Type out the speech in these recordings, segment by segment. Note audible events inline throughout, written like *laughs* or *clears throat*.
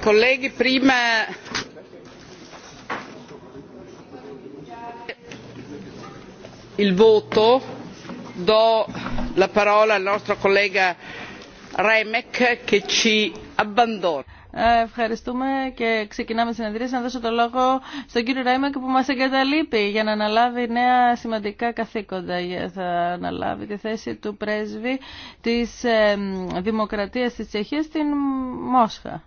colleghi prima il voto do la parola al nostro collega remek che ci abbandona. Ε, ευχαριστούμε και ξεκινάμε συνεδρίες. Να δώσω το λόγο στον κύριο Ράιμακ που μας εγκαταλείπει για να αναλάβει νέα σημαντικά καθήκοντα. Ε, θα αναλάβει τη θέση του πρέσβη της ε, Δημοκρατίας της Τσεχίας στην Μόσχα.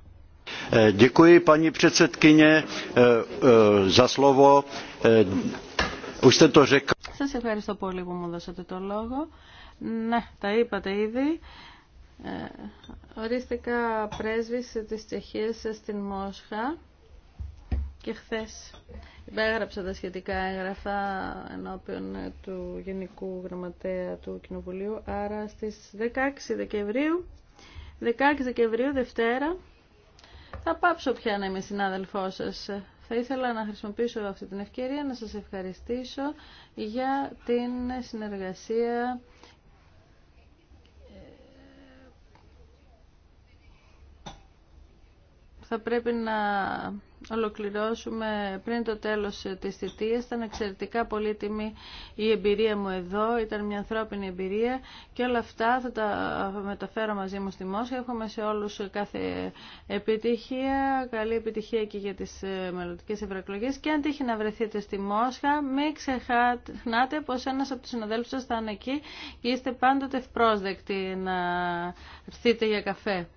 Děkuji paní předsedkyně za slovo. Σας ευχαριστώ πολύ που μου δώσατε το λόγο. Ναι, τα είπατε ήδη. Ε, ορίστηκα πρέσβης της Τσεχίας στην Μόσχα και χθες υπέγραψα τα σχετικά έγγραφα ενώπιον του Γενικού Γραμματέα του Κοινοβουλίου, άρα στις 16 Δεκεμβρίου, 16 Δεκεμβρίου, Δευτέρα, θα πάψω πια να είμαι συνάδελφό σας. Θα ήθελα να χρησιμοποιήσω αυτή την ευκαιρία να σας ευχαριστήσω για την συνεργασία θα πρέπει να ολοκληρώσουμε πριν το τέλος της θητείας. Ήταν εξαιρετικά πολύτιμη η εμπειρία μου εδώ, ήταν μια ανθρώπινη εμπειρία και όλα αυτά θα τα μεταφέρω μαζί μου στη Μόσχα. Εύχομαι σε όλους κάθε επιτυχία, καλή επιτυχία και για τις ε, μελλοντικέ ευρωεκλογέ. και αν τύχει να βρεθείτε στη Μόσχα, μην ξεχνάτε πως ένας από τους συναδέλφους σας θα είναι εκεί και είστε πάντοτε ευπρόσδεκτοι να έρθετε για καφέ.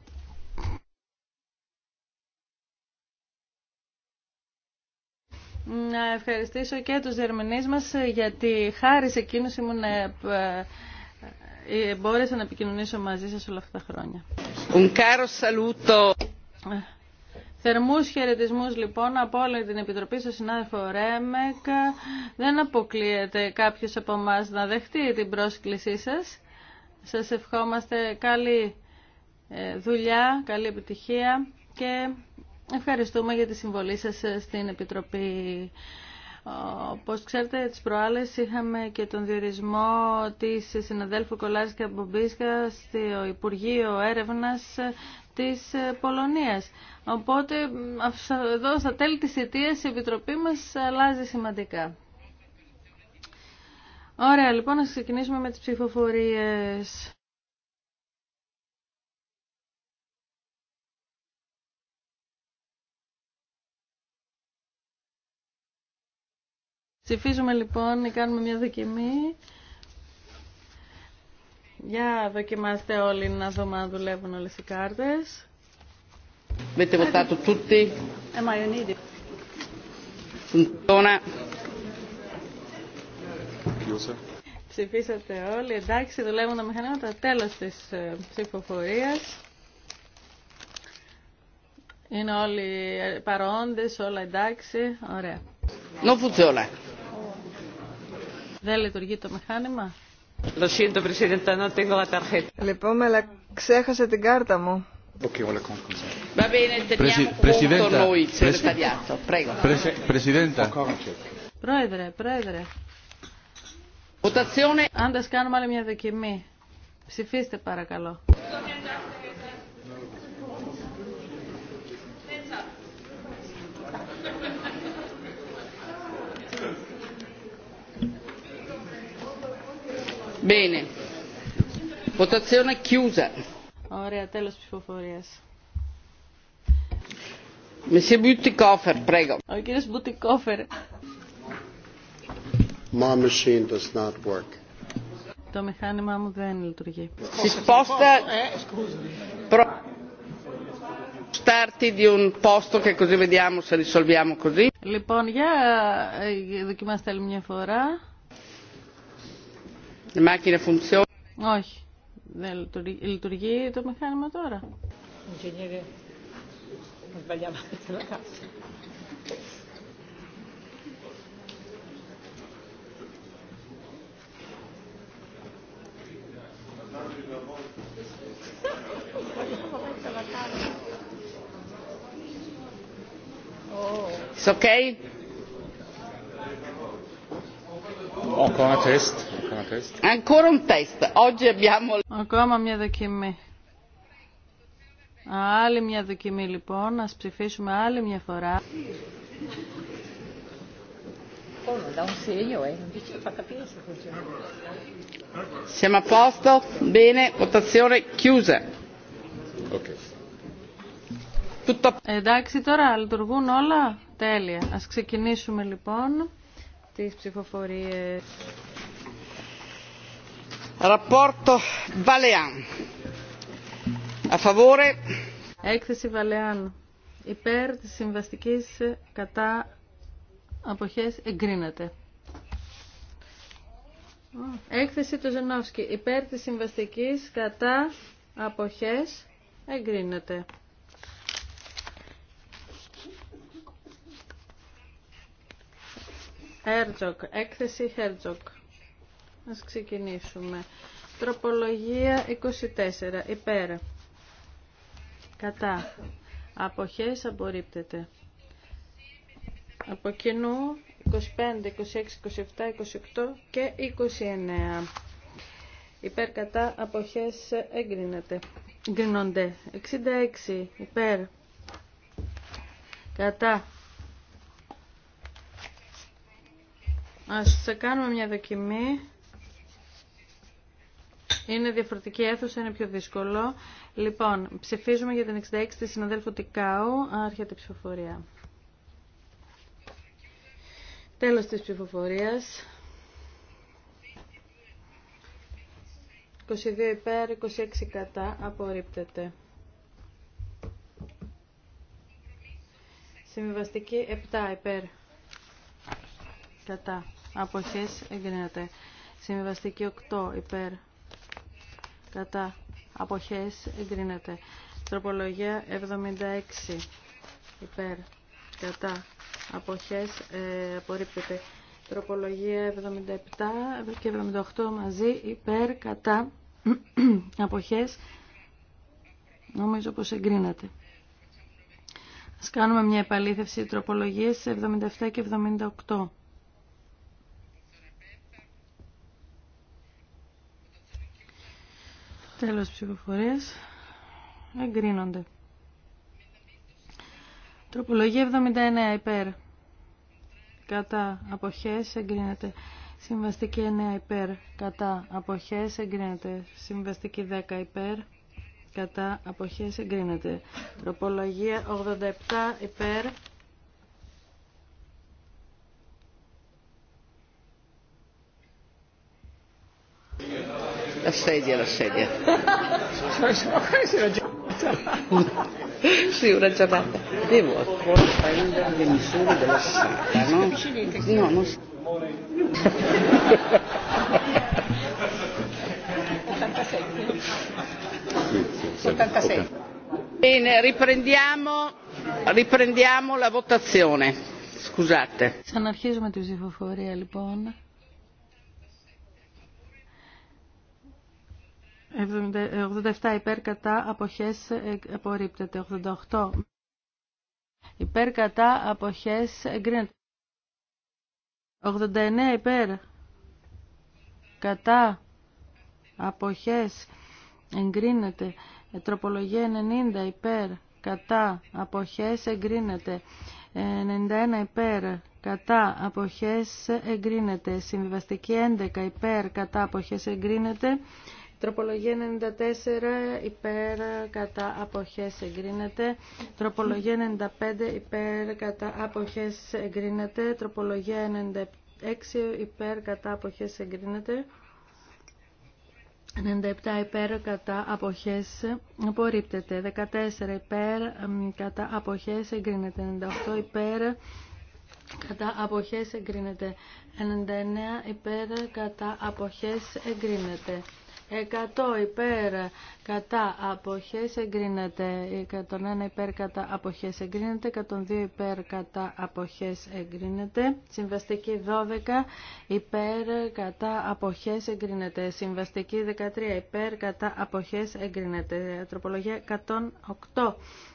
να ευχαριστήσω και τους διερμηνείς μας ε, γιατί χάρη σε εκείνους ήμουν ε, ε, μπόρεσα να επικοινωνήσω μαζί σας όλα αυτά τα χρόνια. Un caro saluto. Θερμούς χαιρετισμού λοιπόν από όλη την Επιτροπή στο συνάδελφο Ρέμεκ. Δεν αποκλείεται κάποιος από εμά να δεχτεί την πρόσκλησή σας. Σας ευχόμαστε καλή δουλειά, καλή επιτυχία και Ευχαριστούμε για τη συμβολή σας ε, στην Επιτροπή. Ε, όπως ξέρετε, τις προάλλες είχαμε και τον διορισμό της συναδέλφου Κολάρισκα Μπομπίσκα στο Υπουργείο Έρευνας της Πολωνίας. Οπότε, εδώ στα τέλη της θητείας η Επιτροπή μας αλλάζει σημαντικά. Ωραία, λοιπόν, να ξεκινήσουμε με τις ψηφοφορίες. Ψηφίζουμε λοιπόν, κάνουμε μια δοκιμή. Για δοκιμάστε όλοι να δούμε αν δουλεύουν όλε οι κάρτε. Avete ε, Ψηφίσατε όλοι. Εντάξει, δουλεύουν τα μηχανήματα. τέλο τη ε, ψηφοφορία. Είναι όλοι παρόντε, όλα εντάξει. Ωραία. Non funziona. Δεν λειτουργεί το μηχάνημα. Λοιπόν, αλλά ξέχασα την κάρτα μου. Πρόεδρε, πρόεδρε. Αν κάνουμε άλλη μια δοκιμή. Ψηφίστε παρακαλώ. Ωραία, τέλο ψηφοφορία. Μεσή Ο κύριο Μπουτικόφερ. Το μηχάνημά μου δεν λειτουργεί. και Λοιπόν, για ε, δοκιμάστε άλλη μια φορά. Η macchina funziona. Όχι. Δεν λειτουργεί, το μηχάνημα τώρα. It's okay? Encore un test. Ακόμα μια δοκιμή. Άλλη μια δοκιμή λοιπόν. Ας ψηφίσουμε άλλη μια φορά. Εντάξει τώρα, λειτουργούν όλα. Τέλεια. Ας ξεκινήσουμε λοιπόν τις ψηφοφορίες. Ραπόρτο Βαλεάν. Αφαβόρε. Έκθεση Βαλεάν. Υπέρ της συμβαστικής κατά αποχές εγκρίνεται. Έκθεση του Ζενόφσκι. Υπέρ τη συμβαστική κατά αποχές εγκρίνεται. Έρτζοκ. Έκθεση Χέρτζοκ. Ας ξεκινήσουμε. Τροπολογία 24. Υπέρ. Κατά. Αποχές απορρίπτεται. Από κοινού 25, 26, 27, 28 και 29. Υπέρ κατά αποχές εγκρίνεται. Εγκρίνονται. 66. Υπέρ. Κατά. Ας κάνουμε μια δοκιμή. Είναι διαφορετική αίθουσα, είναι πιο δύσκολο. Λοιπόν, ψηφίζουμε για την 66 τη συναδέλφου Τικάου. Άρχεται η ψηφοφορία. Τέλος της ψηφοφορίας. 22 υπέρ, 26 κατά, απορρίπτεται. Συμβιβαστική 7 υπέρ, κατά, αποχές εγκρίνεται. Συμβιβαστική 8 υπέρ, κατά αποχές εγκρίνεται. Τροπολογία 76 υπέρ κατά αποχές ε, απορρίπτεται. Τροπολογία 77 και 78 μαζί υπέρ κατά *clears throat* αποχές νομίζω πως εγκρίνεται. Ας κάνουμε μια επαλήθευση τροπολογίες 77 και 78. Τέλος ψηφοφορίας. Εγκρίνονται. Τροπολογία 79 υπέρ. Κατά αποχές εγκρίνεται. Συμβαστική 9 υπέρ. Κατά αποχές εγκρίνεται. Συμβαστική 10 υπέρ. Κατά αποχές εγκρίνεται. Τροπολογία 87 υπέρ. La sedia, la sedia. sì, una giornata. Devo ancora prendere le misure della sala, no? No, non si... Bene, riprendiamo, riprendiamo la votazione. Scusate. Ξαναρχίζουμε τη ψηφοφορία λοιπόν. 87 υπέρ κατά αποχές ε, απορρίπτεται. 88 υπέρ κατά αποχές εγκρίνεται. 89 υπέρ κατά αποχές εγκρίνεται. Τροπολογία 90 υπέρ κατά αποχές εγκρίνεται. 91 υπέρ κατά αποχές εγκρίνεται. Συμβιβαστική 11 υπέρ κατά αποχές εγκρίνεται. Τροπολογία 94 υπέρ κατά αποχές εγκρίνεται. Τροπολογία 95 υπέρ κατά αποχές εγκρίνεται. Τροπολογία 96 υπέρ κατά αποχές εγκρίνεται. 97 υπέρ κατά αποχές απορρίπτεται. 14 υπέρ κατά αποχές εγκρίνεται. 98 υπέρ κατά αποχές εγκρίνεται. 99 υπέρ κατά αποχές εγκρίνεται. 100 υπέρ κατά αποχές εγκρίνεται 101 υπέρ κατά αποχές εγκρίνεται 102 υπέρ κατά αποχές εγκρίνεται συμβαστική 12 υπέρ κατά αποχές εγκρίνεται συμβαστική 13 υπέρ κατά αποχές εγκρίνεται τροπολογία 108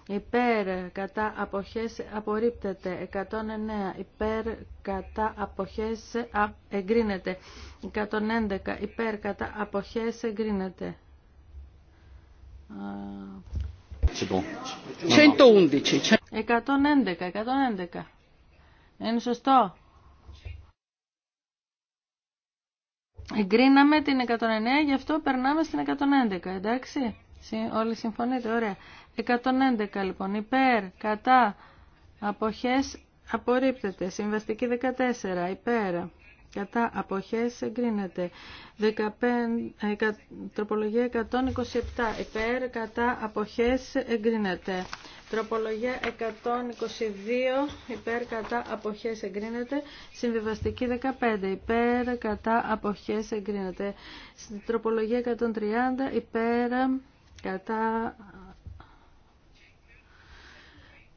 υπέρ κατά αποχές απορρίπτεται 109 υπέρ κατά αποχές εγκρίνεται. 111 υπέρ κατά αποχές εγκρίνεται. 111. 111. Είναι σωστό. Εγκρίναμε την 109, γι' αυτό περνάμε στην 111, εντάξει. Όλοι συμφωνείτε, ωραία. 111 λοιπόν, υπέρ, κατά, αποχές, απορρίπτεται. Συμβαστική 14 υπέρ. Κατά αποχές εγκρίνεται. 15, ε, τροπολογία 127 υπέρ. Κατά αποχές εγκρίνεται. Τροπολογία 122 υπέρ κατά αποχές εγκρίνεται. Συμβιβαστική 15 υπέρ κατά αποχές εγκρίνεται. Τροπολογία 130 υπέρ κατά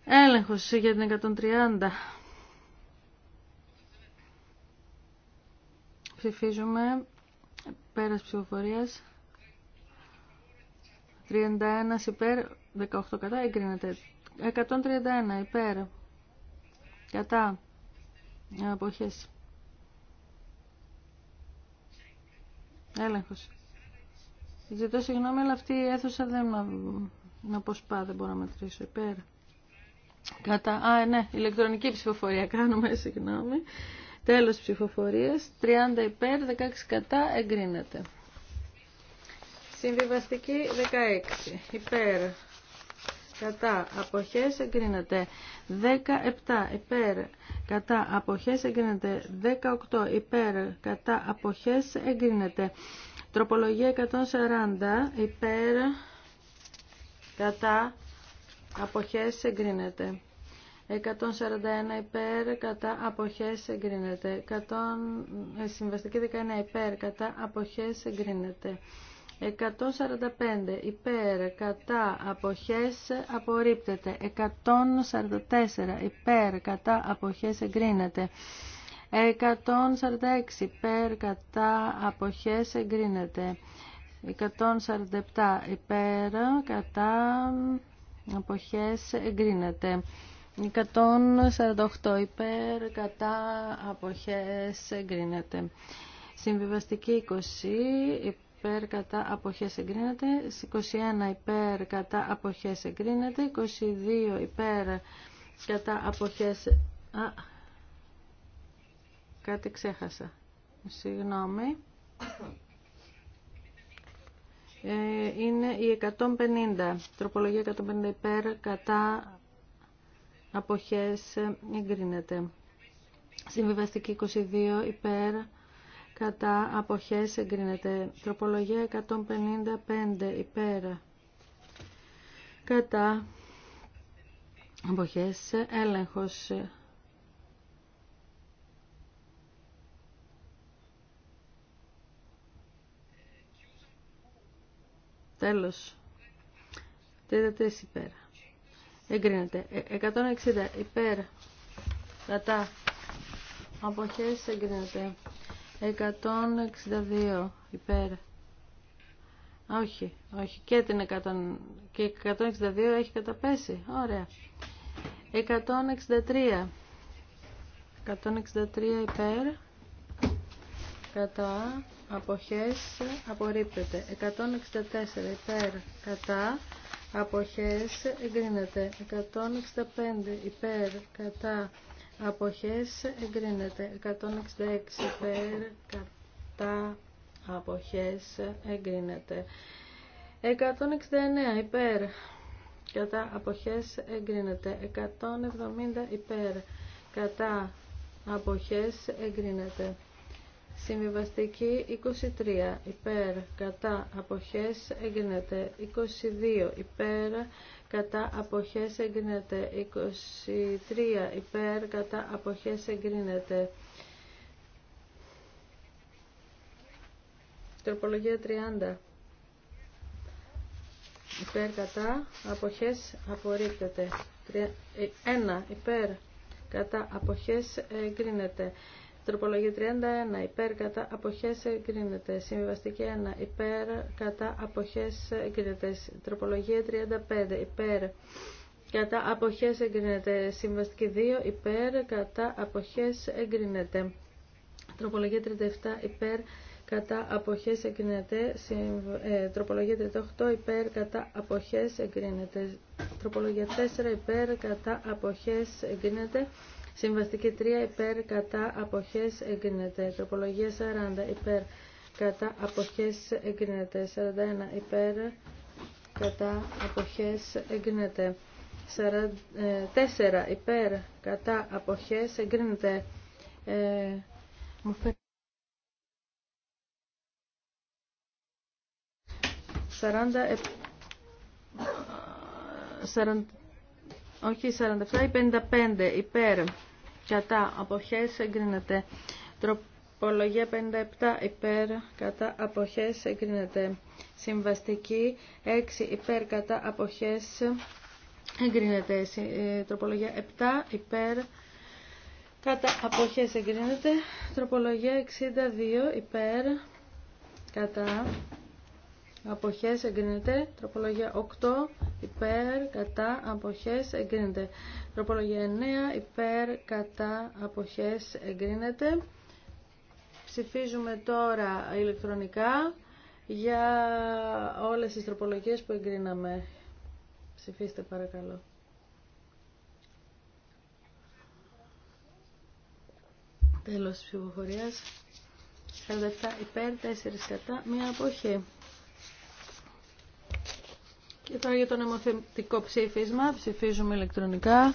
Έλεγχος για την 130. Ψηφίζουμε πέρας ψηφοφορίας. 31 υπέρ, 18 κατά, εγκρίνεται. 131 υπέρ, κατά, αποχές. Έλεγχος. Ζητώ συγγνώμη, αλλά αυτή η αίθουσα δεν με δεν μπορώ να μετρήσω υπέρ. Κατά... Α, ναι, ηλεκτρονική ψηφοφορία κάνουμε, συγγνώμη. Τέλος ψηφοφορίας. 30 υπέρ, 16 κατά, εγκρίνεται. Συμβιβαστική 16. Υπέρ. Κατά. Αποχές εγκρίνεται. 17. Υπέρ. Κατά. Αποχές εγκρίνεται. 18. Υπέρ. Κατά. Αποχές εγκρίνεται. Τροπολογία 140. Υπέρ. Κατά αποχές εγκρίνεται. 141 υπέρ κατά αποχές εγκρίνεται. 100, ε, συμβαστική 19 υπέρ κατά αποχές εγκρίνεται. 145 υπέρ κατά αποχές απορρίπτεται. 144 υπέρ κατά αποχές εγκρίνεται. 146 υπέρ κατά αποχές εγκρίνεται. 147 υπέρ κατά αποχές εγκρίνεται. 148 υπέρ κατά αποχές εγκρίνεται. Συμβιβαστική 20 υπέρ κατά αποχές εγκρίνεται. 21 υπέρ κατά αποχές εγκρίνεται. 22 υπέρ κατά αποχές... Α, κάτι ξέχασα. Συγγνώμη. Ε, είναι η 150. Τροπολογία 150 υπέρ κατά αποχές εγκρίνεται. Συμβιβαστική 22 υπέρ κατά αποχές εγκρίνεται. Τροπολογία 155 υπέρ κατά αποχές έλεγχος Τέλος. Τήρεται υπέρ. Εγκρίνεται. 160 ε, υπέρ. Κατά. Αποχές εγκρίνεται. 162 υπέρ. όχι, όχι. Και την 100, και 162 έχει καταπέσει. Ωραία. 163. 163 υπέρ. Κατά αποχές απορρίπτεται 164 υπέρ κατά αποχές εγκρίνεται 165 υπέρ κατά αποχές εγκρίνεται 166 υπέρ κατά αποχές εγκρίνεται 169 υπέρ κατά αποχές εγκρίνεται 170 υπέρ κατά αποχές εγκρίνεται Συμβιβαστική 23 υπέρ κατά αποχές εγκρίνεται 22 υπέρ κατά αποχές εγκρίνεται 23 υπέρ κατά αποχές εγκρίνεται Τροπολογία 30 υπέρ κατά αποχές απορρίπτεται 1 ε, υπέρ κατά αποχές εγκρίνεται Τροπολογία 31 υπέρ κατά αποχέ εγκρίνεται. Συμβιβαστική 1 υπέρ κατά απόχέ εγκρίνεται. Τροπολογία 35 υπέρ κατά αποχέ εγκρίνεται. Συμβαστική 2 υπέρ κατά αποχέ εγκρίνεται. Τροπολογία 37 υπέρ κατά αποχέ ε, εγκρίνεται. τροπολογία 38 υπέρ κατά αποχέ εγκρίνεται. Τροπολογία 4 υπέρ κατά αποχέ εγκρίνεται. Συμβαστική 3 υπέρ κατά αποχές εγκρίνεται. Τροπολογία 40 υπέρ κατά αποχές εγκρίνεται. 41 υπέρ κατά αποχές εγκρίνεται. 4 υπέρ κατά αποχές εγκρίνεται. Ε, μου 40, 40 όχι 47, η 55 υπέρ κατά αποχές εγκρίνεται. Τροπολογία 57 υπέρ κατά αποχές εγκρίνεται. Συμβαστική 6 ε, υπέρ κατά αποχές εγκρίνεται. Τροπολογία 7 υπέρ κατά αποχές εγκρίνεται. Τροπολογία 62 υπέρ κατά αποχές εγκρίνεται. Τροπολογία 8 υπέρ, κατά, αποχές, εγκρίνεται. Τροπολογία 9, υπέρ, κατά, αποχές, εγκρίνεται. Ψηφίζουμε τώρα ηλεκτρονικά για όλες τις τροπολογίες που εγκρίναμε. Ψηφίστε παρακαλώ. Τέλος της ψηφοφορίας. 47 υπέρ, 4 κατά, μία αποχή. Και τώρα για το νομοθετικό ψήφισμα ψηφίζουμε ηλεκτρονικά.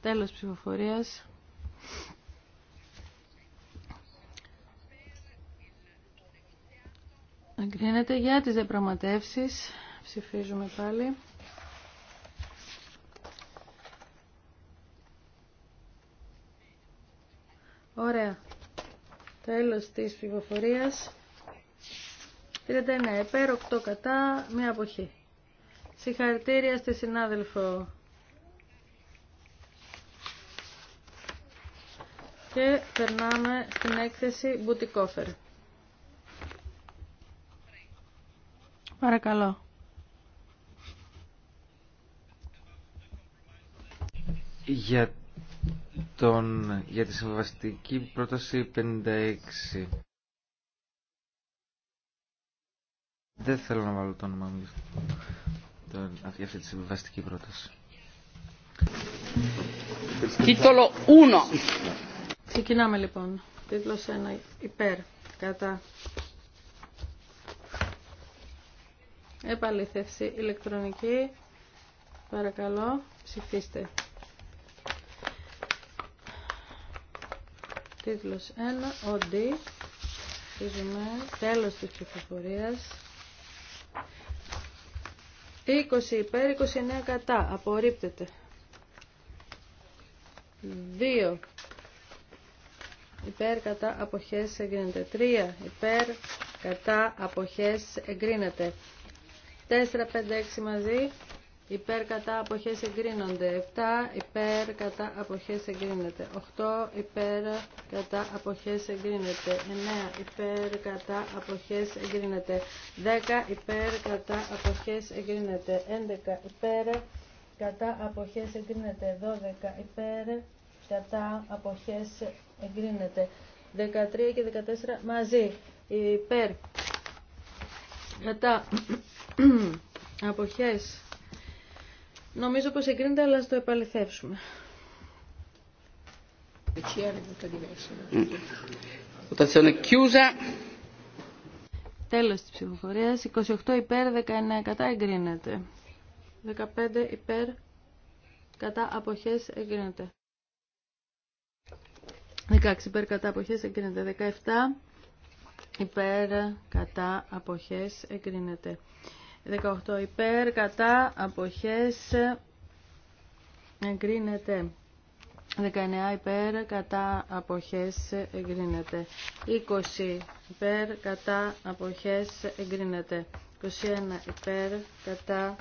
Τέλος ψηφοφορίας. Εγκρίνεται για τις διαπραγματεύσει. Ψηφίζουμε πάλι. Ωραία. Τέλος της ψηφοφορίας. 39 υπέρ, 8 κατά, μία αποχή. Συγχαρητήρια στη συνάδελφο. Και περνάμε στην έκθεση Μπουτικόφερ. Παρακαλώ. Για τον, για τη συμβαστική πρόταση 56. Δεν θέλω να βάλω το όνομά μου για αυτή τη συμβαστική πρόταση. Τίτλο 1. Ξεκινάμε λοιπόν. Τίτλο 1. Υπέρ. Κατά. Επαλήθευση ηλεκτρονική. Παρακαλώ, ψηφίστε. τίτλος 1, OD, ψηφίζουμε τέλος της ψηφοφορίας. 20 υπέρ, 29 κατά, απορρίπτεται. 2 υπέρ, κατά, αποχές, εγκρίνεται. 3 υπέρ, κατά, αποχές, εγκρίνεται. 4, 5, 6 μαζί, υπέρ κατά αποχές εγκρίνονται. 7 υπέρ κατά αποχές εγκρίνεται. 8 υπέρ κατά αποχές εγκρίνεται. 9 υπέρ κατά αποχές εγκρίνεται. 10 υπέρ κατά απόχέ εγκρίνεται. 11 υπέρ κατά αποχές εγκρίνεται. 12 υπέρ κατά αποχές εγκρίνεται. 13 και 14 μαζί. Υπέρ. Κατά *clears throat* αποχές Νομίζω πως εγκρίνεται, αλλά ας το επαληθεύσουμε. Ναι. Mm. Τέλος της ψηφοφορίας. 28 υπέρ, 19 κατά εγκρίνεται. 15 υπέρ, κατά αποχές εγκρίνεται. 16 υπέρ, κατά αποχές εγκρίνεται. 17 υπέρ, κατά αποχές εγκρίνεται. 18 υπέρ, κατά, αποχές, εγκρίνεται. 19 υπέρ, κατά, αποχές, εγκρίνεται. 20 υπέρ, κατά, αποχές, εγκρίνεται. 21 υπέρ, κατά,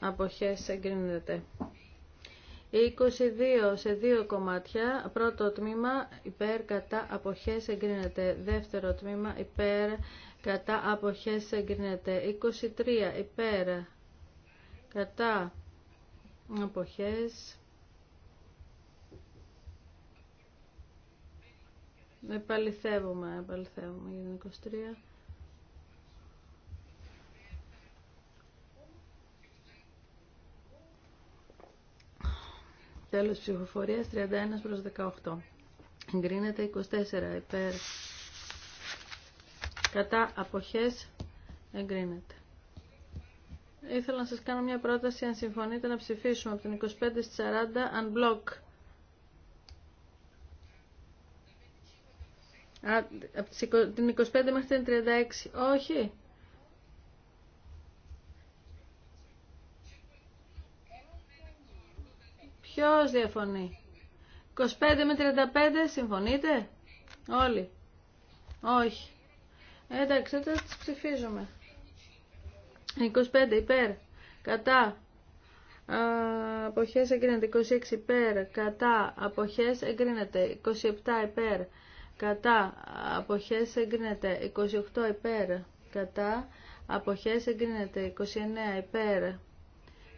αποχές, εγκρίνεται. 22 σε δύο κομμάτια. Πρώτο τμήμα υπέρ κατά αποχές εγκρίνεται. Δεύτερο τμήμα υπέρ κατά αποχές εγκρίνεται 23 υπέρ κατά αποχές επαληθεύουμε επαληθεύουμε για 23 Τέλος ψηφοφορίας 31 προς 18. Εγκρίνεται 24 υπέρ κατά αποχές εγκρίνεται. Ήθελα να σας κάνω μια πρόταση, αν συμφωνείτε, να ψηφίσουμε από την 25 στις 40 unblock. Α, από την 25 μέχρι την 36. Όχι. Ποιος διαφωνεί. 25 με 35 συμφωνείτε. Όλοι. Όχι. Ε, εντάξει, τώρα τις ψηφίζουμε. 25 υπέρ, κατά, αποχές εγκρίνεται. 26 υπέρ, κατά, αποχές εγκρίνεται. 27 υπέρ, κατά, αποχές εγκρίνεται. 28 υπέρ, κατά, αποχές εγκρίνεται. 29 υπέρ,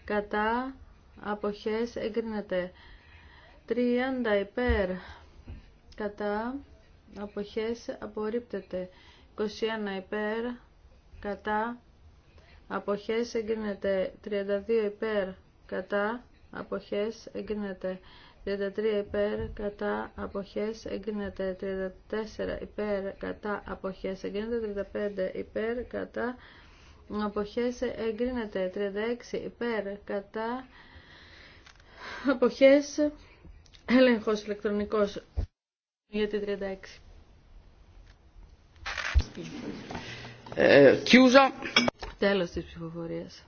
κατά, αποχές εγκρίνεται. 30 υπέρ, κατά, αποχές απορρίπτεται. 21 υπέρ, κατά, αποχές εγκρίνεται. 32 υπέρ, κατά, αποχές εγκρίνεται. 33 υπέρ κατά αποχές εγκρίνεται 34 υπέρ κατά αποχές εγκρίνεται 35 υπέρ κατά αποχές εγκρίνεται 36 υπέρ κατά αποχές έλεγχος ηλεκτρονικός για τη 36 Τέλο ε, Κιούζα. Τέλος της ψηφοφορίας.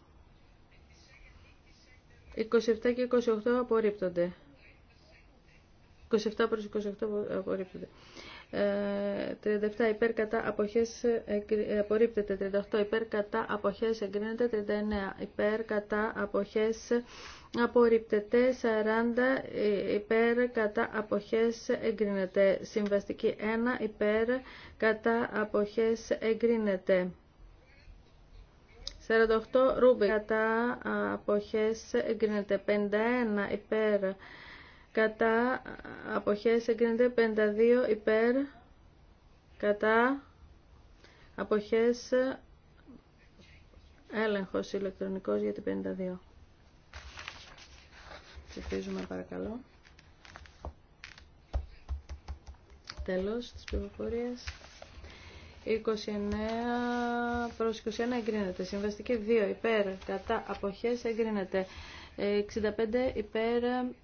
27 και 28 απορρίπτονται. 27 προς 28 απορρίπτονται. 37 ε, υπέρ κατά αποχές ε, απορρίπτεται 38 υπέρ κατά αποχές εγκρίνεται 39 υπέρ κατά αποχές απορρίπτεται 40 ε, υπέρ κατά αποχές εγκρίνεται. Συμβαστική 1 υπέρ κατά αποχές εγκρίνεται. 48 ρούμπι κατά αποχές εγκρίνεται. 51 υπέρ κατά αποχές εγκρίνεται. 52 υπέρ κατά αποχές έλεγχος ηλεκτρονικός για την 52. Ψηφίζουμε παρακαλώ. Τέλος της πληροφορίας. 29 προς 21 εγκρίνεται. Συμβαστική 2 υπέρ κατά αποχές εγκρίνεται. 65 υπέρ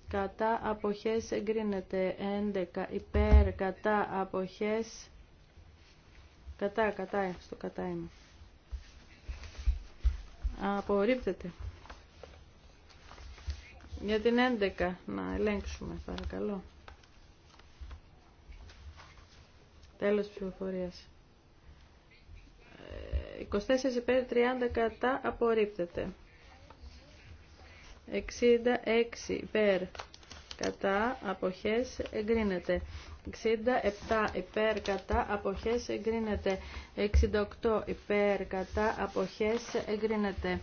κατά αποχές εγκρίνεται. 11 υπέρ κατά αποχές κατά κατά ε, στο κατά είμαι. Απορρίπτεται. Για την 11 να ελέγξουμε παρακαλώ. Τέλος ψηφοφορίας. 24 υπέρ 30 κατά απορρίπτεται. 66 υπέρ κατά αποχές εγκρίνεται. 67 υπέρ κατά αποχές εγκρίνεται. 68 υπέρ κατά αποχές εγκρίνεται.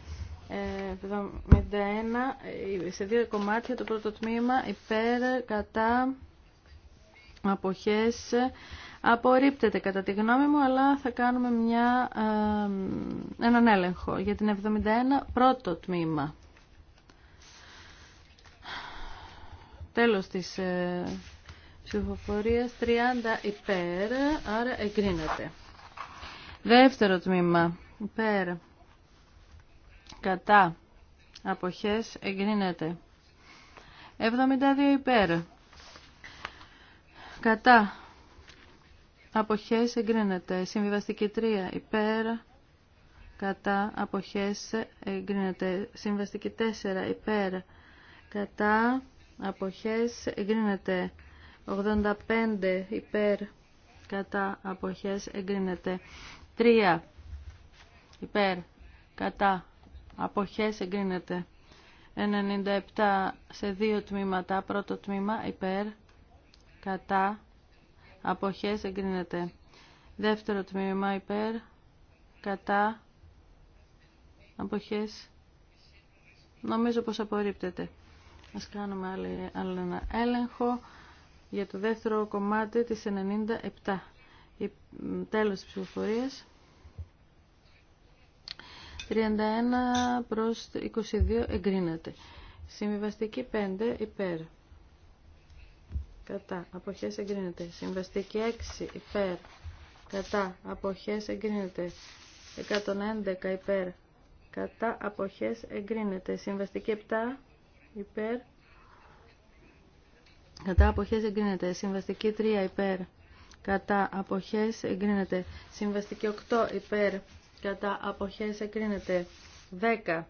71 σε δύο κομμάτια το πρώτο τμήμα υπέρ κατά αποχές απορρίπτεται κατά τη γνώμη μου αλλά θα κάνουμε μια, έναν έλεγχο για την 71 πρώτο τμήμα τέλος της ε, ψηφοφορίας 30 υπέρ άρα εγκρίνεται δεύτερο τμήμα υπέρ κατά αποχές εγκρίνεται 72 υπέρ κατά αποχές εγκρίνεται συμβιβαστική 3 υπέρ κατά αποχές εγκρίνεται συμβαστική 4 υπέρ κατά αποχές εγκρίνεται 85 υπέρ κατά αποχές εγκρίνεται 3 υπέρ κατά αποχές εγκρίνεται 97 σε δύο τμήματα πρώτο τμήμα υπέρ κατά αποχές εγκρίνεται δεύτερο τμήμα υπέρ κατά αποχές νομίζω πως απορρίπτεται ας κάνουμε άλλη, άλλο ένα έλεγχο για το δεύτερο κομμάτι της 97 η, τέλος της ψηφοφορίας 31 προς 22 εγκρίνεται. Συμβιβαστική 5 υπέρ. Κατά. Αποχές εγκρίνεται. Συμβαστική 6 υπέρ. Κατά. Αποχές εγκρίνεται. 111 υπέρ. Κατά. Αποχές εγκρίνεται. Συμβαστική 7 υπέρ. Κατά. Αποχές εγκρίνεται. Συμβαστική 3 υπέρ. Κατά. Αποχές εγκρίνεται. Συμβαστική 8 υπέρ κατά αποχές εγκρίνεται 10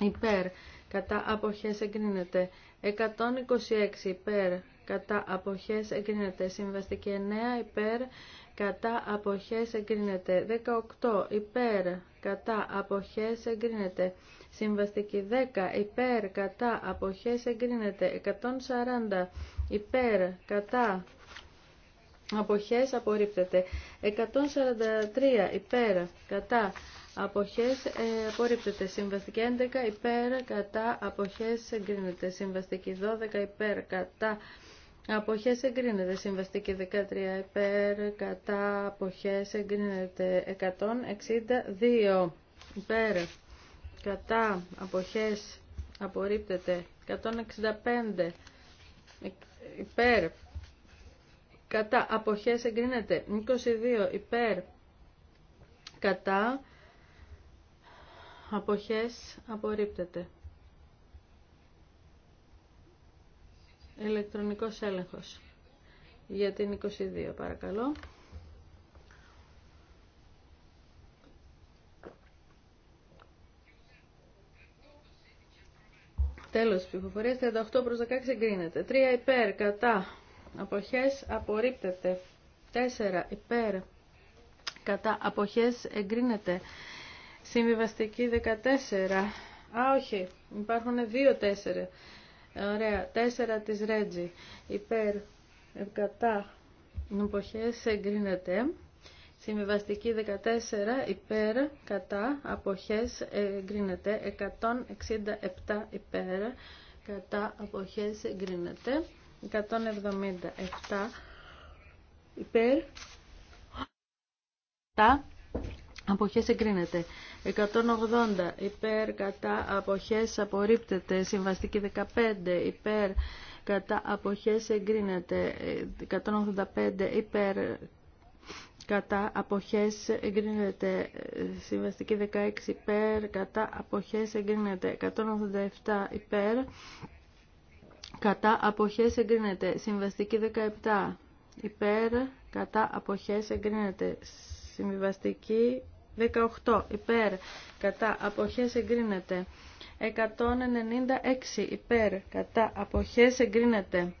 υπέρ κατά αποχές εγκρίνεται 126 υπέρ κατά αποχές εγκρίνεται συμβαστική 9 υπέρ κατά αποχές εγκρίνεται 18 υπέρ κατά αποχές εγκρίνεται συμβαστική 10 υπέρ κατά αποχές εγκρίνεται 140 υπέρ κατά Αποχές απορρίπτεται. 143 υπέρ κατά αποχές ε, απορρίπτεται. Συμβαστική 11 υπέρ κατά αποχές εγκρίνεται. Συμβαστική 12 υπέρ κατά αποχές εγκρίνεται. Συμβαστική 13 υπέρ κατά αποχές εγκρίνεται. 162 υπέρ κατά αποχές απορρίπτεται. 165 ε, υπέρ κατά αποχές εγκρίνεται 22 υπέρ κατά αποχές απορρίπτεται ηλεκτρονικός έλεγχος για την 22 παρακαλώ Τέλος της ψηφοφορίας, 38 προς 16 εγκρίνεται. 3 υπέρ, κατά, αποχές απορρίπτεται. 4 υπέρ κατά αποχές εγκρίνεται. Συμβιβαστική 14. Α, όχι. Υπάρχουν δύο τέσσερα. Ωραία. 4 της Ρέτζη. Ε, υπέρ κατά αποχές εγκρίνεται. Συμβιβαστική 14 υπέρ κατά αποχές εγκρίνεται 167 υπέρ κατά αποχές εγκρίνεται 177 υπέρ. Τα αποχές εγκρίνεται. 180 υπέρ κατά αποχές απορρίπτεται. Συμβαστική 15 υπέρ κατά αποχές εγκρίνεται. 185 υπέρ κατά αποχές εγκρίνεται συμβαστική 16 υπέρ κατά αποχές εγκρίνεται 187 υπέρ κατά αποχές εγκρίνεται. Συμβαστική 17 υπέρ, κατά αποχές εγκρίνεται. Συμβαστική 18 υπέρ, κατά αποχές εγκρίνεται. 196 υπέρ, κατά αποχές εγκρίνεται.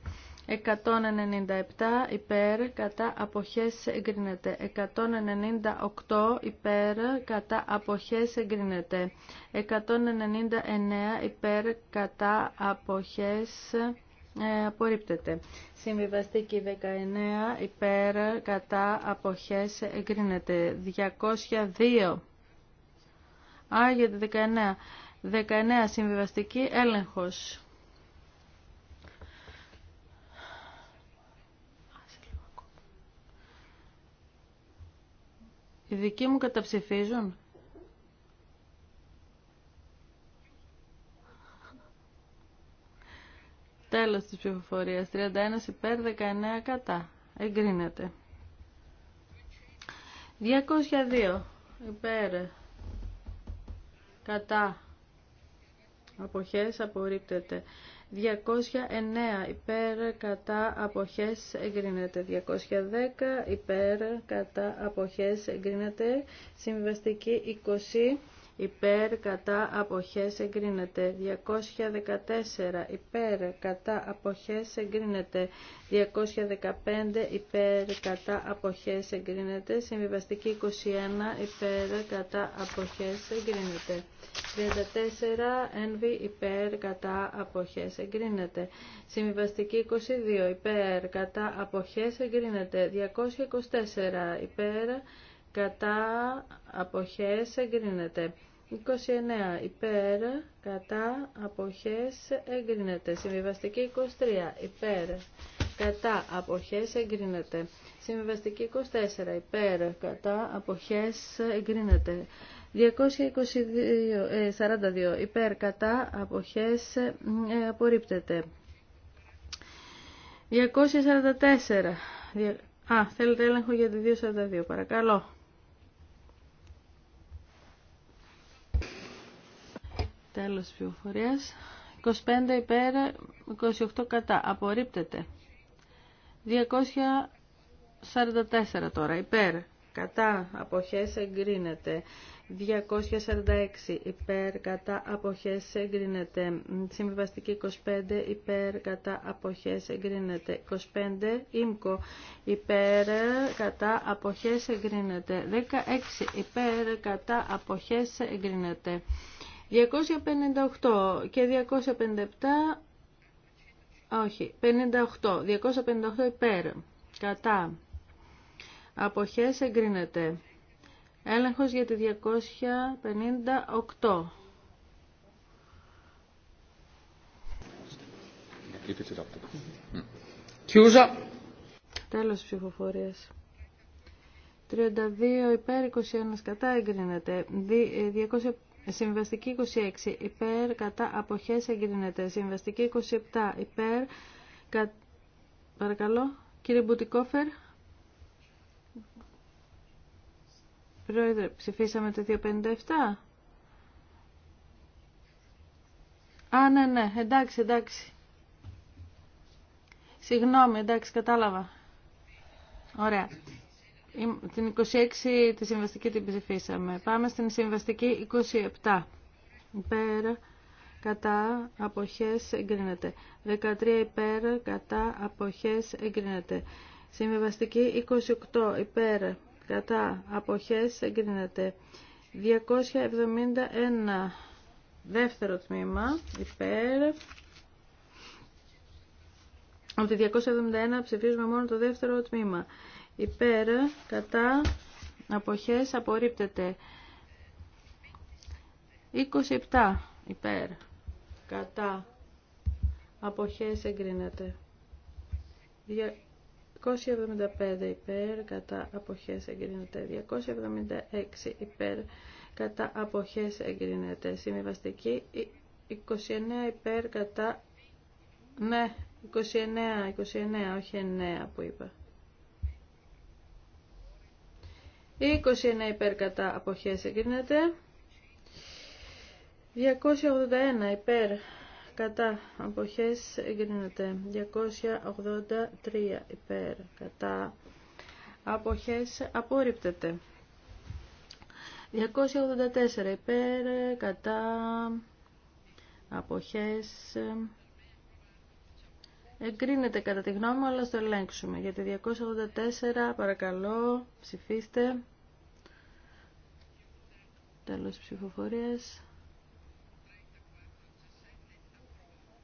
197 υπέρ κατά αποχές εγκρίνεται. 198 υπέρ κατά αποχές εγκρίνεται. 199 υπέρ κατά αποχές ε, απορρίπτεται. Συμβιβαστική 19 υπέρ κατά αποχές εγκρίνεται. 202. Α, 19. 19 συμβιβαστική έλεγχος. Οι δικοί μου καταψηφίζουν. Τέλος της ψηφοφορίας. 31 υπέρ, 19 κατά. Εγκρίνεται. 202 υπέρ, κατά. Αποχές απορρίπτεται. 209 υπέρ κατά αποχές εγκρίνεται. 210 υπέρ κατά αποχές εγκρίνεται. Συμβαστική 20 υπέρ κατά αποχές εγκρίνεται 214 υπέρ κατά αποχές εγκρίνεται 215 υπέρ κατά αποχές εγκρίνεται συμβιβαστική 21 υπέρ κατά αποχές εγκρίνεται 34 ένβη υπέρ κατά αποχές εγκρίνεται συμβιβαστική 22 υπέρ κατά αποχές εγκρίνεται 224 υπέρ κατά αποχές εγκρίνεται 29 υπέρ, κατά, αποχές, εγκρίνεται. Συμβιβαστική 23 υπέρ, κατά, αποχές, εγκρίνεται. Συμβιβαστική 24 υπέρ, κατά, αποχές, εγκρίνεται. 242 ε, υπέρ, κατά, αποχές, ε, απορρίπτεται. 244. Α, θέλετε έλεγχο για τη 242, παρακαλώ. Τέλος της πληροφορίας. 25 υπέρ, 28 κατά. Απορρίπτεται. 244 τώρα. Υπέρ. Κατά. Αποχές εγκρίνεται. 246 υπέρ κατά αποχές εγκρίνεται. Συμβιβαστική 25 υπέρ κατά αποχές εγκρίνεται. 25 ΙΜΚΟ υπέρ κατά αποχές εγκρίνεται. 16 υπέρ κατά αποχές εγκρίνεται. 258 και 257, όχι, 58, 258 υπέρ, κατά, αποχές εγκρίνεται. Έλεγχος για τη 258. Κιούζα. Τέλος ψηφοφορίας. 32 υπέρ, 21 κατά εγκρίνεται. Συμβαστική 26 υπέρ κατά αποχέ εγκρίνεται. Συμβαστική 27 υπέρ κα... Παρακαλώ, κύριε Μπουτικόφερ. Πρόεδρε, ψηφίσαμε το 257. Α, ναι, ναι, εντάξει, εντάξει. Συγγνώμη, εντάξει, κατάλαβα. Ωραία. Την 26 τη συμβαστική την ψηφίσαμε. Πάμε στην συμβαστική 27. Υπέρ, κατά, αποχές, εγκρίνεται. 13 υπέρ, κατά, αποχές, εγκρίνεται. Συμβαστική 28 υπέρ, κατά, αποχές, εγκρίνεται. 271 δεύτερο τμήμα υπέρ από τη 271 ψηφίζουμε μόνο το δεύτερο τμήμα υπέρ κατά αποχές απορρίπτεται 27 υπέρ κατά αποχές εγκρίνεται 275 υπέρ κατά αποχές εγκρίνεται 276 υπέρ κατά αποχές εγκρίνεται συμβιβαστική 29 υπέρ κατά ναι 29 29 όχι 9 που είπα 21 υπέρ κατά αποχές εγκρίνεται. 281 υπέρ κατά αποχές εγκρίνεται. 283 υπέρ κατά αποχές απορρίπτεται. 284 υπέρ κατά αποχές Εγκρίνεται κατά τη γνώμη μου, αλλά στο ελέγξουμε. Για τη 284, παρακαλώ, ψηφίστε. Τέλος ψηφοφορίας.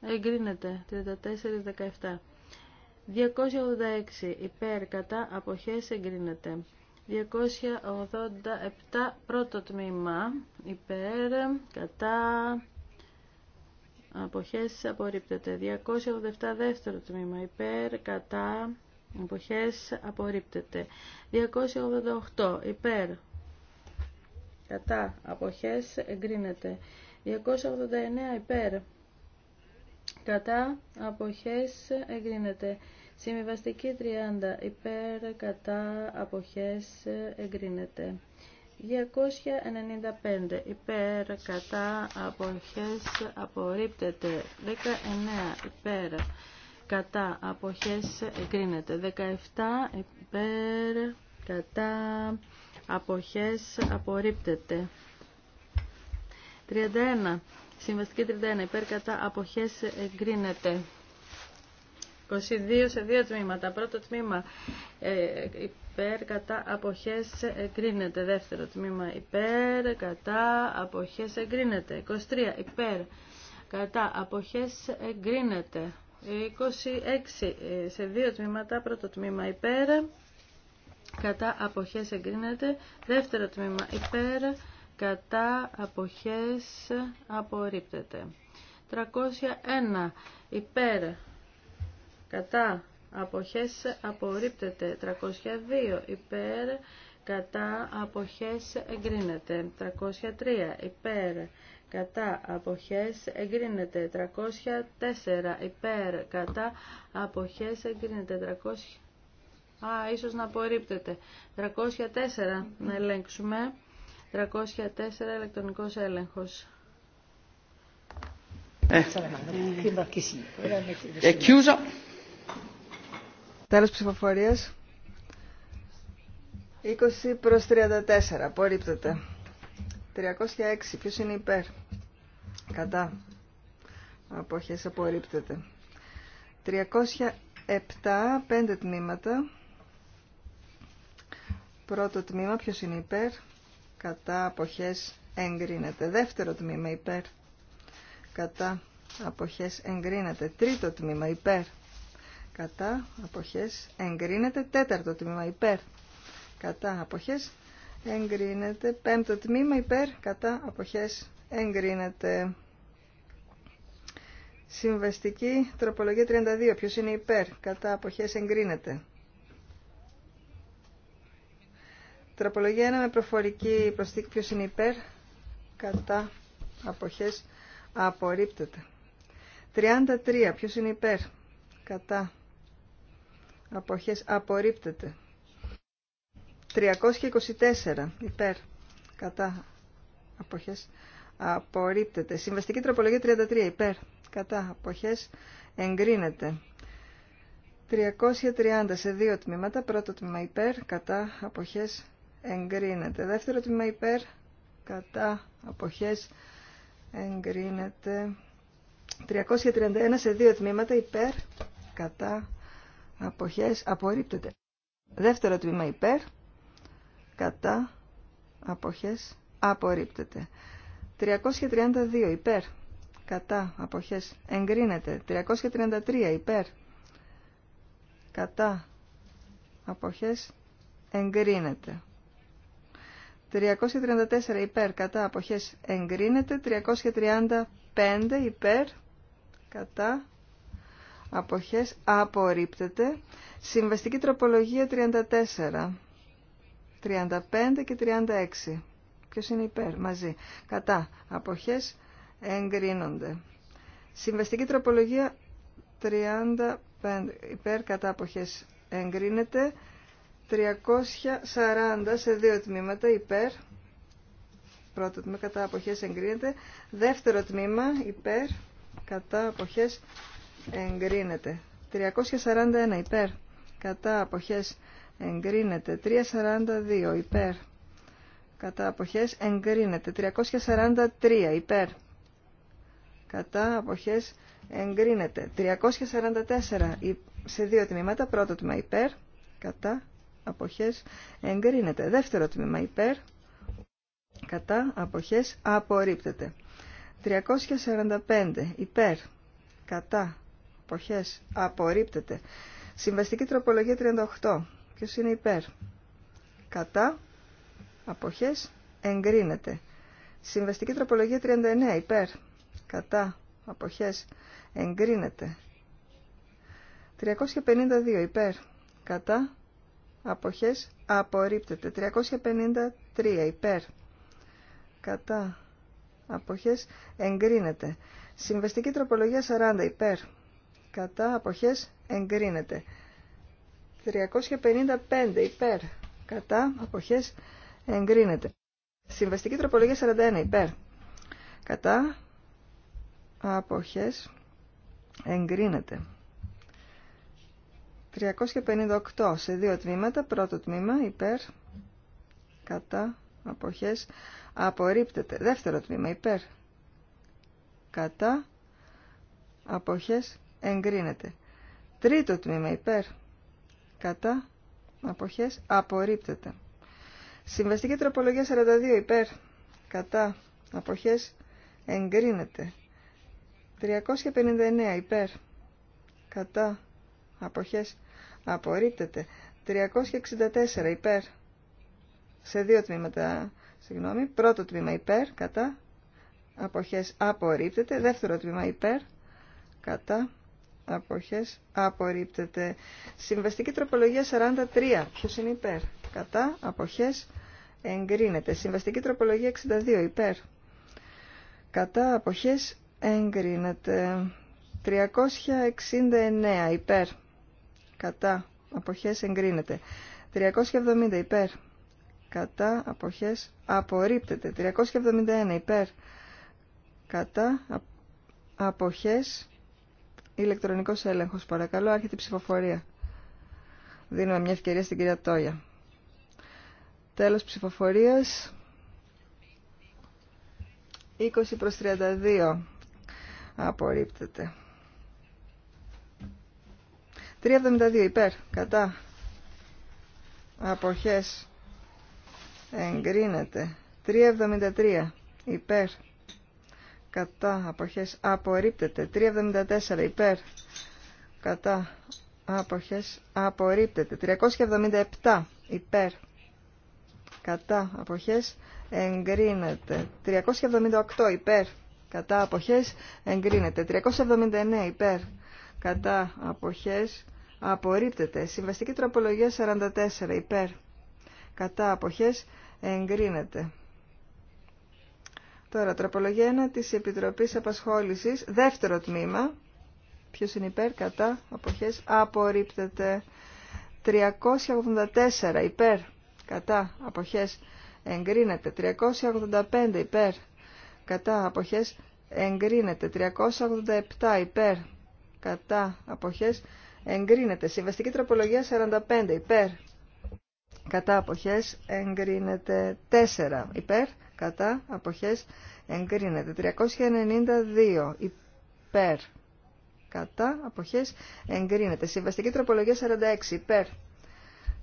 Εγκρίνεται. 34-17. 286 υπέρ κατά αποχές εγκρίνεται. 287 πρώτο τμήμα υπέρ κατά Αποχές απορρίπτεται. 287 δεύτερο τμήμα. Υπέρ, κατά, αποχές απορρίπτεται. 288 υπέρ, κατά, αποχές εγκρίνεται. 289 υπέρ, κατά, αποχές εγκρίνεται. Συμβιβαστική 30 υπέρ, κατά, αποχές εγκρίνεται. 295 υπέρ κατά αποχές απορρίπτεται 19 υπέρ κατά αποχές εγκρίνεται 17 υπέρ κατά αποχές απορρίπτεται 31 Συμβαστική 31 υπέρ κατά αποχές εγκρίνεται 22 σε δύο τμήματα. Πρώτο τμήμα ε, υπέρ κατά αποχές εγκρίνεται. Δεύτερο τμήμα υπέρ κατά αποχές εγκρίνεται. 23 υπέρ κατά αποχές εγκρίνεται. 26 ε, σε δύο τμήματα. Πρώτο τμήμα υπέρ κατά αποχές εγκρίνεται. Δεύτερο τμήμα υπέρ κατά αποχές απορρίπτεται. 301 υπέρ κατά αποχές απορρίπτεται 302 υπέρ κατά αποχές εγκρίνεται 303 υπέρ κατά αποχές εγκρίνεται 304 υπέρ κατά αποχές εγκρίνεται 300 Α, ίσως να απορρίπτεται. 304 να ελέγξουμε. 304 ηλεκτρονικός έλεγχος. Ε. Τέλος ψηφοφορίας. 20 προς 34. Απορρίπτεται. 306. Ποιος είναι υπέρ. Κατά. Απόχες απορρίπτεται. 307. 5 τμήματα. Πρώτο τμήμα. Ποιος είναι υπέρ. Κατά. Απόχες εγκρίνεται. Δεύτερο τμήμα. Υπέρ. Κατά. Απόχες εγκρίνεται. Τρίτο τμήμα. Υπέρ κατά αποχές εγκρίνεται τέταρτο τμήμα υπέρ κατά αποχές εγκρίνεται πέμπτο τμήμα υπέρ κατά αποχές εγκρίνεται συμβαστική τροπολογία 32 ποιος είναι υπέρ κατά αποχές εγκρίνεται τροπολογία 1 με προφορική προσθήκη ποιος είναι υπέρ κατά αποχές απορρίπτεται 33 ποιος είναι υπέρ κατά αποχές απορρίπτεται 324 υπέρ κατά αποχές απορρίπτεται συμβαστική τροπολογία 33 υπέρ κατά αποχές εγκρίνεται 330 σε δύο τμήματα πρώτο τμήμα υπέρ κατά αποχές εγκρίνεται δεύτερο τμήμα υπέρ κατά αποχές εγκρίνεται 331 σε δύο τμήματα υπέρ κατά αποχές απορρίπτεται. Δεύτερο τμήμα υπέρ, κατά, αποχές απορρίπτεται. 332 υπέρ, κατά, αποχές εγκρίνεται. 333 υπέρ, κατά, αποχές εγκρίνεται. 334 υπέρ κατά αποχές εγκρίνεται, 335 υπέρ κατά αποχές απορρίπτεται. Συμβαστική τροπολογία 34, 35 και 36. Ποιος είναι υπέρ, μαζί. Κατά, αποχές εγκρίνονται. Συμβαστική τροπολογία 35, υπέρ, κατά, αποχές εγκρίνεται. 340 σε δύο τμήματα, υπέρ. Πρώτο τμήμα κατά αποχές εγκρίνεται. Δεύτερο τμήμα υπέρ κατά αποχές εγκρίνεται. 341 υπέρ. Κατά αποχές εγκρίνεται. 342 υπέρ. Κατά αποχές εγκρίνεται. 343 υπέρ. Κατά αποχές εγκρίνεται. 344 σε δύο τμήματα. Πρώτο τμήμα υπέρ. Κατά αποχές εγκρίνεται. Δεύτερο τμήμα υπέρ. Κατά αποχές απορρίπτεται. 345 υπέρ. Κατά αποχές απορρίπτεται. Συμβαστική τροπολογία 38. Ποιο είναι υπέρ. Κατά αποχές εγκρίνεται. Συμβαστική τροπολογία 39. Υπέρ. Κατά αποχές εγκρίνεται. 352 υπέρ. Κατά αποχές απορρίπτεται. 353 υπέρ. Κατά αποχές εγκρίνεται. Συμβαστική τροπολογία 40 υπέρ κατά αποχές εγκρίνεται. 355 υπέρ κατά αποχές εγκρίνεται. Συμβαστική τροπολογία 41 υπέρ κατά αποχές εγκρίνεται. 358 σε δύο τμήματα, πρώτο τμήμα υπέρ κατά αποχές απορρίπτεται. Δεύτερο τμήμα υπέρ κατά αποχές εγκρίνεται. Τρίτο τμήμα υπέρ, κατά, αποχές, απορρίπτεται. Συμβαστική τροπολογία 42 υπέρ, κατά, αποχές, εγκρίνεται. 359 υπέρ, κατά, αποχές, απορρίπτεται. 364 υπέρ, σε δύο τμήματα, συγγνώμη, πρώτο τμήμα υπέρ, κατά, αποχές απορρίπτεται, δεύτερο τμήμα υπέρ, κατά, αποχές απορρίπτεται. Συμβαστική τροπολογία 43. Ποιος είναι υπέρ. Κατά αποχές εγκρίνεται. Συμβαστική τροπολογία 62. Υπέρ. Κατά αποχές εγκρίνεται. 369. Υπέρ. Κατά αποχές εγκρίνεται. 370. Υπέρ. Κατά αποχές απορρίπτεται. 371. Υπέρ. Κατά αποχές Ηλεκτρονικό έλεγχο παρακαλώ, άρχεται η ψηφοφορία. Δίνουμε μια ευκαιρία στην κυρία Τόια. Τέλος ψηφοφορίας. 20 προς 32. Απορρίπτεται. 3.72 υπέρ. Κατά. Αποχές. Εγκρίνεται. 3.73 υπέρ κατά αποχές απορρίπτεται 374 υπέρ κατά αποχές απορρίπτεται 377 υπέρ κατά αποχές εγκρίνεται 378 υπέρ κατά αποχές εγκρίνεται 379 υπέρ κατά αποχές απορρίπτεται συμβαστική τροπολογία 44 υπέρ κατά αποχές εγκρίνεται Τώρα, τροπολογία 1 της Επιτροπής Απασχόλησης, δεύτερο τμήμα. Ποιος είναι υπέρ, κατά, αποχές, απορρίπτεται. 384 υπέρ, κατά, αποχές, εγκρίνεται. 385 υπέρ, κατά, αποχές, εγκρίνεται. 387 υπέρ, κατά, αποχές, εγκρίνεται. Συμβαστική τροπολογία 45 υπέρ, κατά, αποχές, εγκρίνεται. 4 υπέρ, κατά αποχές εγκρίνεται. 392 υπέρ κατά αποχές εγκρίνεται. Συμβαστική τροπολογία 46 υπέρ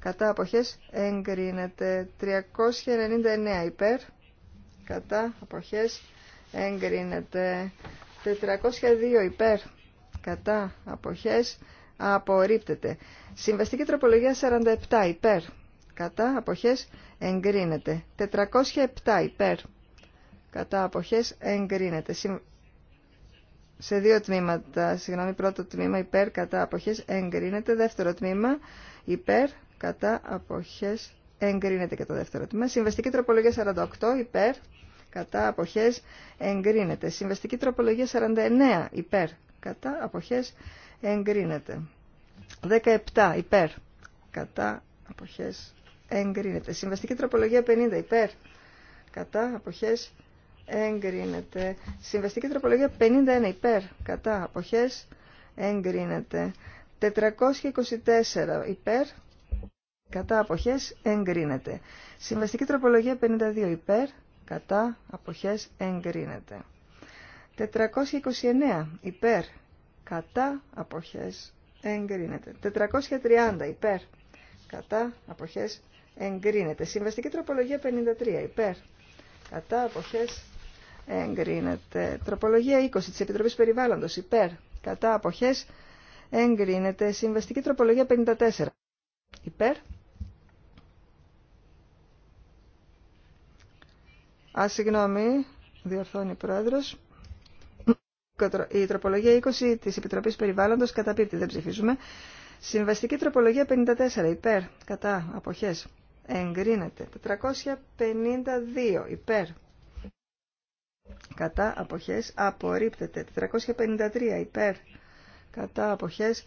κατά αποχές εγκρίνεται. 399 υπέρ κατά αποχές εγκρίνεται. 402 υπέρ κατά αποχές απορρίπτεται. Συμβαστική τροπολογία 47 υπέρ κατά αποχές εγκρίνεται. 407 υπέρ κατά αποχές εγκρίνεται. Σε δύο τμήματα, συγγνώμη, πρώτο τμήμα υπέρ κατά αποχές εγκρίνεται. Δεύτερο τμήμα υπέρ κατά αποχές εγκρίνεται και το δεύτερο τμήμα. Συμβαστική τροπολογία 48 υπέρ κατά αποχές εγκρίνεται. Συμβεστική τροπολογία 49 υπέρ κατά αποχές εγκρίνεται. 17 υπέρ κατά αποχές εγκρίνεται. Συμβαστική τροπολογία 50 υπέρ. Κατά αποχές εγκρίνεται. Συμβαστική τροπολογία 51 υπέρ. Κατά αποχές εγκρίνεται. 424 υπέρ. Κατά αποχές εγκρίνεται. Συμβαστική τροπολογία 52 υπέρ. Κατά αποχές εγκρίνεται. 429 υπέρ. Κατά αποχές εγκρίνεται. 430 υπέρ. Κατά αποχές εγκρίνεται. Συμβαστική τροπολογία 53 υπέρ. Κατά αποχές εγκρίνεται. Τροπολογία 20 της Επιτροπής Περιβάλλοντος υπέρ. Κατά αποχές εγκρίνεται. Συμβαστική τροπολογία 54 υπέρ. Α, συγγνώμη, διορθώνει ο Πρόεδρος. Η τροπολογία 20 της Επιτροπής Περιβάλλοντος καταπίπτει, δεν ψηφίζουμε. Συμβαστική τροπολογία 54, υπέρ, κατά, αποχές εγκρίνεται. 452 υπέρ. Κατά αποχές απορρίπτεται. 453 υπέρ. Κατά αποχές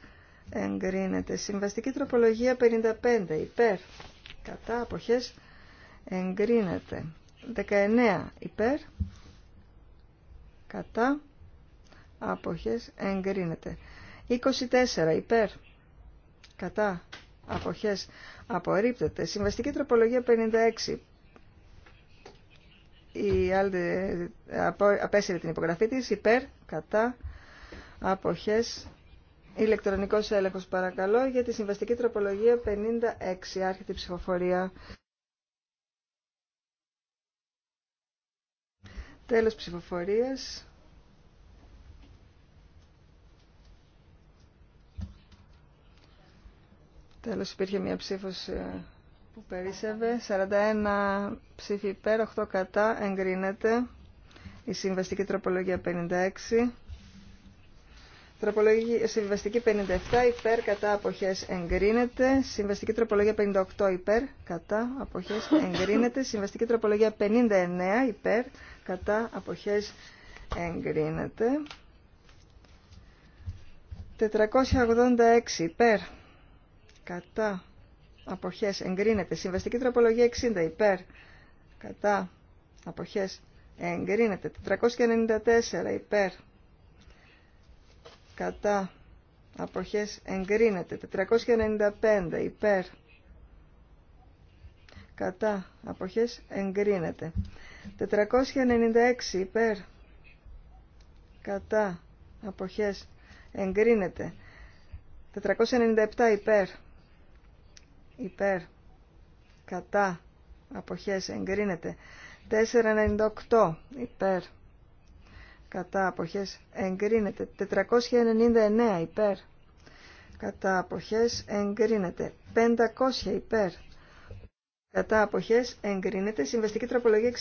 εγκρίνεται. Συμβαστική τροπολογία 55 υπέρ. Κατά αποχές εγκρίνεται. 19 υπέρ. Κατά αποχές εγκρίνεται. 24 υπέρ. Κατά αποχές απορρίπτεται. Συμβαστική τροπολογία 56. Η άλλη απέσυρε την υπογραφή της υπέρ, κατά, αποχές, ηλεκτρονικός έλεγχος παρακαλώ για τη συμβαστική τροπολογία 56. Άρχεται η ψηφοφορία. Τέλος ψηφοφορίας. Τέλος υπήρχε μία ψήφος ε, που περίσευε. 41 ψήφοι υπέρ, 8 κατά, εγκρίνεται. Η συμβαστική τροπολογία 56. Τροπολογία, ε, συμβαστική 57 υπέρ κατά αποχές εγκρίνεται. Συμβαστική τροπολογία 58 υπέρ κατά αποχές εγκρίνεται. Συμβαστική τροπολογία 59 υπέρ κατά αποχές εγκρίνεται. 486 υπέρ κατά αποχές εγκρίνεται. Συμβαστική τροπολογία 60 υπέρ κατά αποχές εγκρίνεται. 494 υπέρ κατά αποχές εγκρίνεται. 495 υπέρ κατά αποχές εγκρίνεται. 496 υπέρ κατά αποχές εγκρίνεται. 497 υπέρ υπέρ κατά αποχές εγκρίνεται 498 υπέρ κατά αποχές εγκρίνεται 499 υπέρ κατά αποχές εγκρίνεται 500 υπέρ κατά αποχές εγκρίνεται συμβαστική τροπολογία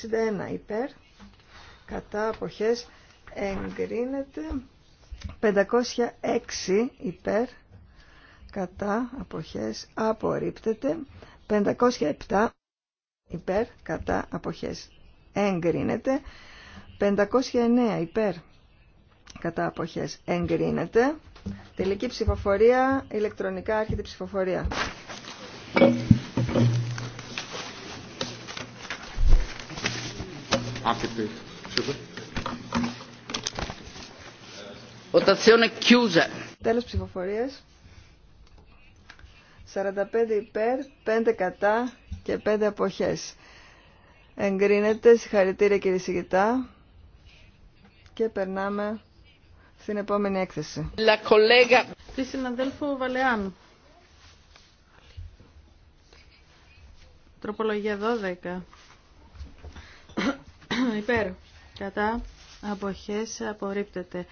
61 υπέρ κατά αποχές εγκρίνεται 506 υπέρ κατά αποχές απορρίπτεται 507 υπέρ κατά αποχές εγκρίνεται 509 υπέρ κατά αποχές εγκρίνεται τελική ψηφοφορία ηλεκτρονικά η ψηφοφορία Votazione chiusa. Τέλος ψηφοφορίας. 45 υπέρ, 5 κατά και 5 αποχές. Εγκρίνεται, συγχαρητήρια κύριε Σιγητά. Και περνάμε στην επόμενη έκθεση. La collega... Τη συναδέλφου Βαλεάν. Τροπολογία 12. *coughs* υπέρ. Κατά. Αποχές απορρίπτεται.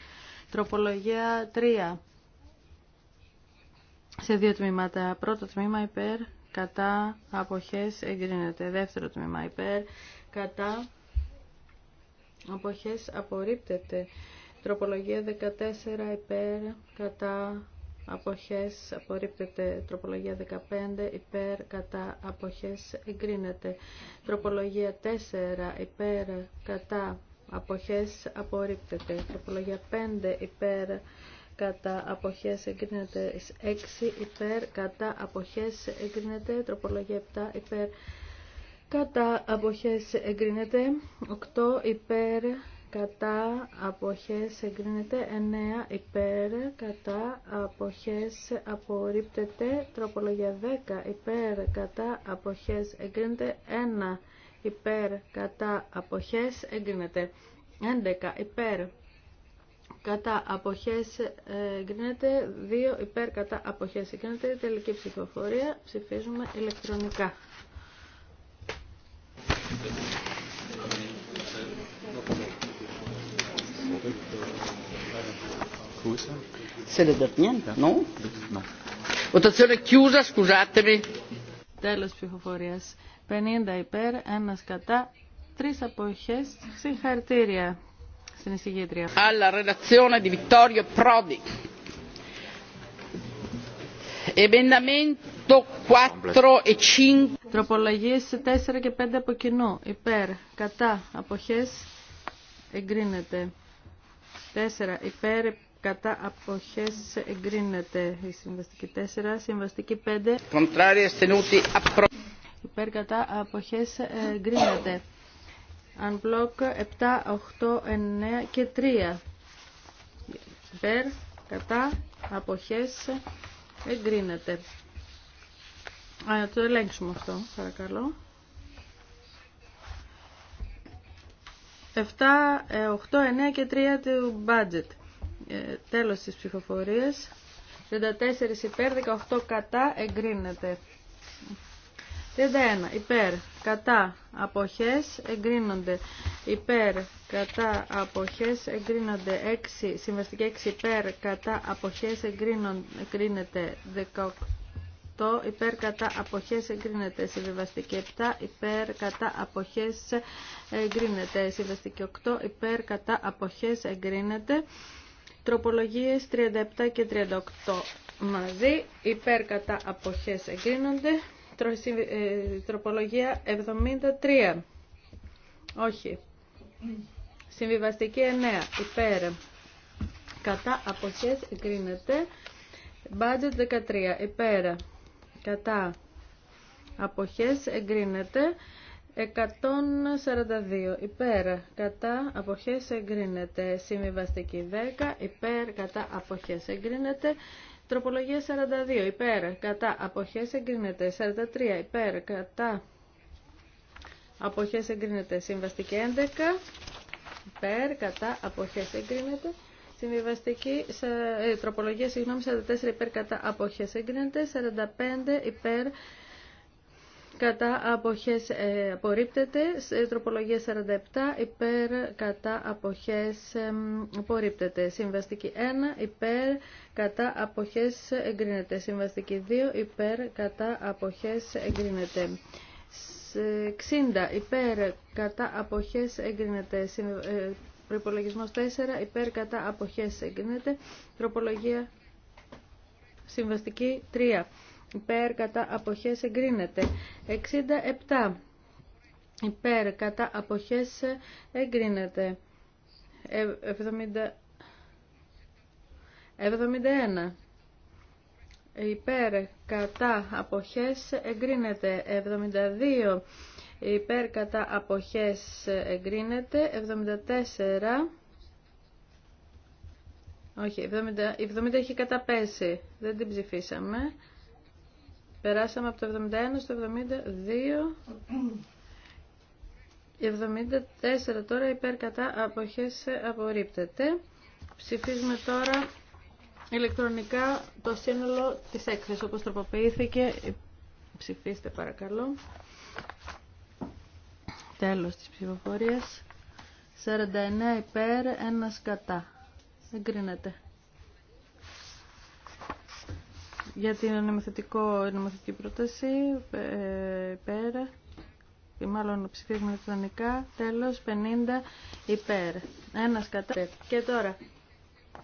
Τροπολογία 3 σε δύο τμήματα. Πρώτο τμήμα υπέρ, κατά, αποχές, εγκρίνεται. Δεύτερο τμήμα υπέρ, κατά, αποχές, απορρίπτεται. Τροπολογία 14 υπέρ, κατά, αποχές, απορρίπτεται. Τροπολογία 15 υπέρ, κατά, αποχές, εγκρίνεται. Τροπολογία 4 υπέρ, κατά, αποχές, απορρίπτεται. Τροπολογία 5 υπέρ, κατά αποχές εγκρίνεται 6 υπέρ κατά αποχές εγκρίνεται τροπολογία 7 υπέρ κατά αποχές εγκρίνεται 8 υπέρ κατά αποχές εγκρίνεται 9 υπέρ κατά αποχές απορρίπτεται τροπολογία 10 υπέρ κατά αποχές εγκρίνεται 1 υπέρ κατά αποχές εγκρίνεται 11 υπέρ κατά αποχές ε, εγκρίνεται, δύο υπέρ κατά αποχές εγκρίνεται, τελική ψηφοφορία, ψηφίζουμε ηλεκτρονικά. Τέλο ναι. le ναι. Τέλος ψηφοφορίας. 50 υπέρ, 1 κατά, 3 αποχές. Συγχαρητήρια στην εισηγήτρια. Emendamento 4 e 5. Τροπολογίες 4 και 5 από κοινού. Υπέρ, κατά, αποχές, εγκρίνεται. 4 υπέρ, κατά, αποχές, εγκρίνεται. Η συμβαστική 4, συμβαστική 5. Contrari, astenuti, appro... Υπέρ, κατά, αποχές, εγκρίνεται unblock 7, 8, 9 και 3 υπέρ, κατά, αποχές εγκρίνεται Α, να το ελέγξουμε αυτό παρακαλώ 7, 8, 9 και 3 του budget ε, τέλος της ψηφοφορίας 34 υπέρ, 18 κατά εγκρίνεται 31. Υπέρ, κατά, αποχές, εγκρίνονται. Υπέρ, κατά, αποχές, εγκρίνονται. 6. Συμβαστική 6. Υπέρ, κατά, αποχές, εγκρίνεται. 18. Υπέρ, κατά, αποχές, εγκρίνεται. Συμβαστική 7. Υπέρ, κατά, αποχές, εγκρίνεται. Συμβαστική 8. Υπέρ, κατά, αποχές, εγκρίνεται. Τροπολογίες 37 και 38 μαζί. Υπέρ, κατά, αποχές, εγκρίνονται. Ε, τροπολογία 73. Όχι. Συμβιβαστική 9. Υπέρ. Κατά αποχές εγκρίνεται. Budget 13. Υπέρ. Κατά αποχές εγκρίνεται. 142 υπέρ κατά αποχές εγκρίνεται συμβιβαστική 10 υπέρ κατά αποχές εγκρίνεται Τροπολογία 42 υπέρ κατά αποχές εγκρίνεται. 43 υπέρ κατά αποχές εγκρίνεται. Συμβαστική 11 υπέρ κατά αποχές εγκρίνεται. Συμβιβαστική ε, τροπολογία, συγγνώμη, 44 υπέρ κατά αποχές εγκρίνεται, 45 υπέρ κατά αποχές ε, απορρίπτεται, τροπολογία 47 υπέρ κατά αποχές ε, απορρίπτεται, συμβαστική 1 υπέρ κατά αποχές εγκρίνεται, συμβαστική 2 υπέρ κατά αποχές εγκρίνεται. 60 υπέρ κατά αποχές εγκρίνεται, ε, προϋπολογισμός 4 υπέρ κατά αποχές εγκρίνεται, τροπολογία συμβαστική 3 υπέρ κατά αποχές εγκρίνεται. 67 υπέρ κατά αποχές εγκρίνεται. 70... 71 υπέρ κατά αποχές εγκρίνεται 72 υπέρ κατά αποχές εγκρίνεται 74 όχι, 70, 70 έχει καταπέσει. Δεν την ψηφίσαμε. Περάσαμε από το 71 στο 72. 74 τώρα υπέρ κατά αποχές απορρίπτεται. Ψηφίζουμε τώρα ηλεκτρονικά το σύνολο της έκθεσης όπως τροποποιήθηκε. Ψηφίστε παρακαλώ. Τέλος της ψηφοφορίας. 49 υπέρ, 1 κατά. Εγκρίνεται. για την νομοθετικό, νομοθετική πρόταση ε, υπέρ και μάλλον ψηφίζουμε ηλεκτρονικά τέλος 50 υπέρ ένας κατά και τώρα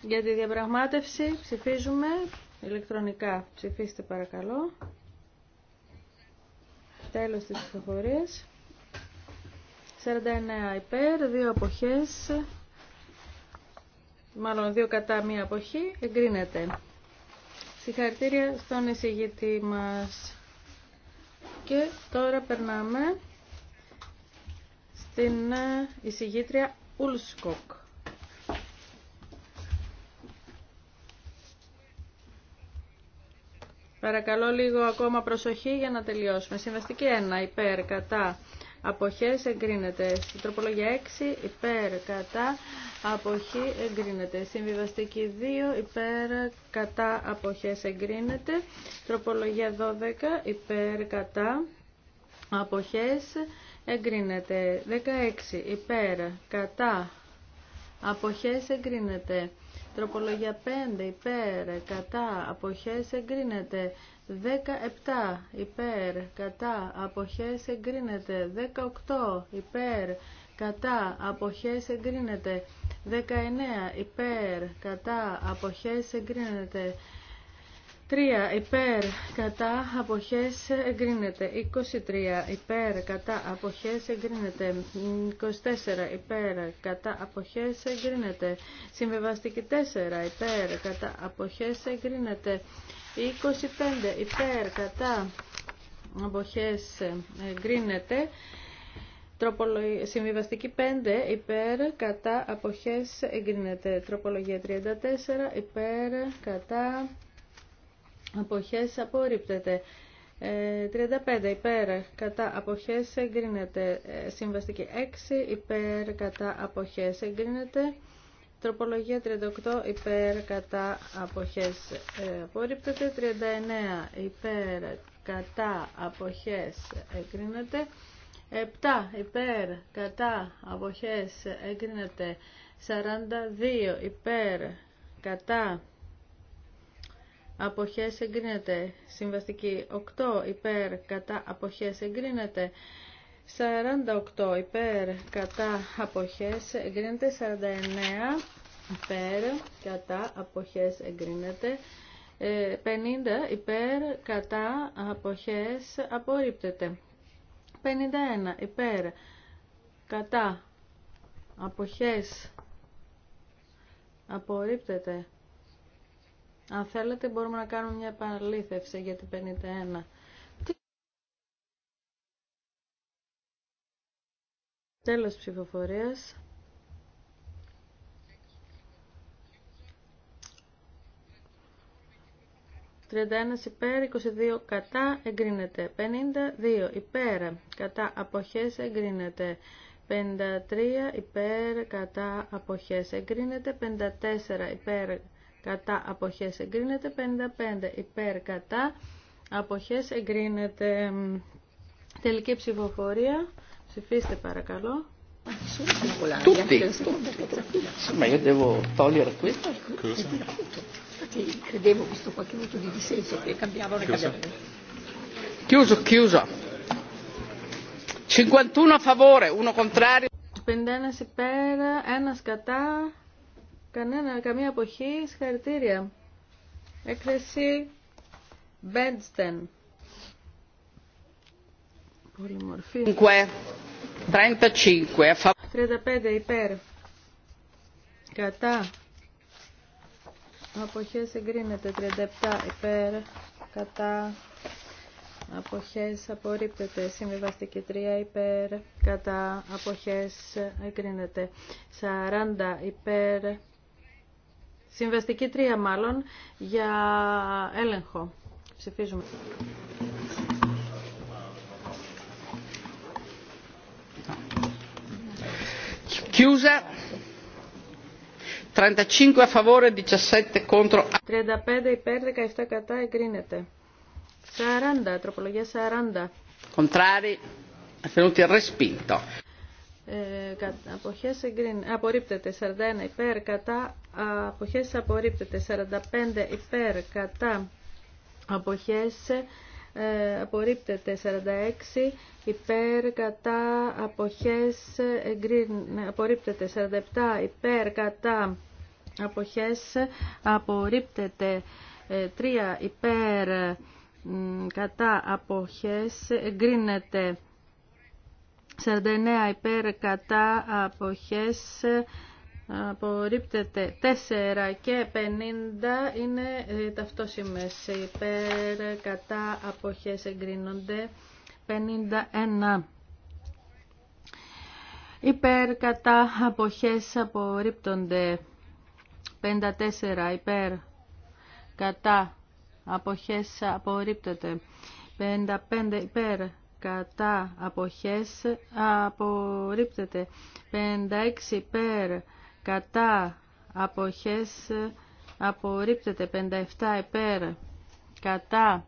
για τη διαπραγμάτευση ψηφίζουμε ηλεκτρονικά ψηφίστε παρακαλώ τέλος της ψηφοφορίας 49 υπέρ, δύο αποχές, μάλλον δύο κατά μία αποχή, εγκρίνεται. Συγχαρητήρια στον εισηγητή μας. Και τώρα περνάμε στην ε, εισηγήτρια Ουλσκοκ. Παρακαλώ λίγο ακόμα προσοχή για να τελειώσουμε. Συμβαστική 1. Υπέρ, κατά, αποχές εγκρίνεται. Τροπολογία 6 υπέρ κατά αποχή εγκρίνεται. Συμβιβαστική 2 υπέρ κατά αποχές εγκρίνεται. Τροπολογία 12 υπέρ κατά αποχές εγκρίνεται. 16 υπέρ κατά αποχές εγκρίνεται. Τροπολογία 5 υπέρ κατά αποχές εγκρίνεται. 17 υπέρ κατά αποχές εγκρίνεται 18 υπέρ κατά αποχές εγκρίνεται 19 υπέρ κατά αποχές εγκρίνεται 3 υπέρ κατά αποχές εγκρίνεται 23 υπέρ κατά αποχές εγκρίνεται 24 υπέρ κατά αποχές εγκρίνεται συμβεβαστική 4 υπέρ κατά αποχές εγκρίνεται 25 υπέρ κατά αποχές εγκρίνεται. Συμβιβαστική 5 υπέρ κατά αποχές εγκρίνεται. Τροπολογία 34 υπέρ κατά αποχές απορρίπτεται. 35 ε, υπέρ κατά αποχές εγκρίνεται. Ε, συμβαστική 6 υπέρ κατά αποχές εγκρίνεται. Τροπολογία 38 υπέρ κατά αποχές ε, απορρίπτεται. 39 υπέρ κατά αποχές εγκρίνεται. 7 υπέρ κατά αποχές εγκρίνεται. 42 υπέρ κατά αποχές εγκρίνεται. Συμβαστική 8 υπέρ κατά αποχές εγκρίνεται. 48 υπέρ κατά αποχές εγκρίνεται 49 υπέρ κατά αποχές εγκρίνεται 50 ε, υπέρ κατά αποχές απορρίπτεται 51 υπέρ κατά αποχές απορρίπτεται αν θέλετε μπορούμε να κάνουμε μια επαναλήθευση για την 51 Τέλος ψηφοφορίας. «31 υπέρ, 22 κατά, εγκρίνεται. 52 υπέρ, κατά, αποχές, εγκρίνεται. 53 υπέρ, κατά, αποχές, εγκρίνεται. 54 υπέρ, κατά, αποχές, εγκρίνεται. 55 υπέρ, κατά, αποχές, εγκρίνεται. Τελική ψηφοφορία. Ψηφίστε παρακαλώ. Tutti. Ma io devo togliere questo. Cosa? credevo visto qualche voto di dissenso che cambiavano le cambiavano. Chiuso, chiuso. 51 a favore, uno contrario. 51 υπέρ, 1 κατά, κανένα, καμία αποχή, συγχαρητήρια. Έκθεση Μπέντστεν. 35 υπέρ. Κατά. Αποχέ εγκρίνεται. 37 υπέρ. Κατά. Αποχέ απορρίπτεται. Συμβιβαστική 3 υπέρ. Κατά. Αποχέ εγκρίνεται. 40 υπέρ. Συμβαστική 3 μάλλον για έλεγχο. Ψηφίζουμε. Chiusa. 35 a favore, 17 contro. 35 υπέρ, 17 κατά, εγκρίνεται. 40, τροπολογία 40. Contrari, αφαιρούνται respinto. Ε, αποχές εγκρίνει, απορρίπτεται 41 υπέρ κατά, αποχές απορρίπτεται 45 υπέρ κατά, αποχές ε, απορρίπτεται 46 υπέρ κατά αποχές εγκρίν, ναι, απορρίπτεται 47 υπέρ κατά αποχές απορρίπτεται 3 ε, υπέρ κατά αποχές εγκρίνεται 49 υπέρ κατά αποχές Απορρίπτεται 4 και 50 είναι ε, ταυτόσημες. Υπέρ, κατά, αποχές εγκρίνονται. 51. Υπέρ, κατά, αποχές απορρίπτονται. 54. Υπέρ, κατά, αποχές απορρίπτεται. 55. Υπέρ, κατά, αποχές απορρίπτεται. 56. Υπέρ, κατά αποχές απορρίπτεται 57 υπέρ κατά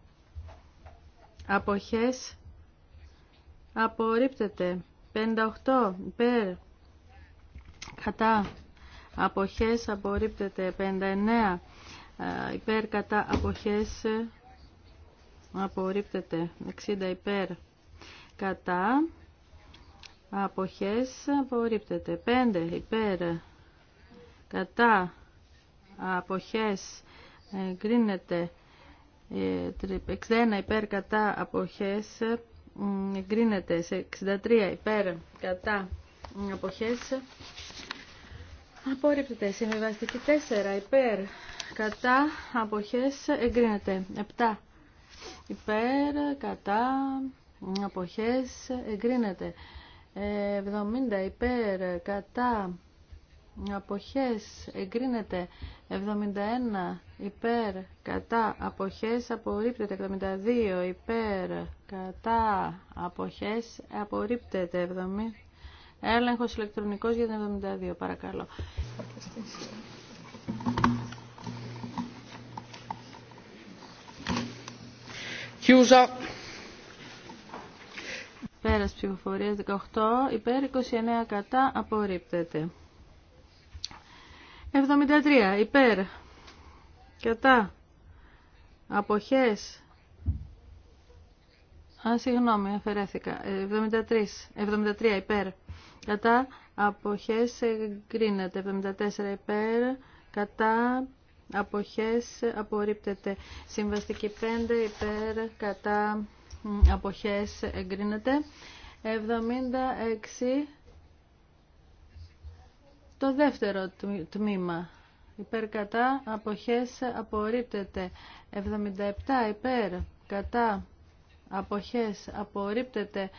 αποχές απορρίπτεται 58 υπέρ κατά αποχές απορρίπτεται 59 υπέρ κατά αποχές απορρίπτεται 60 υπέρ κατά αποχές απορρίπτεται 5 υπέρ κατά αποχές εγκρίνεται 61 ε, υπέρ κατά αποχές εγκρίνεται 63 υπέρ κατά αποχές απόρριπτεται συμβιβαστική 4 υπέρ κατά αποχές εγκρίνεται 7 ε, υπέρ κατά αποχές εγκρίνεται 70 υπέρ κατά αποχές εγκρίνεται 71 υπέρ κατά αποχές απορρίπτεται 72 υπέρ κατά αποχές απορρίπτεται 70 έλεγχος ηλεκτρονικός για την 72 παρακαλώ Χιούζα Πέρας ψηφοφορίας 18 υπέρ 29 κατά απορρίπτεται 73 υπέρ κατά αποχές Α, συγγνώμη, αφαιρέθηκα. 73, 73 υπέρ. Κατά αποχές εγκρίνεται. 74 υπέρ. Κατά αποχές απορρίπτεται. Συμβαστική 5 υπέρ. Κατά αποχές εγκρίνεται. 76 το δεύτερο τμήμα. Υπέρ κατά αποχές απορρίπτεται. 77 υπέρ κατά αποχές απορρίπτεται.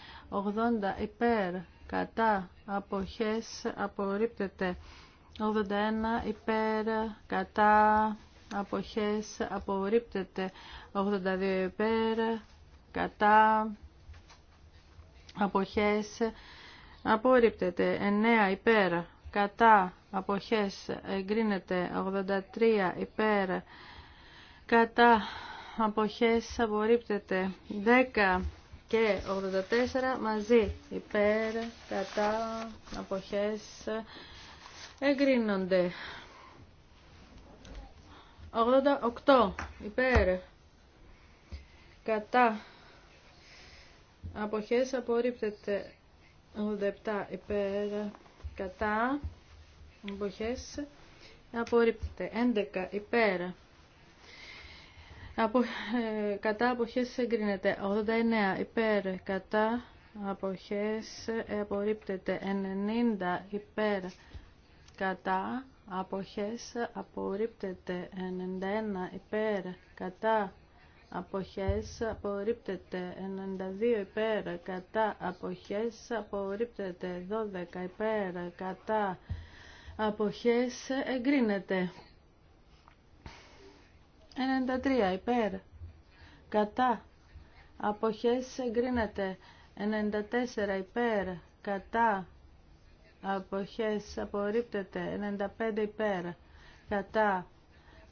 80 υπέρ κατά αποχές απορρίπτεται. 81 υπέρ κατά αποχές απορρίπτεται. 82 υπέρ κατά αποχές απορρίπτεται. 9 υπέρ κατά αποχές εγκρίνεται 83 υπέρ κατά αποχές απορρίπτεται 10 και 84 μαζί υπέρ κατά αποχές εγκρίνονται 88 υπέρ κατά αποχές απορρίπτεται 87 υπέρ κατά εμποχές απορρίπτεται 11 υπέρ από, ε, κατά αποχές εγκρίνεται 89 υπέρ κατά αποχές απορρίπτεται 90 υπέρ κατά αποχές απορρίπτεται 91 υπέρ κατά αποχές απορρίπτεται 92 υπέρ κατά αποχές απορρίπτεται 12 υπέρ κατά αποχές εγκρίνεται 93 υπέρ κατά αποχές εγκρίνεται 94 υπέρ κατά αποχές απορρίπτεται 95 υπέρ κατά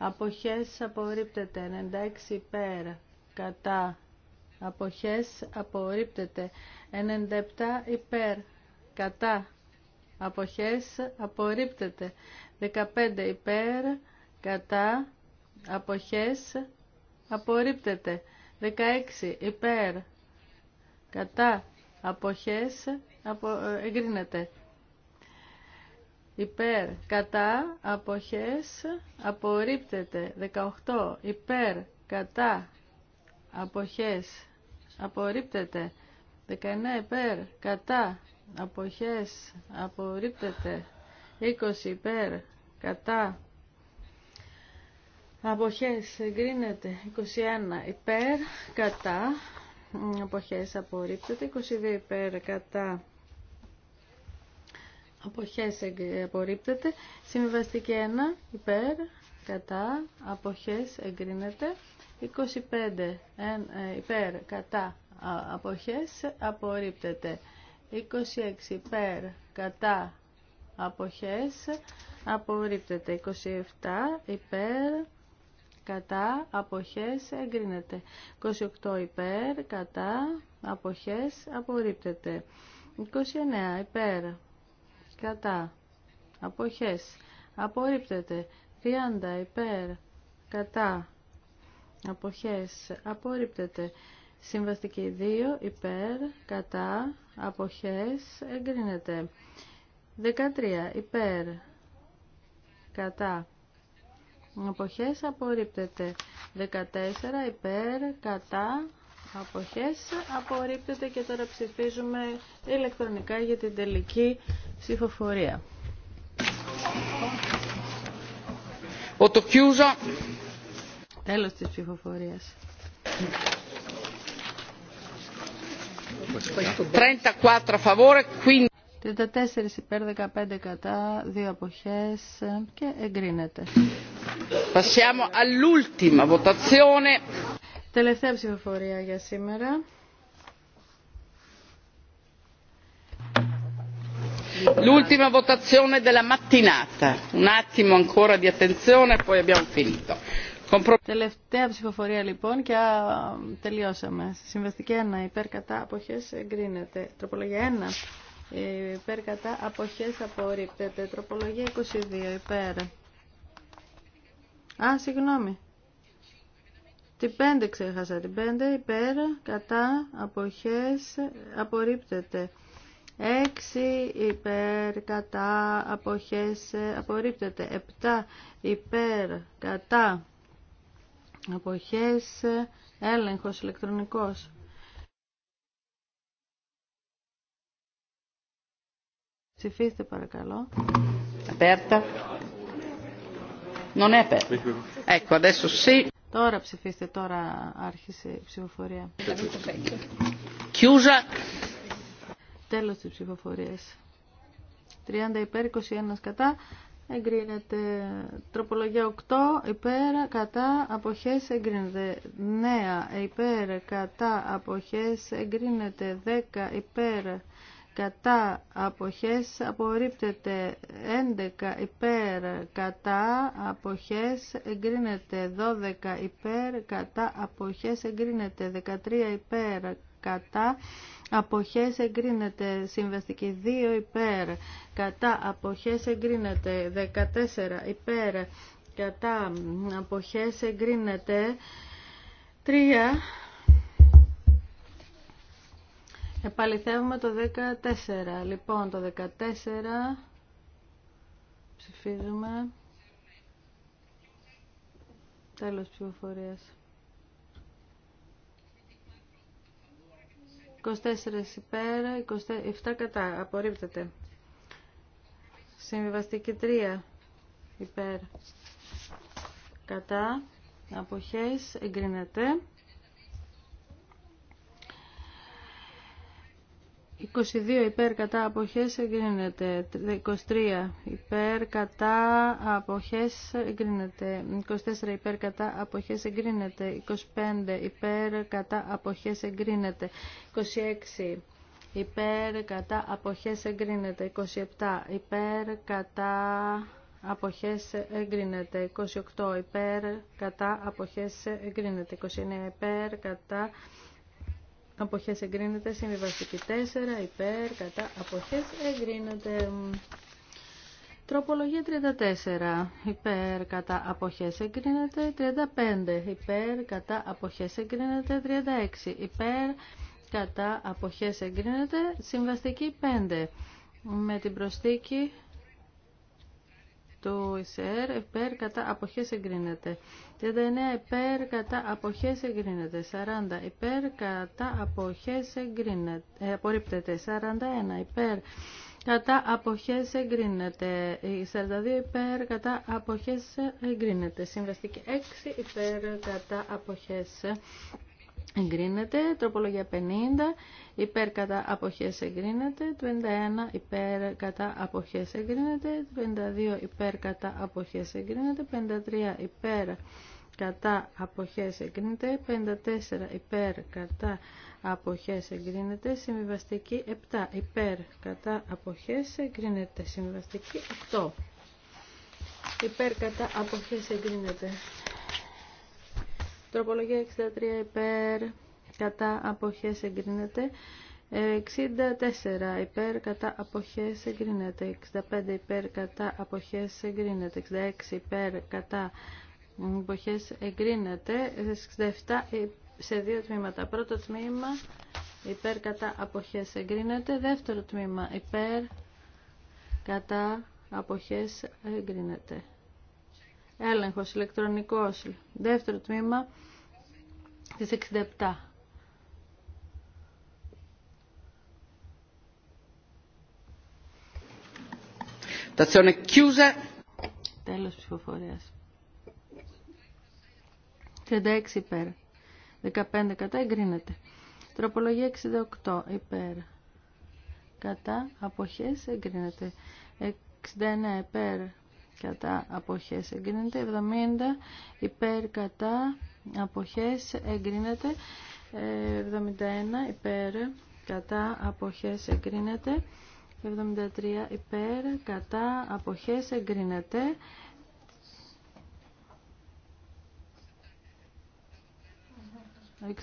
Αποχές απορρίπτεται 96 υπέρ κατά. Αποχές απορρίπτεται 97 υπέρ κατά. Αποχές απορρίπτεται 15 υπέρ κατά. Αποχές απορρίπτεται 16 υπέρ κατά. Αποχές απο... Ε, εγκρίνεται υπέρ, κατά, αποχές, απορρίπτεται. 18. Υπέρ, κατά, αποχές, απορρίπτεται. 19. Υπέρ, κατά, αποχές, απορρίπτεται. 20. Υπέρ, κατά, αποχές, εγκρίνεται. 21. Υπέρ, κατά, αποχές, απορρίπτεται. 22. Υπέρ, κατά, αποχές απορρίπτεται. Συμβιβαστική 1 υπέρ, κατά, αποχές εγκρίνεται. 25 ε, υπέρ, κατά, αποχές απορρίπτεται. 26 υπέρ, κατά, αποχές απορρίπτεται. 27 υπέρ, κατά, αποχές εγκρίνεται. 28 υπέρ, κατά, αποχές απορρίπτεται. 29 υπέρ, κατά, αποχές, απορρίπτεται. 30 υπέρ, κατά, αποχές, απορρίπτεται. Συμβαστική 2 υπέρ, κατά, αποχές, εγκρίνεται. 13 υπέρ, κατά, αποχές, απορρίπτεται. 14 υπέρ, κατά, αποχές απορρίπτεται και τώρα ψηφίζουμε ηλεκτρονικά για την τελική ψηφοφορία. Οτοκιούζα. Τέλος της ψηφοφορίας. 34 favore, 34 υπέρ 15 κατά, 2 αποχές και εγκρίνεται. Passiamo all'ultima votazione Τελευταία ψηφοφορία για σήμερα. L'ultima votazione della mattinata. Un attimo ancora di attenzione e poi abbiamo finito. Τελευταία ψηφοφορία λοιπόν και α, τελειώσαμε. Συμβαστική 1. Υπέρ κατά αποχές εγκρίνεται. Τροπολογία 1. Υπέρ κατά αποχές απορρίπτεται. Τροπολογία 22. Υπέρ. Α, συγγνώμη. Την 5 ξέχασα. Την 5 υπέρ, κατά, απόχέ, απορρίπτεται. 6 υπέρ, κατά, απόχέ. απορρίπτεται. 7 υπέρ, κατά, απόχέ. Έλεγχο ηλεκτρονικό. Ψηφίστε παρακαλώ. Aperta. Non è aperta. Τώρα ψηφίστε, τώρα άρχισε η ψηφοφορία. Κιούζα. Τέλος της ψηφοφορίας. 30 υπέρ, 21 κατά. Εγκρίνεται τροπολογία 8 υπέρ κατά αποχές εγκρίνεται 9 υπέρ κατά αποχές εγκρίνεται 10 υπέρ κατά αποχές απορρίπτεται 11 υπέρ κατά αποχές εγκρίνεται 12 υπέρ κατά αποχές εγκρίνεται 13 υπέρ κατά αποχές εγκρίνεται συμβαστική 2 υπέρ κατά αποχές εγκρίνεται 14 υπέρ κατά αποχές εγκρίνεται 3 Επαληθεύουμε το 14. Λοιπόν, το 14 ψηφίζουμε. Τέλος ψηφοφορίας. 24 υπέρ, 27 κατά. Απορρίπτεται. Συμβιβαστική 3 υπέρ. Κατά. Αποχές εγκρίνεται. 22 υπέρ κατά αποχές εγκρίνεται. 23 υπέρ κατά αποχές εγκρίνεται. 24 υπέρ κατά αποχές εγκρίνεται. 25 υπέρ κατά αποχές εγκρίνεται. 26 υπέρ κατά αποχές εγκρίνεται. 27 υπέρ κατά αποχές εγκρίνεται. 28 υπέρ κατά αποχές εγκρίνεται. 29 υπέρ κατά αποχές εγκρίνεται, συμβιβαστική 4, υπέρ, κατά, αποχές εγκρίνεται. Τροπολογία 34, υπέρ, κατά, αποχές εγκρίνεται, 35, υπέρ, κατά, αποχές εγκρίνεται, 36, υπέρ, κατά, αποχές εγκρίνεται, συμβαστική 5, με την προσθήκη το ΙΣΕΡ υπέρ κατά αποχές εγκρίνεται 39 υπέρ κατά αποχές εγκρίνεται 40 υπέρ κατά αποχές εγκρίνεται ε, απορρίπτεται 41 υπέρ κατά αποχές εγκρίνεται 42 ε, υπέρ κατά αποχές εγκρίνεται συμβαστική 6 υπέρ κατά αποχές εγκρίνεται εγκρίνεται, τροπολογία 50, υπέρ κατά αποχές εγκρίνεται, 51 υπέρ κατά αποχές εγκρίνεται, 52 υπέρ κατά αποχές εγκρίνεται, 53 υπέρ κατά αποχές εγκρίνεται, 54 υπέρ κατά αποχές εγκρίνεται, συμβιβαστική 7 υπέρ κατά αποχές εγκρίνεται, συμβιβαστική 8 υπέρ κατά αποχές εγκρίνεται. Τροπολογία 63 υπέρ κατά αποχές εγκρίνεται. 64 υπέρ κατά αποχές εγκρίνεται. 65 υπέρ κατά αποχές εγκρίνεται. 66 υπέρ κατά αποχές εγκρίνεται. 67 σε δύο τμήματα. Πρώτο τμήμα υπέρ κατά αποχές εγκρίνεται. Δεύτερο τμήμα υπέρ κατά αποχές εγκρίνεται. Έλεγχος ηλεκτρονικός. Δεύτερο τμήμα Τη 67. Τέλος ψηφοφορίας. 36 υπέρ. 15 κατά εγκρίνεται. Τροπολογία 68 υπέρ. Κατά αποχές εγκρίνεται. 69 υπέρ. Κατά αποχές εγκρίνεται. 70 υπέρ κατά αποχές εγκρίνεται 71 ε, υπέρ κατά αποχές εγκρίνεται 73 υπέρ κατά αποχές εγκρίνεται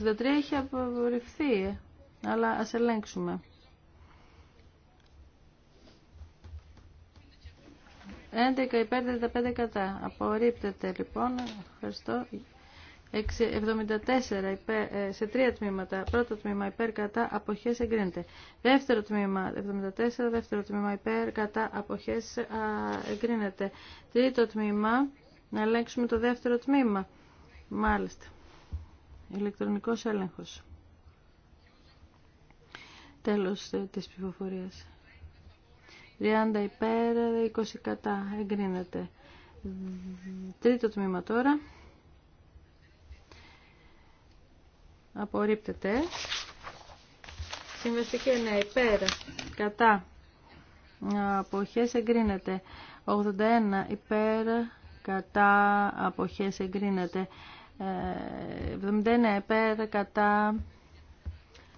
63 έχει απορριφθεί αλλά ας ελέγξουμε Έντεκα υπέρ 35 κατά. Απορρίπτεται λοιπόν. Ευχαριστώ. 74 ε, σε τρία τμήματα. Πρώτο τμήμα υπέρ κατά αποχές εγκρίνεται. Δεύτερο τμήμα 74, δεύτερο τμήμα υπέρ κατά αποχές εγκρίνεται. Τρίτο τμήμα, να ελέγξουμε το δεύτερο τμήμα. Μάλιστα. Ηλεκτρονικός έλεγχος. Τέλος ε, της ψηφοφορίας. 30 υπέρ, 20 κατά εγκρίνεται. Τρίτο τμήμα τώρα. απορρίπτεται. Συμβαστική 9 υπέρ, κατά, αποχές εγκρίνεται. 81 υπέρ, κατά, αποχές εγκρίνεται. 79 ε, υπέρ, κατά,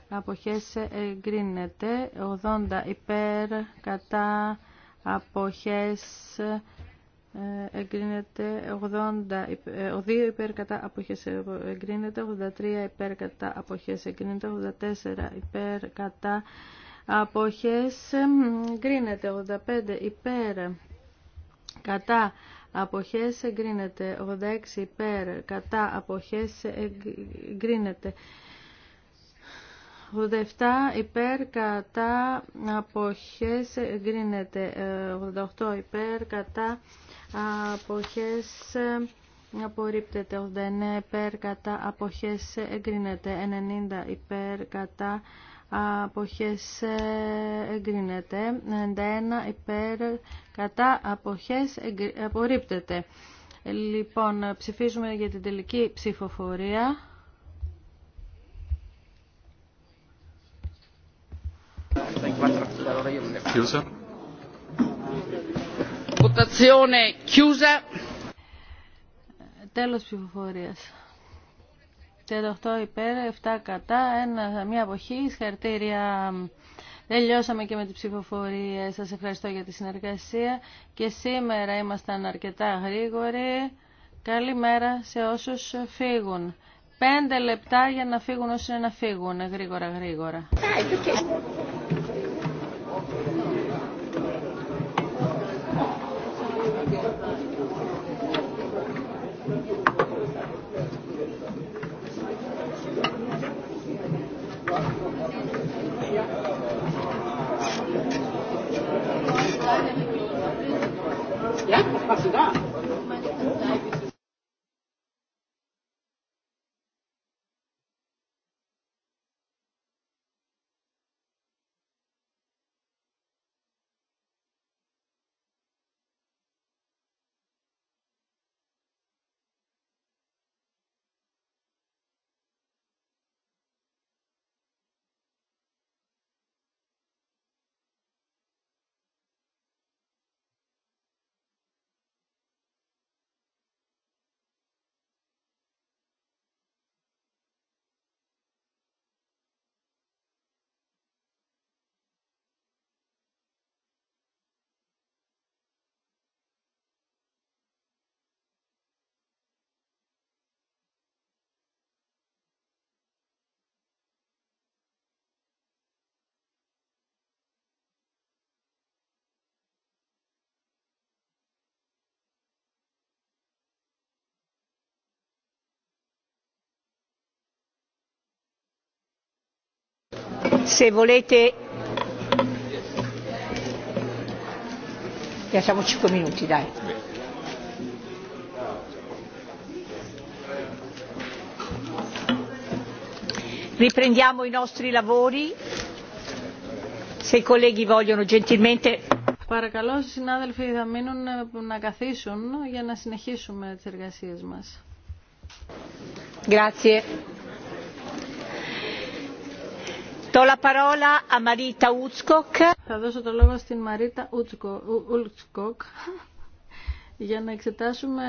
αποχές εγκρίνεται. 80 υπέρ, κατά, αποχές εγκρίνεται ε, εγκρίνεται 80 ε, ο 2 ε, υπέρ κατά αποχές εγκρίνεται 83 υπέρ κατά αποχές εγκρίνεται 84 υπέρ κατά αποχές εγκρίνεται 85 υπέρ κατά αποχές εγκρίνεται 86 υπέρ κατά αποχές εγκρίνεται 87 υπέρ κατά αποχές εγκρίνεται 88 υπέρ κατά αποχές ε, απορρίπτεται 89 υπέρ κατά αποχές ε, εγκρίνεται 90 υπέρ κατά αποχές ε, εγκρίνεται 91 υπέρ κατά αποχές απορρίπτεται λοιπόν ψηφίζουμε για την τελική ψηφοφορία votazione chiusa. Τέλος ψηφοφορίας. 38 υπέρ, 7 κατά, ένα, μια αποχή, συγχαρητήρια. Τελειώσαμε και με τις ψηφοφορίες. Σας ευχαριστώ για τη συνεργασία και σήμερα ήμασταν αρκετά γρήγοροι. Καλημέρα σε όσους φύγουν. Πέντε λεπτά για να φύγουν όσοι είναι να φύγουν γρήγορα γρήγορα. Ja, was du se volete lasciamo 5 minuti dai riprendiamo i nostri lavori se i colleghi vogliono gentilmente Παρακαλώ, οι συνάδελφοι θα μείνουν να καθίσουν για να συνεχίσουμε τις εργασίες μας. Grazie. Θα δώσω το λόγο στην Μαρίτα Ουλτσκοκ *laughs* για να εξετάσουμε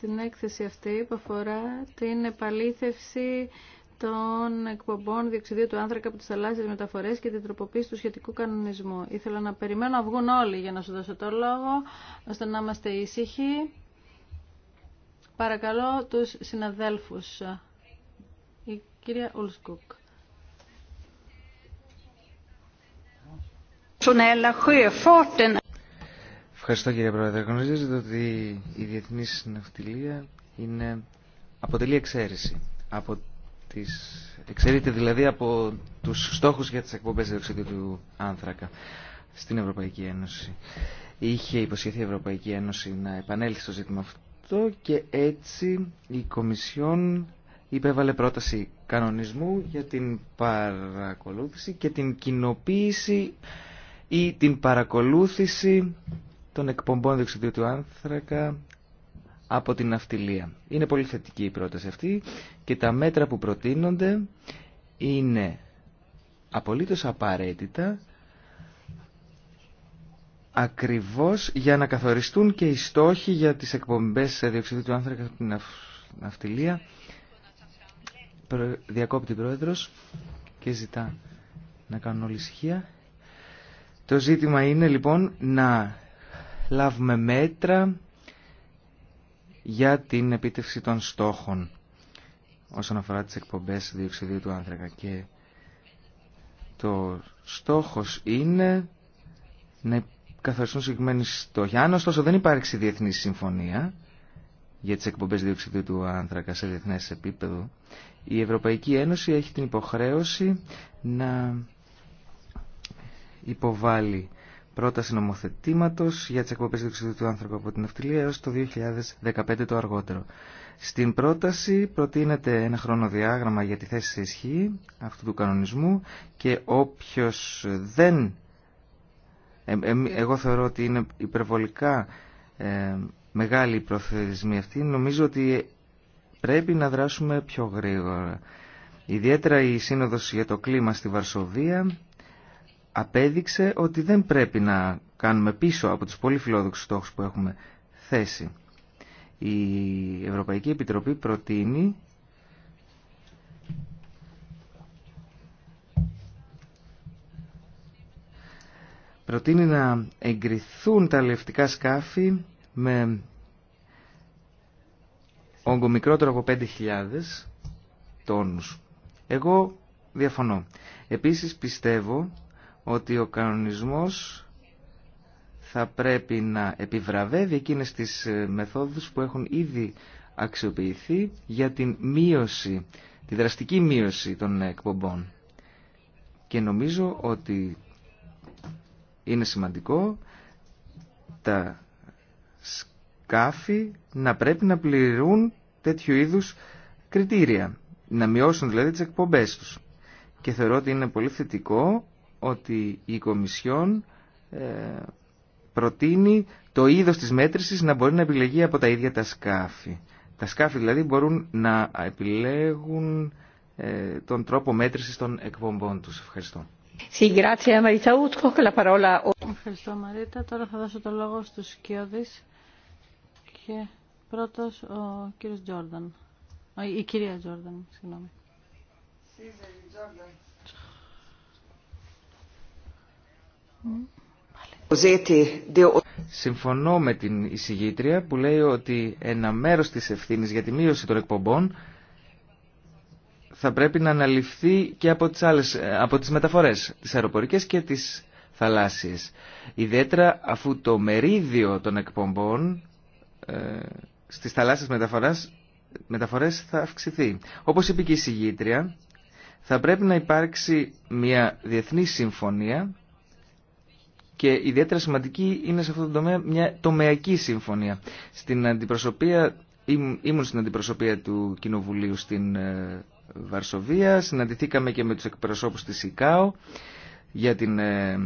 την έκθεση αυτή που αφορά την επαλήθευση των εκπομπών διοξιδίου του άνθρακα από τις θαλάσσιες μεταφορές και την τροποποίηση του σχετικού κανονισμού. Ήθελα να περιμένω να βγουν όλοι για να σου δώσω το λόγο, ώστε να είμαστε ήσυχοι. Παρακαλώ τους συναδέλφους. Η κυρία Ουλσκοκ. Ευχαριστώ κύριε Πρόεδρε. Γνωρίζετε ότι η διεθνή συναυτιλία είναι, αποτελεί εξαίρεση. Από τις, εξαιρείται δηλαδή από τους στόχους για τις εκπομπές διοξιδίου του άνθρακα στην Ευρωπαϊκή Ένωση. Είχε υποσχεθεί η Ευρωπαϊκή Ένωση να επανέλθει στο ζήτημα αυτό και έτσι η Κομισιόν υπέβαλε πρόταση κανονισμού για την παρακολούθηση και την κοινοποίηση ή την παρακολούθηση των εκπομπών διοξιδίου του άνθρακα από την ναυτιλία. Είναι πολύ θετική η την παρακολουθηση των εκπομπων διοξειδιου του ανθρακα απο αυτή και τα μέτρα που προτείνονται είναι απολύτως απαραίτητα ακριβώς για να καθοριστούν και οι στόχοι για τις εκπομπές διοξιδίου του άνθρακα από την ναυτιλία. Διακόπτη πρόεδρος και ζητά να κάνουν όλη ησυχία. Το ζήτημα είναι λοιπόν να λάβουμε μέτρα για την επίτευξη των στόχων όσον αφορά τις εκπομπές διοξιδίου του άνθρακα και το στόχος είναι να καθοριστούν συγκεκριμένοι στόχοι. Αν ωστόσο δεν υπάρξει διεθνή συμφωνία για τις εκπομπές διοξιδίου του άνθρακα σε διεθνές επίπεδο, η Ευρωπαϊκή Ένωση έχει την υποχρέωση να υποβάλει πρόταση νομοθετήματο για τι του διοξιδίου του άνθρωπου από την ναυτιλία έω το 2015 το αργότερο. Στην πρόταση προτείνεται ένα χρονοδιάγραμμα για τη θέση σε ισχύ αυτού του κανονισμού και όποιο δεν... εγώ θεωρώ ότι είναι υπερβολικά ε, μεγάλη η προθεσμία αυτή. Νομίζω ότι πρέπει να δράσουμε πιο γρήγορα. Ιδιαίτερα η Σύνοδος για το Κλίμα στη Βαρσοβία απέδειξε ότι δεν πρέπει να κάνουμε πίσω από τους πολύ φιλόδοξους στόχους που έχουμε θέσει. Η Ευρωπαϊκή Επιτροπή προτείνει προτείνει να εγκριθούν τα λευτικά σκάφη με όγκο μικρότερο από 5.000 τόνους. Εγώ διαφωνώ. Επίσης πιστεύω ότι ο κανονισμός θα πρέπει να επιβραβεύει εκείνες τις ε, μεθόδους που έχουν ήδη αξιοποιηθεί για την μείωση, τη δραστική μείωση των εκπομπών. Και νομίζω ότι είναι σημαντικό τα σκάφη να πρέπει να πληρούν τέτοιου είδους κριτήρια, να μειώσουν δηλαδή τις εκπομπές τους. Και θεωρώ ότι είναι πολύ θετικό ότι η Κομισιόν ε, προτείνει το είδος της μέτρησης να μπορεί να επιλεγεί από τα ίδια τα σκάφη. Τα σκάφη δηλαδή μπορούν να επιλέγουν ε, τον τρόπο μέτρησης των εκπομπών τους. Ευχαριστώ. Ευχαριστώ Μαρίτα. Τώρα θα δώσω το λόγο στους Σκιώδης και πρώτος ο κύριος Τζόρνταν. Η κυρία Τζόρνταν, συγγνώμη. Συμφωνώ με την εισηγήτρια που λέει ότι ένα μέρος της ευθύνης για τη μείωση των εκπομπών θα πρέπει να αναλυφθεί και από τις, άλλες, ε, από τις μεταφορές, τις αεροπορικές και τις θαλάσσιες. Ιδιαίτερα αφού το μερίδιο των εκπομπών ε, στις θαλάσσιες μεταφορές, θα αυξηθεί. Όπως είπε και η εισηγήτρια, θα πρέπει να υπάρξει μια διεθνή συμφωνία και ιδιαίτερα σημαντική είναι σε αυτό το τομέα μια τομεακή συμφωνία. Στην αντιπροσωπεία, ήμουν στην αντιπροσωπεία του Κοινοβουλίου στην ε, Βαρσοβία, συναντηθήκαμε και με τους εκπροσώπους της ΙΚΑΟ για, την, ε,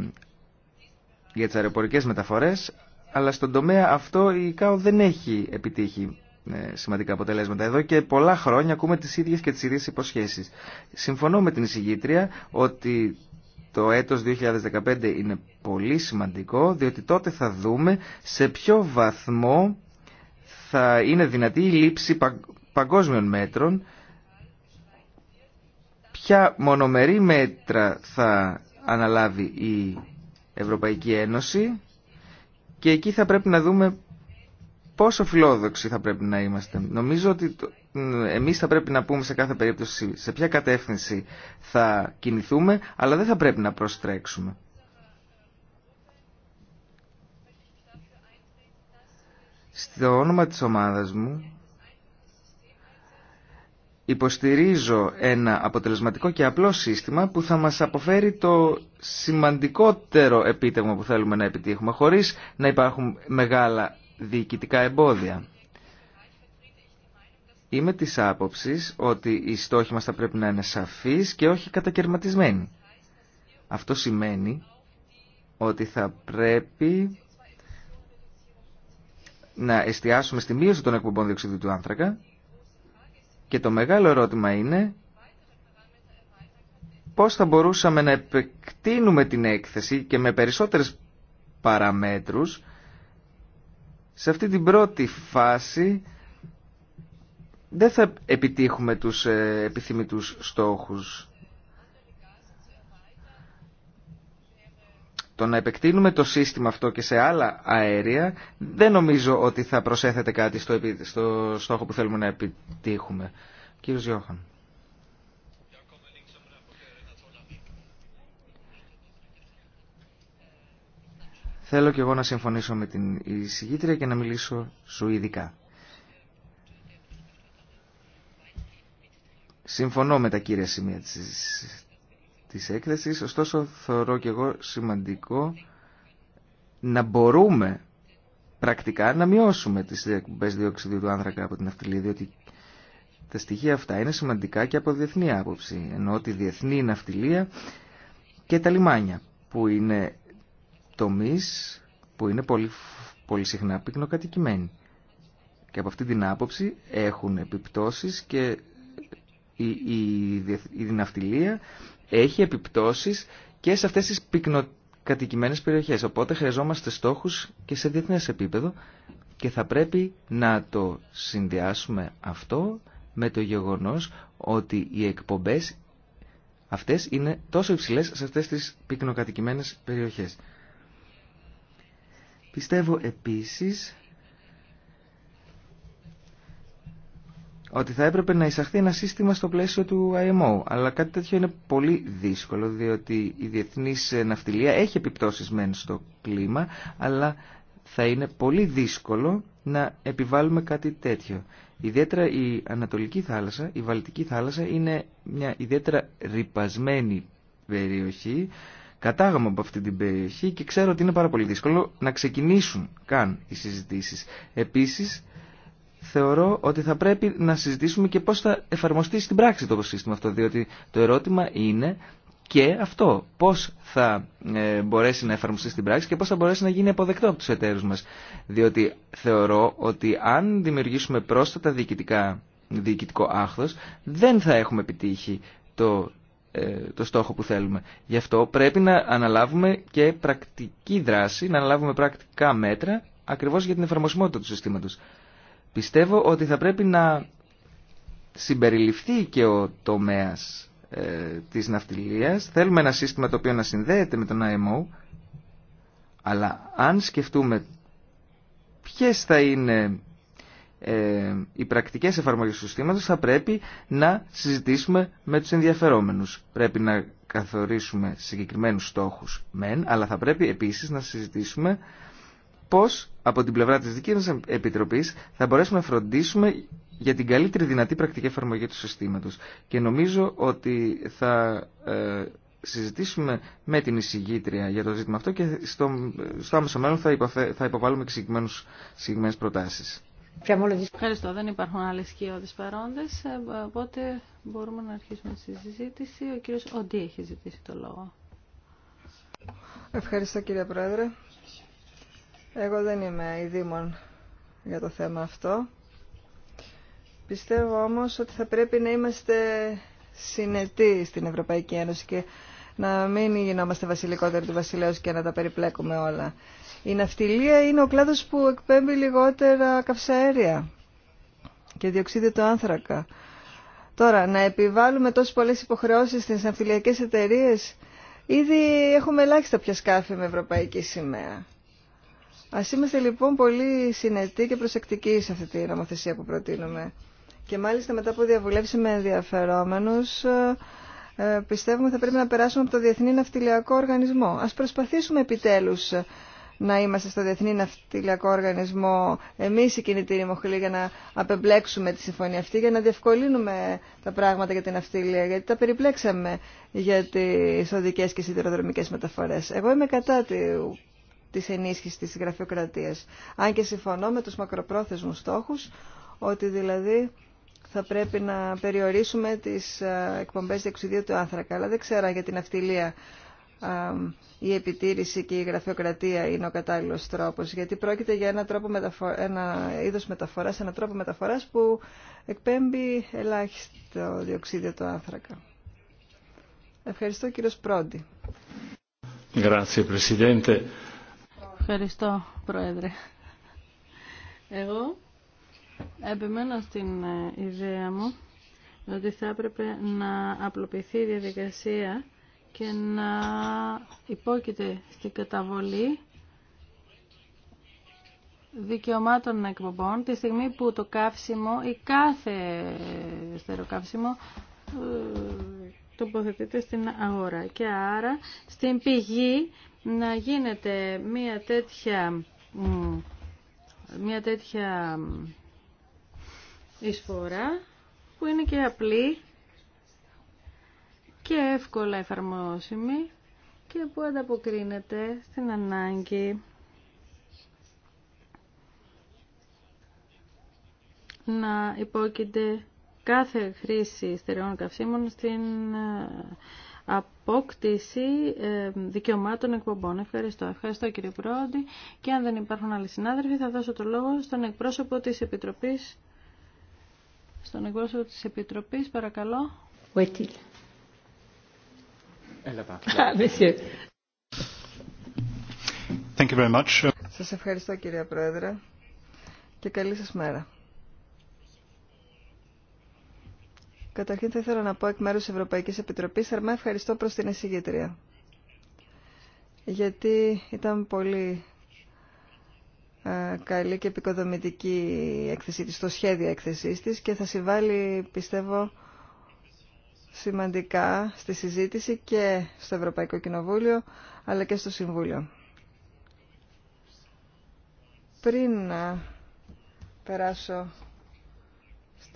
για τις αεροπορικές μεταφορές, αλλά στον τομέα αυτό η ΙΚΑΟ δεν έχει επιτύχει ε, σημαντικά αποτελέσματα. Εδώ και πολλά χρόνια ακούμε τις ίδιες και τις ίδιες υποσχέσεις. Συμφωνώ με την εισηγήτρια ότι το έτος 2015 είναι πολύ σημαντικό, διότι τότε θα δούμε σε ποιο βαθμό θα είναι δυνατή η λήψη παγκόσμιων μέτρων, ποια μονομερή μέτρα θα αναλάβει η Ευρωπαϊκή Ένωση και εκεί θα πρέπει να δούμε πόσο φιλόδοξοι θα πρέπει να είμαστε. Νομίζω ότι εμείς θα πρέπει να πούμε σε κάθε περίπτωση σε ποια κατεύθυνση θα κινηθούμε, αλλά δεν θα πρέπει να προστρέξουμε. Στο όνομα της ομάδας μου υποστηρίζω ένα αποτελεσματικό και απλό σύστημα που θα μας αποφέρει το σημαντικότερο επίτευγμα που θέλουμε να επιτύχουμε χωρίς να υπάρχουν μεγάλα διοικητικά εμπόδια. Είμαι της άποψης ότι οι στόχοι μας θα πρέπει να είναι σαφείς και όχι κατακαιρματισμένοι. Αυτό σημαίνει ότι θα πρέπει να εστιάσουμε στη μείωση των εκπομπών διοξιδίου του άνθρακα και το μεγάλο ερώτημα είναι πώς θα μπορούσαμε να επεκτείνουμε την έκθεση και με περισσότερες παραμέτρους σε αυτή την πρώτη φάση δεν θα επιτύχουμε τους ε, επιθυμητούς στόχους. Το να επεκτείνουμε το σύστημα αυτό και σε άλλα αέρια δεν νομίζω ότι θα προσέθετε κάτι στο, στόχο που θέλουμε να επιτύχουμε. Κύριος Γιώχαν. Θέλω και εγώ να συμφωνήσω με την εισηγήτρια και να μιλήσω σου ειδικά. Συμφωνώ με τα κύρια σημεία της, της έκθεσης, ωστόσο θεωρώ και εγώ σημαντικό να μπορούμε πρακτικά να μειώσουμε τις διακουμπές διοξιδίου του άνθρακα από την ναυτιλία, διότι τα στοιχεία αυτά είναι σημαντικά και από διεθνή άποψη, ενώ τη διεθνή ναυτιλία και τα λιμάνια, που είναι τομείς που είναι πολύ, πολύ συχνά πυκνοκατοικημένοι. Και από αυτή την άποψη έχουν επιπτώσεις και η, η, έχει επιπτώσεις και σε αυτές τις πυκνοκατοικημένες περιοχές. Οπότε χρειαζόμαστε στόχους και σε διεθνές επίπεδο και θα πρέπει να το συνδυάσουμε αυτό με το γεγονός ότι οι εκπομπές αυτές είναι τόσο υψηλές σε αυτές τις πυκνοκατοικημένες περιοχές. Πιστεύω επίσης ότι θα έπρεπε να εισαχθεί ένα σύστημα στο πλαίσιο του IMO. Αλλά κάτι τέτοιο είναι πολύ δύσκολο, διότι η διεθνής ε, ναυτιλία έχει επιπτώσεις μεν στο κλίμα, αλλά θα είναι πολύ δύσκολο να επιβάλλουμε κάτι τέτοιο. Ιδιαίτερα η Ανατολική θάλασσα, η Βαλτική θάλασσα είναι μια ιδιαίτερα ρυπασμένη περιοχή. Κατάγαμε από αυτή την περιοχή και ξέρω ότι είναι πάρα πολύ δύσκολο να ξεκινήσουν καν οι συζητήσεις. Επίσης, θεωρώ ότι θα πρέπει να συζητήσουμε και πώς θα εφαρμοστεί στην πράξη το σύστημα αυτό, διότι το ερώτημα είναι και αυτό, πώς θα ε, μπορέσει να εφαρμοστεί στην πράξη και πώς θα μπορέσει να γίνει αποδεκτό από τους εταίρους μας. Διότι θεωρώ ότι αν δημιουργήσουμε πρόσθετα διοικητικό άχθος, δεν θα έχουμε επιτύχει το, ε, το στόχο που θέλουμε. Γι' αυτό πρέπει να αναλάβουμε και πρακτική δράση, να αναλάβουμε πρακτικά μέτρα ακριβώς για την εφαρμοσιμότητα του συστήματος. Πιστεύω ότι θα πρέπει να συμπεριληφθεί και ο τομέας ε, της ναυτιλίας. Θέλουμε ένα σύστημα το οποίο να συνδέεται με τον IMO, αλλά αν σκεφτούμε ποιες θα είναι ε, οι πρακτικές εφαρμογές του συστήματος, θα πρέπει να συζητήσουμε με τους ενδιαφερόμενους. Πρέπει να καθορίσουμε συγκεκριμένους στόχους, μεν, αλλά θα πρέπει επίσης να συζητήσουμε Πώ από την πλευρά της δικής μας Επιτροπής θα μπορέσουμε να φροντίσουμε για την καλύτερη δυνατή πρακτική εφαρμογή του συστήματος. Και νομίζω ότι θα ε, συζητήσουμε με την εισηγήτρια για το ζήτημα αυτό και στο, στο άμεσο μέλλον θα, υποφε, θα υποβάλουμε συγκεκριμένες προτάσεις. Ευχαριστώ. Δεν υπάρχουν άλλε σκιώδει παρόντε. Ε, οπότε μπορούμε να αρχίσουμε τη συζήτηση. Ο κύριο Οντί έχει ζητήσει το λόγο. Ευχαριστώ κύριε Πρόεδρε. Εγώ δεν είμαι ειδήμων για το θέμα αυτό. Πιστεύω όμως ότι θα πρέπει να είμαστε συνετοί στην Ευρωπαϊκή Ένωση και να μην γινόμαστε βασιλικότεροι του βασιλέως και να τα περιπλέκουμε όλα. Η ναυτιλία είναι ο κλάδος που εκπέμπει λιγότερα καυσαέρια και διοξείδιο του άνθρακα. Τώρα, να επιβάλλουμε τόσες πολλές υποχρεώσεις στις ναυτιλιακές εταιρείες, ήδη έχουμε ελάχιστα πια σκάφη με ευρωπαϊκή σημαία. Α είμαστε λοιπόν πολύ συνετοί και προσεκτικοί σε αυτή τη νομοθεσία που προτείνουμε. Και μάλιστα μετά από διαβουλεύση με ενδιαφερόμενου, ε, ε, πιστεύουμε ότι θα πρέπει να περάσουμε από το Διεθνή Ναυτιλιακό Οργανισμό. Α προσπαθήσουμε επιτέλου ε, να είμαστε στο Διεθνή Ναυτιλιακό Οργανισμό Εμεί οι κινητήροι μοχλοί για να απεμπλέξουμε τη συμφωνία αυτή, για να διευκολύνουμε τα πράγματα για την ναυτιλία, γιατί τα περιπλέξαμε για τι οδικέ και σιδηροδρομικέ μεταφορέ. Εγώ είμαι κατά τη της ενίσχυσης της γραφειοκρατίας. Αν και συμφωνώ με τους μακροπρόθεσμους στόχους, ότι δηλαδή θα πρέπει να περιορίσουμε τις ε, εκπομπές διεξουδίου του άνθρακα. Αλλά δεν ξέρω για την αυτιλία η επιτήρηση και η γραφειοκρατία είναι ο κατάλληλος τρόπος, γιατί πρόκειται για ένα, τρόπο μεταφο... ένα είδος μεταφοράς, ένα τρόπο μεταφοράς που εκπέμπει ελάχιστο διοξίδιο του άνθρακα. Ευχαριστώ κύριος Πρόντι. Grazie Ευχαριστώ, Πρόεδρε. Εγώ επιμένω στην ε, ιδέα μου ότι θα έπρεπε να απλοποιηθεί η διαδικασία και να υπόκειται στην καταβολή δικαιωμάτων εκπομπών τη στιγμή που το καύσιμο ή κάθε στεροκαύσιμο ε, τοποθετείται στην αγορά και άρα στην πηγή να γίνεται μια τέτοια, μια τέτοια εισφορά που είναι και απλή και εύκολα εφαρμόσιμη και που ανταποκρίνεται στην ανάγκη να υπόκειται κάθε χρήση στερεών καυσίμων στην απόκτηση ε, δικαιωμάτων εκπομπών. Ευχαριστώ. Ευχαριστώ κύριε πρόεδρε Και αν δεν υπάρχουν άλλοι συνάδελφοι θα δώσω το λόγο στον εκπρόσωπο της Επιτροπής. Στον εκπρόσωπο της Επιτροπής, παρακαλώ. Σα *laughs* Thank you very much. Σας ευχαριστώ κύριε Πρόεδρε και καλή σας μέρα. Καταρχήν θα ήθελα να πω εκ μέρους της Ευρωπαϊκής Επιτροπής θερμά ευχαριστώ προς την εισηγήτρια. Γιατί ήταν πολύ ε, καλή και επικοδομητική η έκθεσή της, το σχέδιο έκθεσή της και θα συμβάλλει πιστεύω σημαντικά στη συζήτηση και στο Ευρωπαϊκό Κοινοβούλιο αλλά και στο Συμβούλιο. Πριν ε, περάσω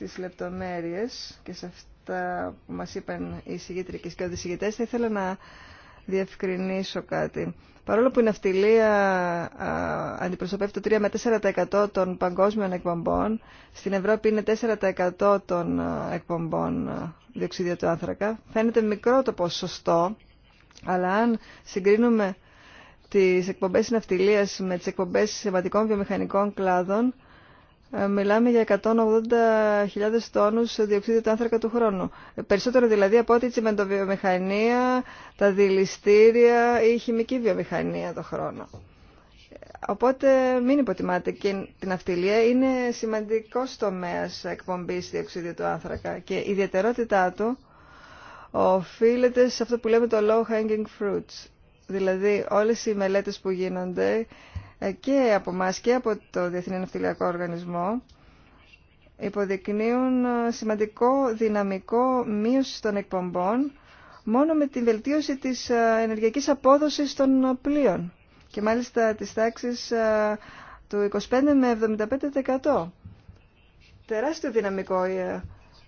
στις λεπτομέρειες και σε αυτά που μας είπαν οι συγγήτρικες και οι συγγητές, θα ήθελα να διευκρινίσω κάτι. Παρόλο που η ναυτιλία αντιπροσωπεύει το 3 με 4% των παγκόσμιων εκπομπών, στην Ευρώπη είναι 4% των εκπομπών διοξίδια του άνθρακα. Φαίνεται μικρό το ποσοστό, αλλά αν συγκρίνουμε τις εκπομπές ναυτιλίας με τις εκπομπές σημαντικών βιομηχανικών κλάδων, ε, μιλάμε για 180.000 τόνους διοξείδιο του άνθρακα του χρόνου. Ε, περισσότερο δηλαδή από ό,τι η τσιμεντοβιομηχανία, τα δηληστήρια ή η χημική βιομηχανία το χρόνο. Οπότε μην υποτιμάτε και την αυτιλία είναι σημαντικός τομέας εκπομπής διοξείδιο του άνθρακα και η ιδιαιτερότητά του οφείλεται σε αυτό που λέμε το low hanging fruits. Δηλαδή όλες οι μελέτες που γίνονται ε, και από εμά και από το Διεθνή Ναυτιλιακό Οργανισμό υποδεικνύουν ε, σημαντικό δυναμικό μείωση των εκπομπών μόνο με τη βελτίωση της ε, ενεργειακής απόδοσης των πλοίων και μάλιστα της τάξης του 25 με 75%. Τεράστιο δυναμικό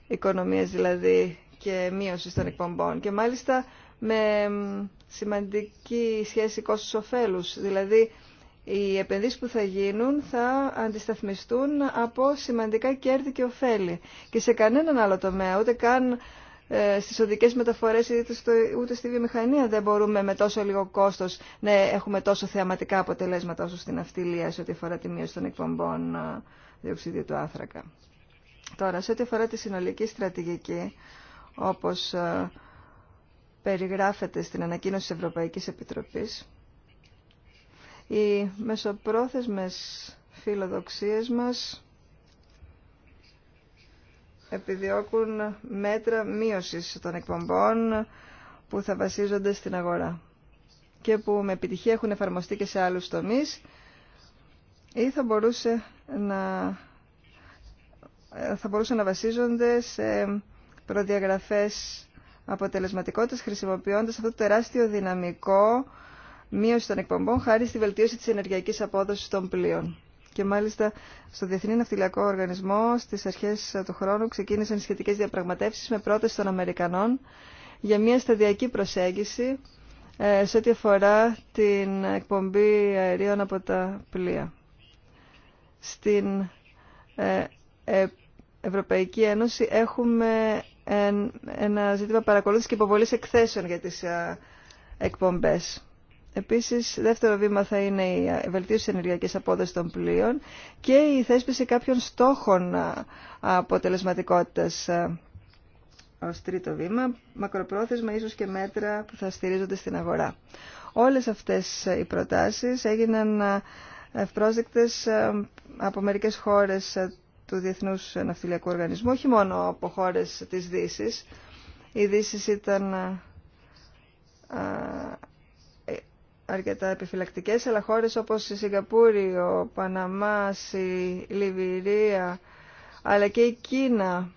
οικονομίας δηλαδή και μείωση των εκπομπών και μάλιστα με σημαντική σχέση κόστους-οφέλους, δηλαδή οι επενδύσεις που θα γίνουν θα αντισταθμιστούν από σημαντικά κέρδη και ωφέλη. Και σε κανέναν άλλο τομέα, ούτε καν ε, στις οδικές μεταφορές ούτε στη βιομηχανία δεν μπορούμε με τόσο λίγο κόστος να έχουμε τόσο θεαματικά αποτελέσματα όσο στην αυτιλία σε ό,τι αφορά τη μείωση των εκπομπών ε, διοξιδίου του άνθρακα. Τώρα, σε ό,τι αφορά τη συνολική στρατηγική, όπως ε, περιγράφεται στην ανακοίνωση της Ευρωπαϊκής Επιτροπής, οι μεσοπρόθεσμες φιλοδοξίες μας επιδιώκουν μέτρα μείωσης των εκπομπών που θα βασίζονται στην αγορά και που με επιτυχία έχουν εφαρμοστεί και σε άλλους τομείς ή θα μπορούσε να, θα μπορούσε να βασίζονται σε προδιαγραφές αποτελεσματικότητας χρησιμοποιώντας αυτό το τεράστιο δυναμικό μείωση των εκπομπών χάρη στη βελτίωση τη ενεργειακή απόδοση των πλοίων. Και μάλιστα στο Διεθνή Ναυτιλιακό Οργανισμό στι αρχές του χρόνου ξεκίνησαν σχετικέ διαπραγματεύσει με πρόταση των Αμερικανών για μια σταδιακή προσέγγιση ε, σε ό,τι αφορά την εκπομπή αερίων από τα πλοία. Στην ε, ε, Ευρωπαϊκή Ένωση έχουμε ένα ζήτημα παρακολούθησης και υποβολής εκθέσεων για τις εκπομπές. Επίσης, δεύτερο βήμα θα είναι η βελτίωση ενεργειακής απόδοσης των πλοίων και η θέσπιση κάποιων στόχων αποτελεσματικότητας ως τρίτο βήμα, μακροπρόθεσμα ίσως και μέτρα που θα στηρίζονται στην αγορά. Όλες αυτές ε, οι προτάσεις έγιναν ευπρόσδεκτες από μερικές χώρες του Διεθνούς Ναυτιλιακού Οργανισμού, όχι μόνο από χώρες της δύση. Η δύση ήταν αρκετά επιφυλακτικές, αλλά χώρες όπως η Σιγκαπούρη, ο Παναμάς, η Λιβυρία, αλλά και η Κίνα,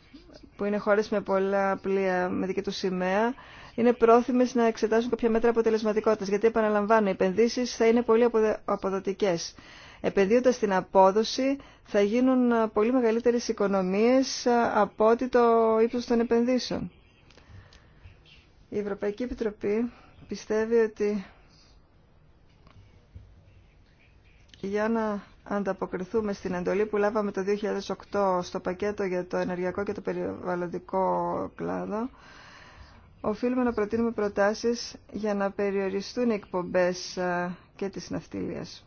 που είναι χώρες με πολλά πλοία με δική του σημαία, είναι πρόθυμες να εξετάσουν κάποια μέτρα αποτελεσματικότητας, γιατί επαναλαμβάνω, οι επενδύσεις θα είναι πολύ αποδοτικές. Επενδύοντας στην απόδοση θα γίνουν πολύ μεγαλύτερες οικονομίες από ό,τι το ύψος των επενδύσεων. Η Ευρωπαϊκή Επιτροπή πιστεύει ότι για να ανταποκριθούμε στην εντολή που λάβαμε το 2008 στο πακέτο για το ενεργειακό και το περιβαλλοντικό κλάδο, οφείλουμε να προτείνουμε προτάσεις για να περιοριστούν οι εκπομπές ε, και της ναυτιλίας.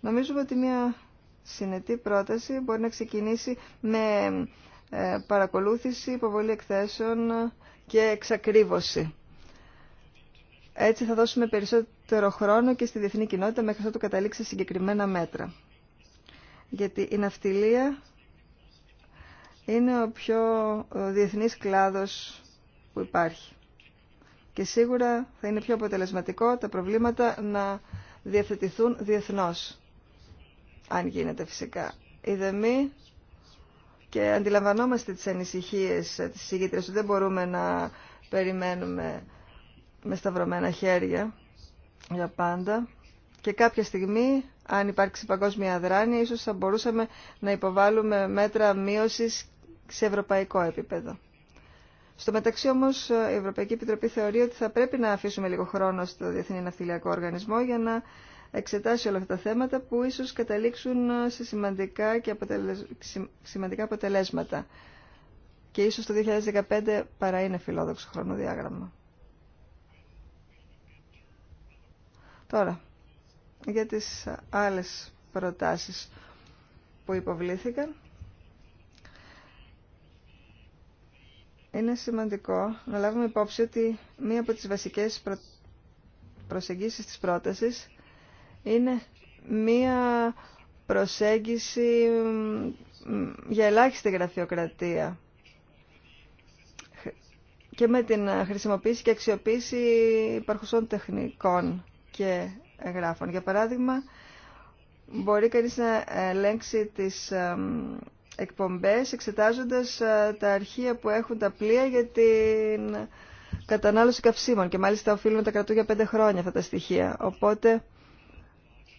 Νομίζουμε ότι μια συνετή πρόταση μπορεί να ξεκινήσει με ε, παρακολούθηση, υποβολή εκθέσεων και εξακρίβωση. Έτσι θα δώσουμε περισσότερο περισσότερο χρόνο και στη διεθνή κοινότητα μέχρι το καταλήξει συγκεκριμένα μέτρα. Γιατί η ναυτιλία είναι ο πιο ε, διεθνής κλάδος που υπάρχει. Και σίγουρα θα είναι πιο αποτελεσματικό τα προβλήματα να διευθετηθούν διεθνώς, αν γίνεται φυσικά. Η ΔΕΜΗ και αντιλαμβανόμαστε τις ανησυχίες της συγκεκριμένης, ότι δεν μπορούμε να περιμένουμε με σταυρωμένα χέρια για πάντα και κάποια στιγμή, αν υπάρξει παγκόσμια αδράνεια, ίσως θα μπορούσαμε να υποβάλουμε μέτρα μείωσης σε ευρωπαϊκό επίπεδο. Στο μεταξύ όμως η Ευρωπαϊκή Επιτροπή θεωρεί ότι θα πρέπει να αφήσουμε λίγο χρόνο στο Διεθνή Ναυτιλιακό Οργανισμό για να εξετάσει όλα αυτά τα θέματα που ίσως καταλήξουν σε σημαντικά, και αποτελεσ... σημαντικά αποτελέσματα. Και ίσως το 2015 παρά είναι φιλόδοξο χρονοδιάγραμμα. Τώρα, για τις άλλες προτάσεις που υποβλήθηκαν, είναι σημαντικό να λάβουμε υπόψη ότι μία από τις βασικές προ... προσεγγίσεις της πρότασης είναι μία προσέγγιση για ελάχιστη γραφειοκρατία και με την χρησιμοποίηση και αξιοποίηση υπαρχουσών τεχνικών και γράφων. Για παράδειγμα, μπορεί κανείς να ελέγξει τις εκπομπές εξετάζοντας ε, τα αρχεία που έχουν τα πλοία για την κατανάλωση καυσίμων και μάλιστα να τα κρατούν για πέντε χρόνια αυτά τα στοιχεία. Οπότε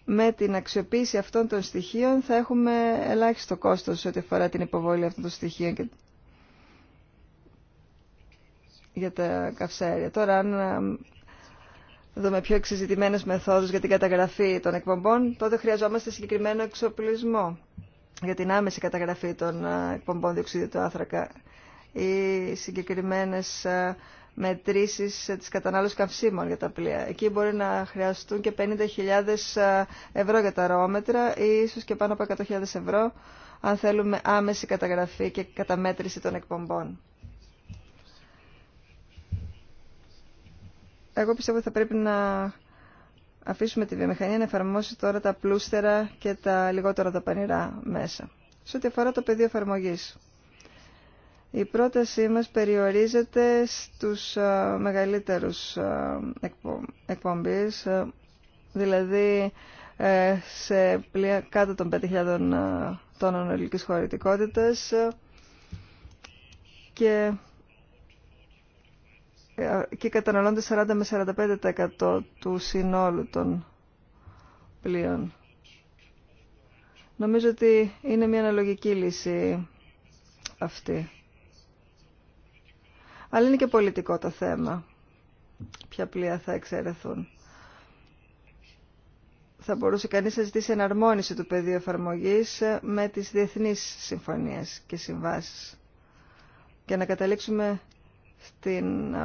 με την αξιοποίηση αυτών των στοιχείων θα έχουμε ελάχιστο κόστος ό,τι αφορά την υποβολή αυτών των στοιχείων και... για τα καυσαέρια. Τώρα αν δούμε πιο εξεζητημένε μεθόδους για την καταγραφή των εκπομπών, τότε χρειαζόμαστε συγκεκριμένο εξοπλισμό για την άμεση καταγραφή των ε, εκπομπών διοξιδίου του άνθρακα ή συγκεκριμένες ε, μετρήσεις ε, τη κατανάλωση καυσίμων για τα πλοία. Εκεί μπορεί να χρειαστούν και 50.000 ευρώ για τα ροόμετρα ή ίσω και πάνω από 100.000 ευρώ αν θέλουμε άμεση καταγραφή και καταμέτρηση των εκπομπών. Εγώ πιστεύω ότι θα πρέπει να αφήσουμε τη βιομηχανία να εφαρμόσει τώρα τα πλούστερα και τα λιγότερα τα πανηρά μέσα. Σε ό,τι αφορά το πεδίο εφαρμογή. Η πρότασή μας περιορίζεται στους ε, μεγαλύτερους ε, εκπομπής, ε, δηλαδή σε πλοία κάτω των 5.000 τόνων ολικής χωρητικότητας και και καταναλώνται 40 με 45% του συνόλου των πλοίων. Νομίζω ότι είναι μια αναλογική λύση αυτή. Αλλά είναι και πολιτικό το θέμα. Ποια πλοία θα εξαιρεθούν. Θα μπορούσε κανείς να ζητήσει εναρμόνιση του πεδίου εφαρμογής με τις διεθνείς συμφωνίες και συμβάσεις. Και να καταλήξουμε στην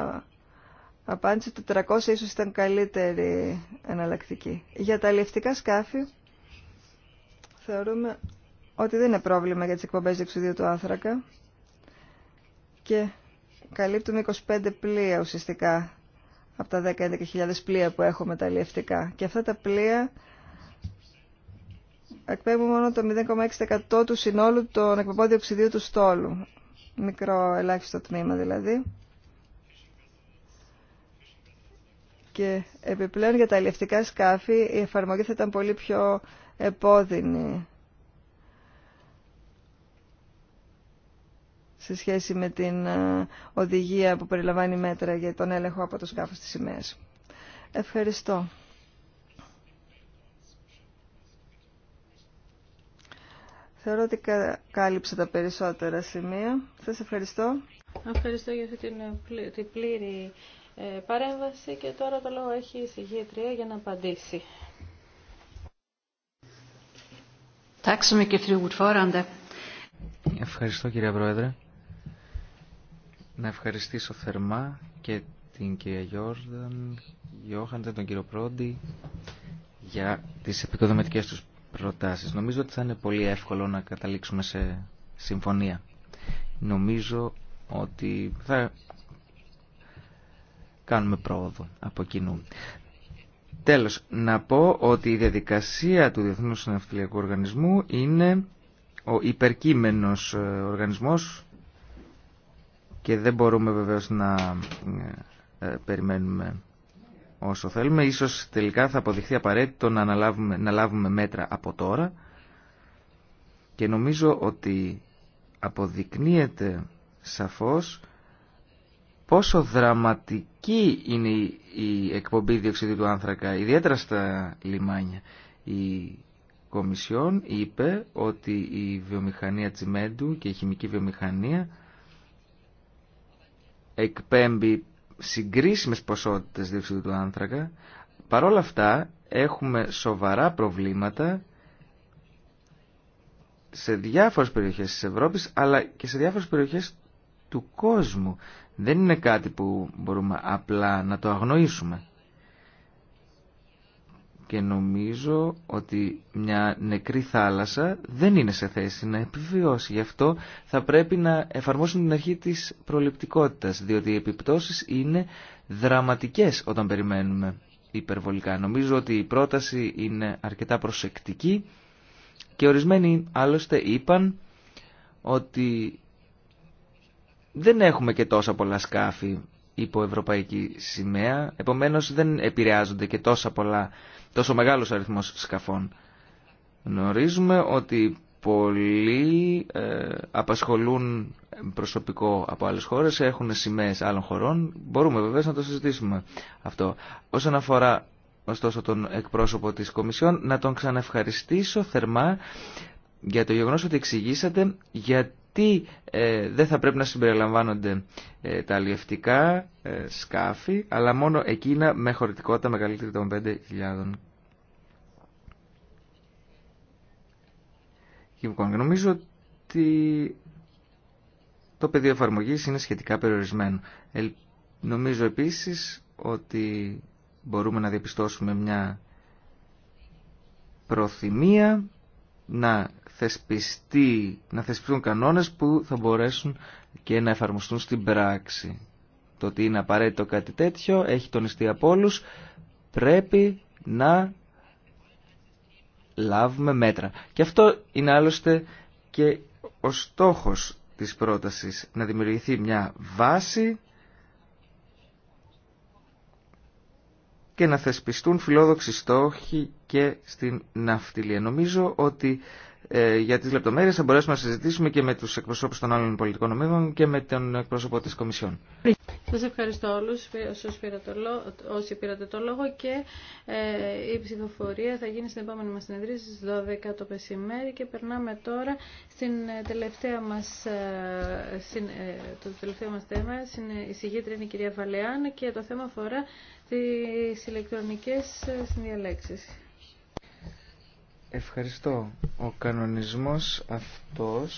απάντηση του 400 ίσως ήταν καλύτερη εναλλακτική. Για τα αλληλευτικά σκάφη θεωρούμε ότι δεν είναι πρόβλημα για τις εκπομπές διεξουδίου του άνθρακα και καλύπτουμε 25 πλοία ουσιαστικά από τα 10-11.000 πλοία που έχουμε τα αλληλευτικά. Και αυτά τα πλοία εκπέμπουν μόνο το 0,6% του συνόλου των εκπομπών διοξιδίου του στόλου. Μικρό ελάχιστο τμήμα δηλαδή. Και επιπλέον για τα αλληλευτικά σκάφη η εφαρμογή θα ήταν πολύ πιο επώδυνη σε σχέση με την ε, οδηγία που περιλαμβάνει μέτρα για τον έλεγχο από το σκάφος της σημαίας. Ευχαριστώ. Θεωρώ ότι κάλυψα τα περισσότερα σημεία. Σας ευχαριστώ. Ευχαριστώ για αυτή την ε, πλήρη ε, παρέμβαση και τώρα το λόγο έχει η συγγήτρια για να απαντήσει. Ευχαριστώ κυρία Πρόεδρε. Να ευχαριστήσω θερμά και την κυρία Γιόρδαν, και τον κύριο Πρόντι για τις επικοδομητικές τους προτάσεις. Νομίζω ότι θα είναι πολύ εύκολο να καταλήξουμε σε συμφωνία. Νομίζω ότι θα κάνουμε πρόοδο από κοινού. Τέλος, να πω ότι η διαδικασία του Διεθνούς Ναυτιλιακού Οργανισμού είναι ο υπερκείμενος ε, οργανισμός και δεν μπορούμε βεβαίως να ε, ε, περιμένουμε όσο θέλουμε. Ίσως τελικά θα αποδειχθεί απαραίτητο να, αναλάβουμε, λάβουμε μέτρα από τώρα και νομίζω ότι αποδεικνύεται σαφώς πόσο δραματική είναι η εκπομπή διοξιδίου του άνθρακα, ιδιαίτερα στα λιμάνια. Η Κομισιόν είπε ότι η βιομηχανία τσιμέντου και η χημική βιομηχανία εκπέμπει συγκρίσιμες ποσότητες διοξιδίου του άνθρακα. Παρ' όλα αυτά έχουμε σοβαρά προβλήματα σε διάφορες περιοχές της Ευρώπης αλλά και σε διάφορες περιοχές του κόσμου δεν είναι κάτι που μπορούμε απλά να το αγνοήσουμε. Και νομίζω ότι μια νεκρή θάλασσα δεν είναι σε θέση να επιβιώσει. Γι' αυτό θα πρέπει να εφαρμόσουν την αρχή της προληπτικότητας, διότι οι επιπτώσεις είναι δραματικές όταν περιμένουμε υπερβολικά. Νομίζω ότι η πρόταση είναι αρκετά προσεκτική και ορισμένοι άλλωστε είπαν ότι δεν έχουμε και τόσα πολλά σκάφη υπό ευρωπαϊκή σημαία, επομένως δεν επηρεάζονται και τόσα πολλά, τόσο μεγάλος αριθμός σκαφών. Γνωρίζουμε ότι πολλοί ε, απασχολούν προσωπικό από άλλες χώρες, έχουν σημαίες άλλων χωρών, μπορούμε βέβαια να το συζητήσουμε αυτό. Όσον αφορά ωστόσο τον εκπρόσωπο της Κομισιόν, να τον ξαναευχαριστήσω θερμά για το γεγονός ότι εξηγήσατε γιατί... Τι ε, δεν θα πρέπει να συμπεριλαμβάνονται ε, τα αλλιευτικά ε, σκάφη, αλλά μόνο εκείνα με χωρητικότητα μεγαλύτερη των 5.000 νομίζω ότι το πεδίο εφαρμογή είναι σχετικά περιορισμένο. νομίζω επίσης ότι μπορούμε να διαπιστώσουμε μια προθυμία να θεσπιστεί, να θεσπιστούν κανόνες που θα μπορέσουν και να εφαρμοστούν στην πράξη. Το ότι είναι απαραίτητο κάτι τέτοιο έχει τονιστεί από όλου. Πρέπει να λάβουμε μέτρα. Και αυτό είναι άλλωστε και ο στόχος της πρότασης να δημιουργηθεί μια βάση και να θεσπιστούν φιλόδοξοι στόχοι και στην ναυτιλία. Νομίζω ότι ε, για τις λεπτομέρειες θα μπορέσουμε να συζητήσουμε και με τους εκπροσώπους των άλλων πολιτικών ομίλων και με τον εκπρόσωπο της Κομισιόν. Σας ευχαριστώ όλους όσοι πήρατε το λόγο και ε, η ψηφοφορία θα γίνει στην επόμενη μας συνεδρία στις 12 το πεσημέρι και περνάμε τώρα στο ε, τελευταία μας, το τελευταίο μας θέμα. Η συγγήτρια είναι η κυρία Βαλεάν και το θέμα αφορά τις ηλεκτρονικές συνδιαλέξεις. Ευχαριστώ. Ο κανονισμός αυτός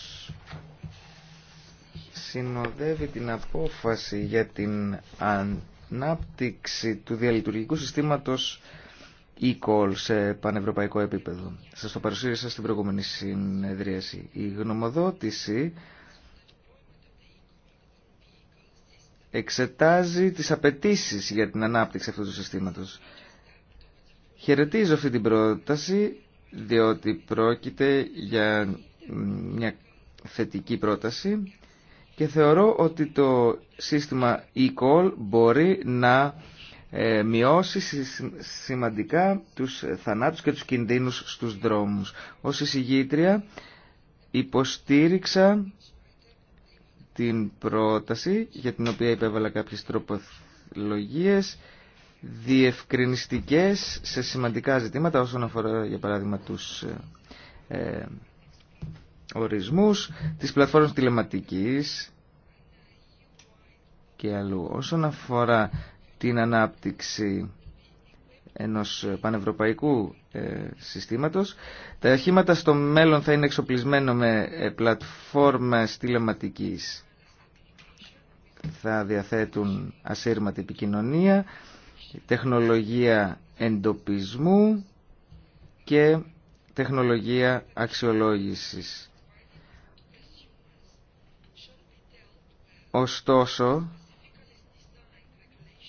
συνοδεύει την απόφαση για την ανάπτυξη του διαλειτουργικού συστήματος e-call σε πανευρωπαϊκό επίπεδο. Σας το παρουσίασα στην προηγούμενη συνεδρίαση. Η γνωμοδότηση εξετάζει τις απαιτήσεις για την ανάπτυξη αυτού του συστήματος. Χαιρετίζω αυτή την πρόταση διότι πρόκειται για μια θετική πρόταση και θεωρώ ότι το σύστημα e-call μπορεί να ε, μειώσει σημαντικά τους θανάτους και τους κινδύνους στους δρόμους. Ως εισηγήτρια υποστήριξα την πρόταση για την οποία υπέβαλα κάποιες τροπολογίες διευκρινιστικές σε σημαντικά ζητήματα όσον αφορά για παράδειγμα τους ε, ε, ορισμούς της πλατφόρμας τηλεματικής και αλλού. Όσον αφορά την ανάπτυξη ενός πανευρωπαϊκού ε, συστήματος. Τα αρχήματα στο μέλλον θα είναι εξοπλισμένο με ε, πλατφόρμες τηλεματικής. Θα διαθέτουν ασύρματη επικοινωνία, τεχνολογία εντοπισμού και τεχνολογία αξιολόγησης. Ωστόσο,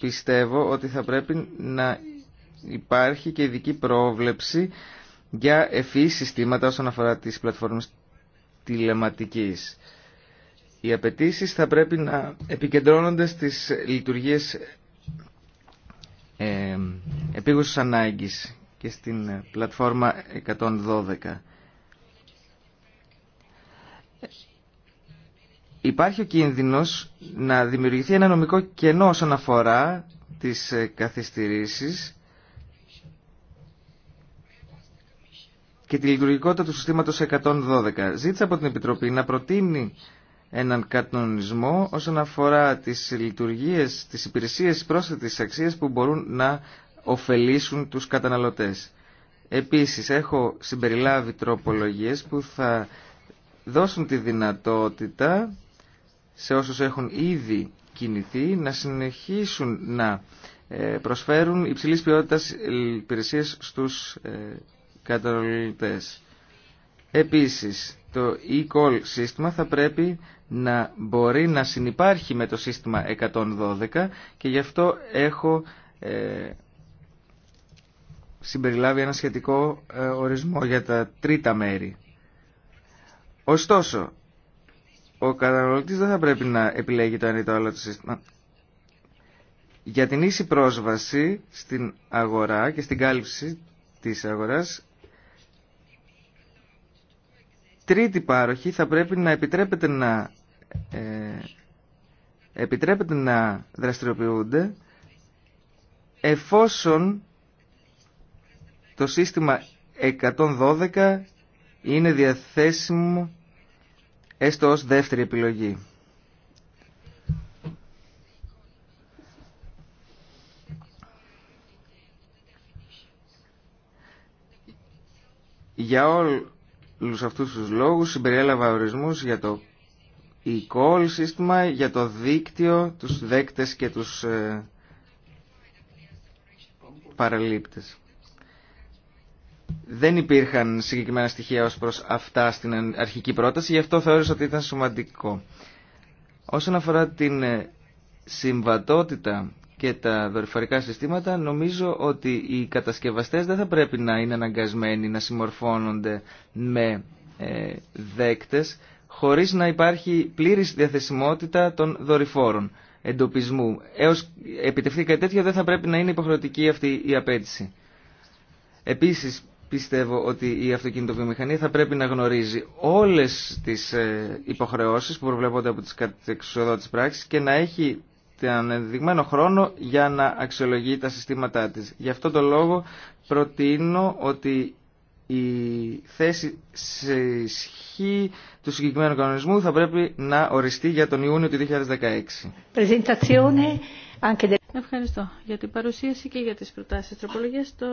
πιστεύω ότι θα πρέπει να υπάρχει και ειδική πρόβλεψη για ευφύ συστήματα όσον αφορά τις πλατφόρμες τηλεματικής. Οι απαιτήσει θα πρέπει να επικεντρώνονται στις λειτουργίες ε, ανάγκη και στην ε, πλατφόρμα 112. Ε, υπάρχει ο κίνδυνος να δημιουργηθεί ένα νομικό κενό όσον αφορά τις ε, καθυστερήσεις και τη λειτουργικότητα του συστήματος 112. Ζήτησα από την Επιτροπή να προτείνει έναν κατονισμό όσον αφορά τις λειτουργίες, τις υπηρεσίες πρόσθετης αξίας που μπορούν να ωφελήσουν τους καταναλωτές. Επίσης έχω συμπεριλάβει τροπολογίες που θα δώσουν τη δυνατότητα σε όσους έχουν ήδη κινηθεί να συνεχίσουν να ε, προσφέρουν υψηλής ποιότητας υπηρεσίες στους ε, καταναλωτές. Επίσης, το e-call σύστημα θα πρέπει να μπορεί να συνεπάρχει με το σύστημα 112 και γι' αυτό έχω ε, συμπεριλάβει ένα σχετικό ε, ορισμό για τα τρίτα μέρη. Ωστόσο, ο καταναλωτής δεν θα πρέπει να επιλέγει το ένα ή το άλλο το σύστημα. Για την ίση πρόσβαση στην αγορά και στην κάλυψη της αγοράς, τρίτη πάροχη θα πρέπει να επιτρέπεται να ε, επιτρέπεται να δραστηριοποιούνται εφόσον το σύστημα 112 είναι διαθέσιμο έστω ως δεύτερη επιλογή. Για όλους αυτούς τους λόγους συμπεριέλαβα ορισμούς για το ...η call σύστημα για το δίκτυο, τους δέκτες και τους ε, παραλήπτες. Δεν υπήρχαν συγκεκριμένα στοιχεία ως προς αυτά στην αρχική πρόταση, γι' αυτό θεώρησα ότι ήταν σημαντικό. Όσον αφορά την ε, συμβατότητα και τα δορυφορικά συστήματα, νομίζω ότι οι κατασκευαστές δεν θα πρέπει να είναι αναγκασμένοι να συμμορφώνονται με ε, δέκτες, χωρίς να υπάρχει πλήρης διαθεσιμότητα των δορυφόρων εντοπισμού. Έως επιτευχθεί κάτι τέτοιο δεν θα πρέπει να είναι υποχρεωτική αυτή η απέτηση. Επίσης πιστεύω ότι η αυτοκινητοβιομηχανία θα πρέπει να γνωρίζει όλες τις ε, υποχρεώσεις που προβλέπονται από τις κατεξοδότητες πράξεις και να έχει τον ενδειγμένο χρόνο για να αξιολογεί τα συστήματά της. Γι' αυτό το λόγο προτείνω ότι η θέση σε ισχύ του συγκεκριμένου κανονισμού θα πρέπει να οριστεί για τον Ιούνιο του 2016. Ευχαριστώ για την παρουσίαση και για τις προτάσεις τροπολογίας. Το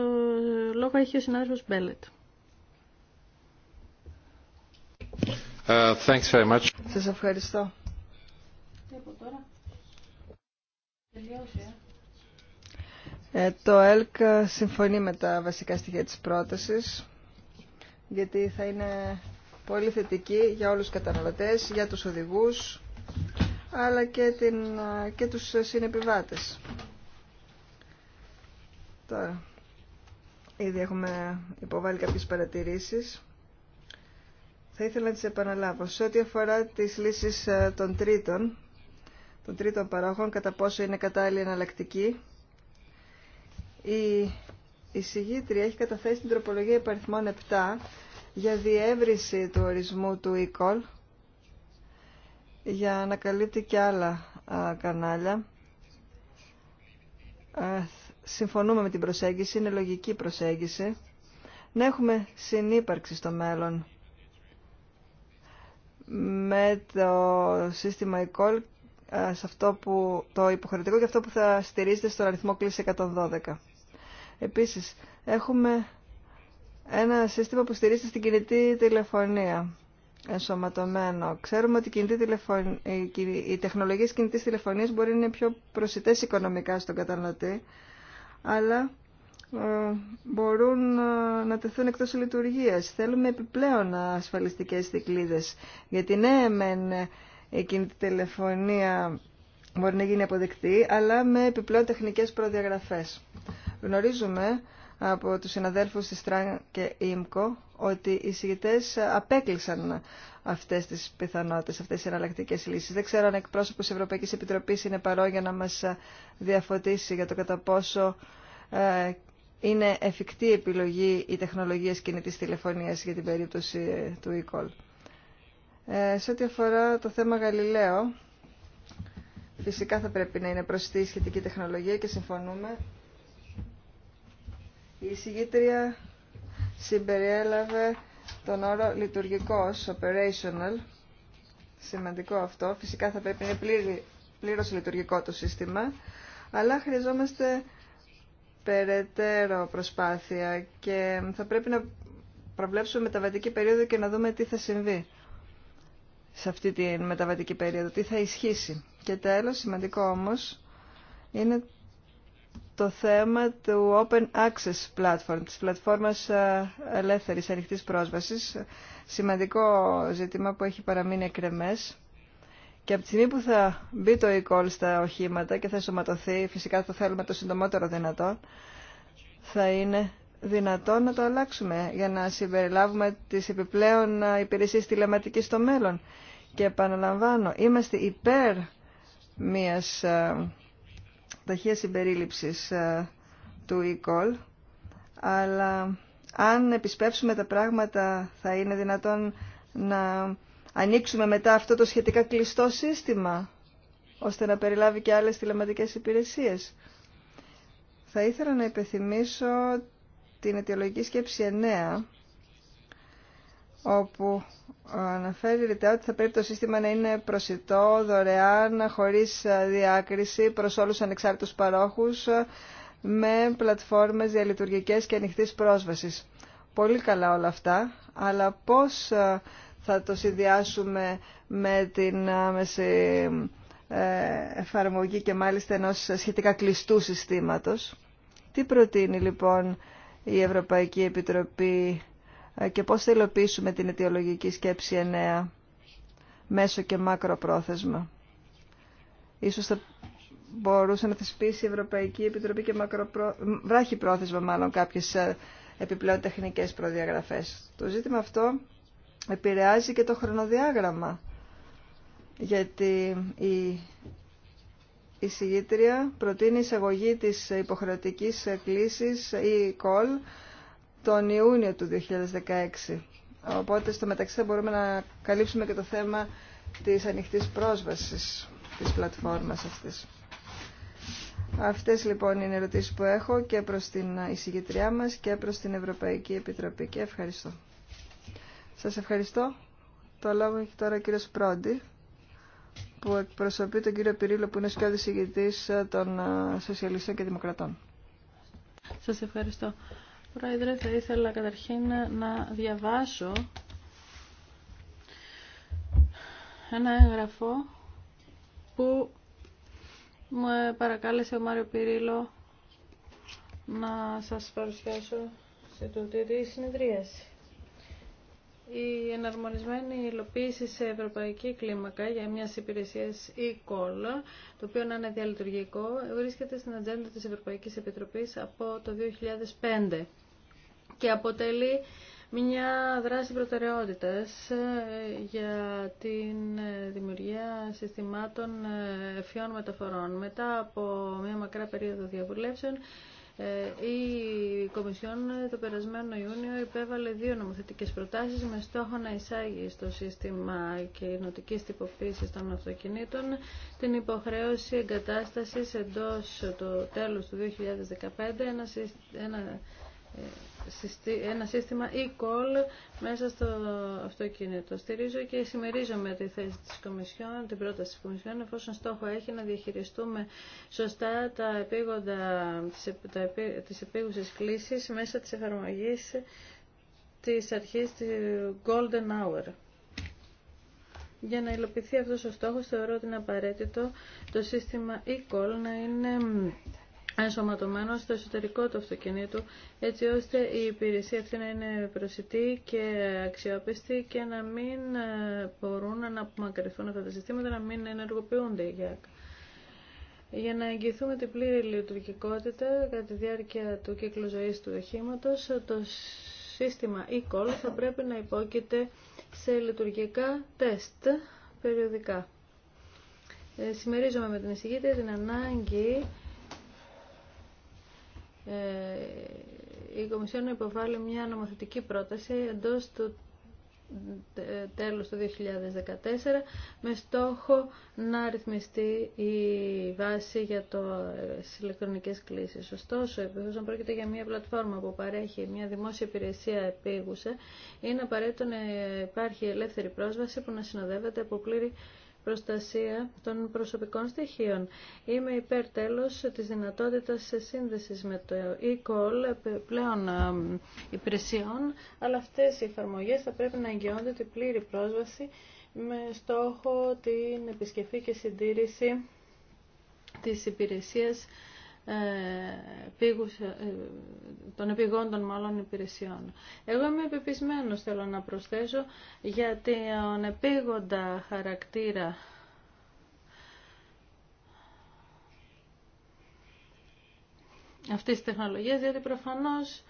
λόγο έχει ο συνάδελφος Μπέλετ. Uh, Σας ευχαριστώ. Ε. ε, το ΕΛΚ συμφωνεί με τα βασικά στοιχεία της πρότασης γιατί θα είναι πολύ θετική για όλους τους καταναλωτές, για τους οδηγούς, αλλά και, την, και τους συνεπιβάτες. Τώρα, ήδη έχουμε υποβάλει κάποιες παρατηρήσεις. Θα ήθελα να τις επαναλάβω. Σε ό,τι αφορά τις λύσεις ε, των τρίτων, των τρίτων παρόχων, κατά πόσο είναι κατάλληλη εναλλακτική, η η συγγήτρια έχει καταθέσει την τροπολογία υπαριθμών 7 για διεύρυνση του ορισμού του e για να καλύπτει και άλλα κανάλια. Ε, συμφωνούμε με την προσέγγιση, είναι λογική προσέγγιση. Να έχουμε συνύπαρξη στο μέλλον με το σύστημα e σε αυτό που, το υποχρεωτικό και αυτό που θα στηρίζεται στον αριθμό κλίση 112. Επίσης, έχουμε ένα σύστημα που στηρίζεται στην κινητή τηλεφωνία ενσωματωμένο. Ξέρουμε ότι η, οι τεχνολογίες κινητής τηλεφωνίας μπορεί να είναι πιο προσιτές οικονομικά στον καταναλωτή, αλλά ε, μπορούν ε, να τεθούν εκτός λειτουργίας. Θέλουμε επιπλέον ασφαλιστικές δικλείδες, γιατί ναι, μεν ε, η κινητή τηλεφωνία μπορεί να γίνει αποδεκτή, αλλά με επιπλέον τεχνικές προδιαγραφές. Γνωρίζουμε από τους συναδέλφους της ΤΡΑΝ και ΙΜΚΟ ότι οι συγητές απέκλεισαν αυτές τις πιθανότητες, αυτές τις εναλλακτικές λύσεις. Δεν ξέρω αν εκπρόσωπος Ευρωπαϊκής Επιτροπής είναι παρόν για να μας διαφωτίσει για το κατά πόσο ε, είναι εφικτή επιλογή η τεχνολογία κινητής τηλεφωνίας για την περίπτωση του e-call. Ε, σε ό,τι αφορά το θέμα Γαλιλαίο, φυσικά θα πρέπει να είναι προ η σχετική τεχνολογία και συμφωνούμε η εισηγήτρια συμπεριέλαβε τον όρο λειτουργικός, operational, σημαντικό αυτό. Φυσικά θα πρέπει να είναι πλήρη, πλήρως λειτουργικό το σύστημα, αλλά χρειαζόμαστε περαιτέρω προσπάθεια και θα πρέπει να προβλέψουμε μεταβατική περίοδο και να δούμε τι θα συμβεί σε αυτή τη μεταβατική περίοδο, τι θα ισχύσει. Και τέλος, σημαντικό όμως, είναι το θέμα του Open Access Platform, της πλατφόρμας ε, ελεύθερης ανοιχτής πρόσβασης. Σημαντικό ζήτημα που έχει παραμείνει εκρεμές. Και από τη στιγμή που θα μπει το e-call στα οχήματα και θα σωματωθεί, φυσικά το θέλουμε το συντομότερο δυνατό, θα είναι δυνατό να το αλλάξουμε για να συμπεριλάβουμε τις επιπλέον ε, υπηρεσίες τηλεματικής στο μέλλον. Και επαναλαμβάνω, είμαστε υπέρ μιας ε, ταχεία συμπερίληψη ε, του e αλλά αν επισπεύσουμε τα πράγματα θα είναι δυνατόν να ανοίξουμε μετά αυτό το σχετικά κλειστό σύστημα, ώστε να περιλάβει και άλλες τηλεματικές υπηρεσίες. Θα ήθελα να υπενθυμίσω την αιτιολογική σκέψη 9, όπου αναφέρει ότι θα πρέπει το σύστημα να είναι προσιτό, δωρεάν, χωρίς διάκριση προς όλους τους ανεξάρτητους παρόχους με πλατφόρμες διαλειτουργικές και ανοιχτής πρόσβασης. Πολύ καλά όλα αυτά, αλλά πώς ε, θα το συνδυάσουμε με την άμεση ε, εφαρμογή και μάλιστα ενός σχετικά κλειστού συστήματος. Τι προτείνει λοιπόν η Ευρωπαϊκή Επιτροπή ε, και πώς θα υλοποιήσουμε την αιτιολογική σκέψη 9 μέσω και μακροπρόθεσμα. Ίσως θα μπορούσε να θεσπίσει η Ευρωπαϊκή Επιτροπή και μακροπρό... βράχει πρόθεσμα μάλλον κάποιες ε, επιπλέον τεχνικές προδιαγραφές. Το ζήτημα αυτό επηρεάζει και το χρονοδιάγραμμα γιατί η η συγγήτρια προτείνει εισαγωγή της υποχρεωτικής κλήσης ή call τον Ιούνιο του 2016. Οπότε στο μεταξύ θα μπορούμε να καλύψουμε και το θέμα της ανοιχτής πρόσβασης της πλατφόρμας αυτής. Αυτές λοιπόν είναι οι ερωτήσεις που έχω και προς την εισηγητριά μας και προς την Ευρωπαϊκή Επιτροπή και ευχαριστώ. Σας ευχαριστώ. Το λόγο έχει τώρα ο κύριος Πρόντι που εκπροσωπεί τον κύριο Πυρίλο που είναι σκιώδης ηγητής των Σοσιαλιστών και Δημοκρατών. Σας ευχαριστώ. Πρόεδρε, θα ήθελα καταρχήν να διαβάσω ένα έγγραφο που μου παρακάλεσε ο Μάριο Πυρίλο να σας παρουσιάσω σε τούτη τη συνεδρίαση. Η εναρμονισμένη υλοποίηση σε ευρωπαϊκή κλίμακα για μια υπηρεσία e-call, το οποίο να είναι διαλειτουργικό, βρίσκεται στην ατζέντα της Ευρωπαϊκής Επιτροπής από το 2005 και αποτελεί μια δράση προτεραιότητας ε, για την ε, δημιουργία συστημάτων ε, ευφυών μεταφορών. Μετά από μια μακρά περίοδο διαβουλεύσεων, η Κομισιόν το περασμένο Ιούνιο υπέβαλε δύο νομοθετικές προτάσεις με στόχο να εισάγει στο σύστημα κοινοτικής τυποποίησης των αυτοκινήτων την υποχρέωση εγκατάστασης εντός το τέλος του 2015 ένα, ένα σύστημα e-call μέσα στο αυτοκίνητο. Στηρίζω και συμμερίζομαι τη θέση της Κομισιόν, την πρόταση της Κομισιόν, εφόσον στόχο έχει να διαχειριστούμε σωστά τα επίγοντα, τα, τις επίγουσες κλήσεις μέσα της εφαρμογής της αρχής του Golden Hour. Για να υλοποιηθεί αυτός ο στόχος θεωρώ ότι είναι απαραίτητο το σύστημα e-call να είναι ενσωματωμένο στο εσωτερικό του αυτοκινήτου, έτσι ώστε η υπηρεσία αυτή να είναι προσιτή και αξιόπιστη και να μην ε, μπορούν να απομακρυνθούν αυτά τα συστήματα, να μην ενεργοποιούνται για για να εγγυηθούμε την πλήρη λειτουργικότητα κατά τη διάρκεια του κύκλου ζωής του οχήματο, το σύστημα e-call θα πρέπει να υπόκειται σε λειτουργικά τεστ περιοδικά. Ε, συμμερίζομαι με την εισηγήτρια την ανάγκη ε, η Κομισιόν υποβάλλει μια νομοθετική πρόταση εντός του τέλος του 2014 με στόχο να ρυθμιστεί η βάση για το ε, ηλεκτρονικές κλήσεις. Ωστόσο, επειδή πρόκειται για μια πλατφόρμα που παρέχει μια δημόσια υπηρεσία επίγουσα, είναι απαραίτητο να υπάρχει ελεύθερη πρόσβαση που να συνοδεύεται από πλήρη προστασία των προσωπικών στοιχείων. Είμαι υπέρ τέλος της δυνατότητας σε σύνδεσης με το e-call πλέον ε, υπηρεσιών, αλλά αυτές οι εφαρμογέ θα πρέπει να εγγυώνται την πλήρη πρόσβαση με στόχο την επισκεφή και συντήρηση της υπηρεσίας ε, πήγους, ε, των επιγόντων μάλλον υπηρεσιών. Εγώ είμαι επιπισμένος, θέλω να προσθέσω, γιατί τον επίγοντα χαρακτήρα αυτής της τεχνολογίας, γιατί προφανώς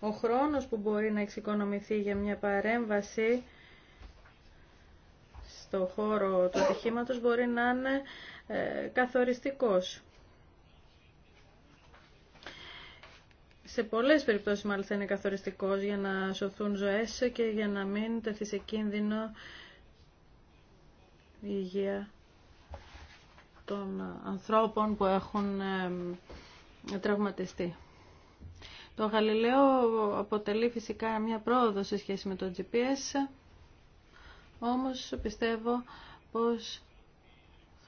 ο χρόνος που μπορεί να εξοικονομηθεί για μια παρέμβαση στο χώρο του ατυχήματος μπορεί να είναι ε, καθοριστικός. σε πολλές περιπτώσεις μάλιστα είναι καθοριστικός για να σωθούν ζωές και για να μην τεθεί σε κίνδυνο η υγεία των ανθρώπων που έχουν ε, τραυματιστεί. Το Γαλιλαίο αποτελεί φυσικά μια πρόοδο σε σχέση με το GPS, όμως πιστεύω πως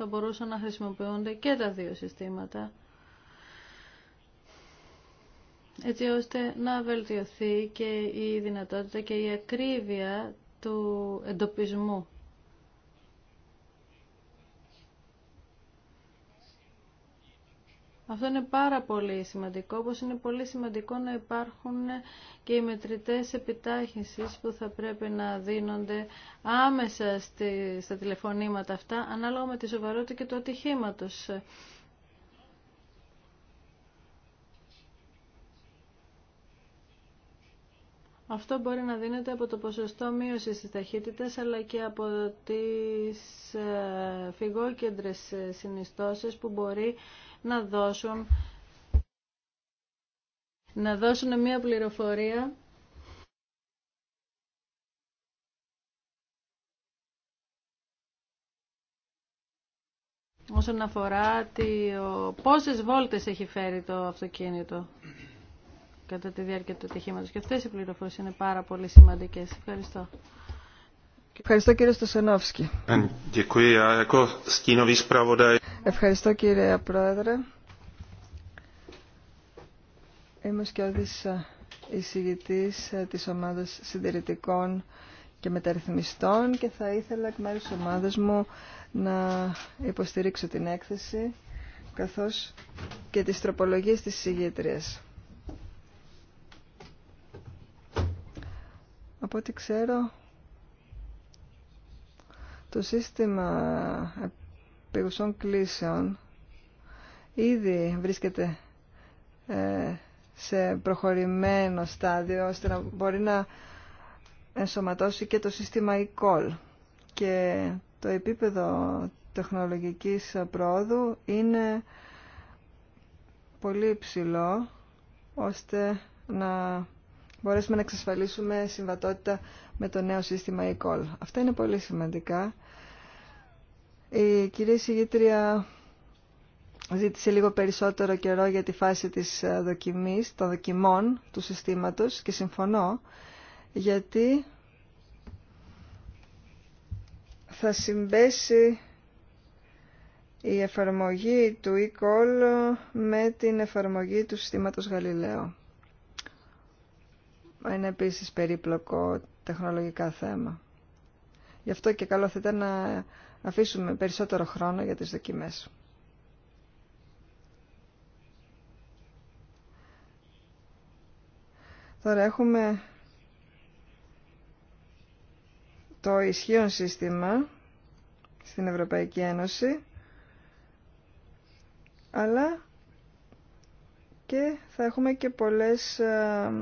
θα μπορούσαν να χρησιμοποιούνται και τα δύο συστήματα έτσι ώστε να βελτιωθεί και η δυνατότητα και η ακρίβεια του εντοπισμού Αυτό είναι πάρα πολύ σημαντικό, όπως είναι πολύ σημαντικό να υπάρχουν και οι μετρητές επιτάχυνσης που θα πρέπει να δίνονται άμεσα στα τηλεφωνήματα αυτά, ανάλογα με τη σοβαρότητα και το ατυχήματος. Αυτό μπορεί να δίνεται από το ποσοστό μείωση της ταχύτητας αλλά και από τις ε, φυγόκεντρες ε, συνιστώσεις που μπορεί να δώσουν, να δώσουν μια πληροφορία όσον αφορά τι, πόσες βόλτες έχει φέρει το αυτοκίνητο κατά τη διάρκεια του ατυχήματος. Και αυτές οι πληροφορίες είναι πάρα πολύ σημαντικές. Ευχαριστώ. Ευχαριστώ κύριε Στοσενόφσκι. Ε, Ευχαριστώ κύριε Πρόεδρε. Είμαι σκιώδης ε, εισηγητής ε, της ομάδας συντηρητικών και μεταρρυθμιστών και θα ήθελα εκ μέρους της ομάδας μου να υποστηρίξω την έκθεση καθώς και τις τροπολογίες της εισηγήτριας. Από ό,τι ξέρω, το σύστημα επιγουσών κλήσεων ήδη βρίσκεται ε, σε προχωρημένο στάδιο ώστε να μπορεί να ενσωματώσει και το σύστημα e-call και το επίπεδο τεχνολογικής πρόοδου είναι πολύ υψηλό ώστε να μπορέσουμε να εξασφαλίσουμε συμβατότητα με το νέο σύστημα e-call. Αυτά είναι πολύ σημαντικά. Η κυρία Συγήτρια ζήτησε λίγο περισσότερο καιρό για τη φάση της ε, δοκιμής, των δοκιμών του συστήματος και συμφωνώ γιατί θα συμπέσει η εφαρμογή του e-call με την εφαρμογή του συστήματος Γαλιλαίου είναι επίσης περίπλοκο τεχνολογικά θέμα. Γι' αυτό και καλό θα ήταν να αφήσουμε περισσότερο χρόνο για τις δοκιμές. Τώρα έχουμε το ισχύον σύστημα στην Ευρωπαϊκή Ένωση, αλλά και θα έχουμε και πολλές ε,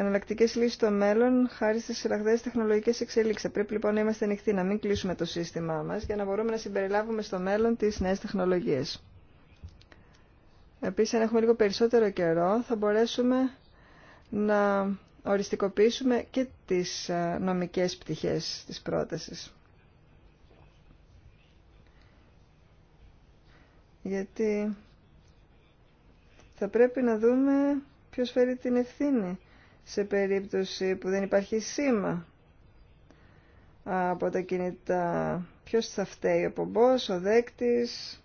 εναλλακτικέ λύσει στο μέλλον χάρη στι ραγδαίε τεχνολογικέ εξελίξει. Πρέπει λοιπόν να είμαστε ανοιχτοί, να μην κλείσουμε το σύστημά μα για να μπορούμε να συμπεριλάβουμε στο μέλλον τι νέε τεχνολογίε. Επίση, αν έχουμε λίγο περισσότερο καιρό, θα μπορέσουμε να οριστικοποιήσουμε και τις ε, νομικές πτυχέ τη πρόταση. Γιατί θα πρέπει να δούμε ποιος φέρει την ευθύνη σε περίπτωση που δεν υπάρχει σήμα από τα κινητά. Ποιος θα φταίει, ο πομπός, ο δέκτης,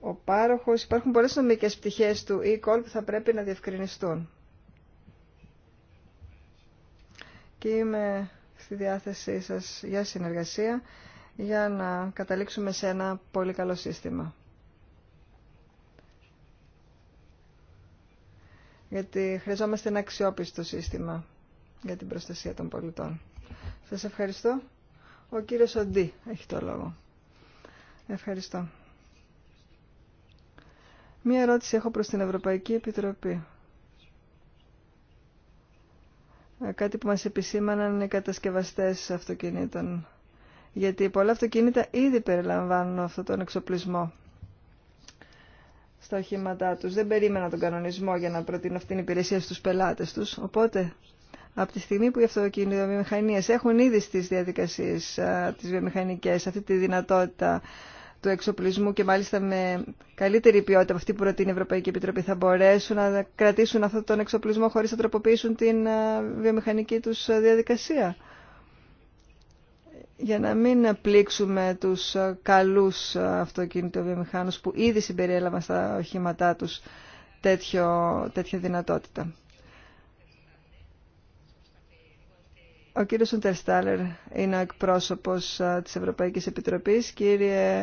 ο πάροχος. Υπάρχουν πολλές νομικές πτυχές του e-call που θα πρέπει να διευκρινιστούν. Και είμαι στη διάθεσή σας για συνεργασία για να καταλήξουμε σε ένα πολύ καλό σύστημα. γιατί χρειαζόμαστε ένα αξιόπιστο σύστημα για την προστασία των πολιτών. Σας ευχαριστώ. Ο κύριος Οντί έχει το λόγο. Ευχαριστώ. Μία ερώτηση έχω προς την Ευρωπαϊκή Επιτροπή. Ε, κάτι που μας επισήμαναν οι κατασκευαστές αυτοκινήτων. Γιατί πολλά αυτοκίνητα ήδη περιλαμβάνουν αυτόν τον εξοπλισμό στα οχήματά τους. Δεν περίμενα τον κανονισμό για να προτείνω αυτήν την υπηρεσία στους πελάτες τους. Οπότε, από τη στιγμή που οι αυτοκινητοβιομηχανίες έχουν ήδη στις διαδικασίες α, τις βιομηχανικές αυτή τη δυνατότητα του εξοπλισμού και μάλιστα με καλύτερη ποιότητα από αυτή που προτείνει η Ευρωπαϊκή Επιτροπή θα μπορέσουν να κρατήσουν αυτόν τον εξοπλισμό χωρίς να τροποποιήσουν την βιομηχανική τους διαδικασία για να μην πλήξουμε τους ε, καλούς ε, αυτοκινητοβιομηχάνους που ήδη συμπεριέλαβαν στα οχήματά τους τέτοιο, τέτοια δυνατότητα. Ο κύριος Οντερστάλερ είναι ο εκπρόσωπος ε, της Ευρωπαϊκής Επιτροπής. Κύριε,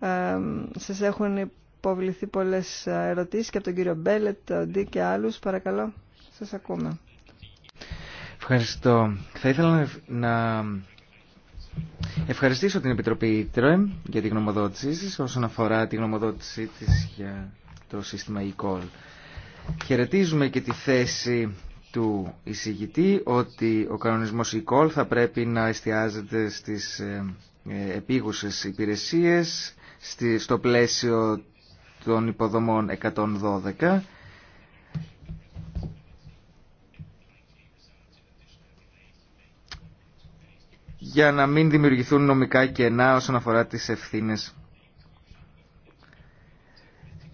ε, σας έχουν υποβληθεί πολλές ερωτήσεις και από τον κύριο Μπέλετ, τον Ντί και άλλους. Παρακαλώ, σας ακούμε. Ευχαριστώ. Θα ήθελα να Ευχαριστήσω την Επιτροπή ΤΡΟΕΜ για την γνωμοδότησή της όσον αφορά τη γνωμοδότησή της για το σύστημα e-call. Χαιρετίζουμε και τη θέση του εισηγητή ότι ο κανονισμός e-call θα πρέπει να εστιάζεται στις ε, ε, επίγουσες υπηρεσίες στο πλαίσιο των υποδομών 112 για να μην δημιουργηθούν νομικά κενά όσον αφορά τις ευθύνες.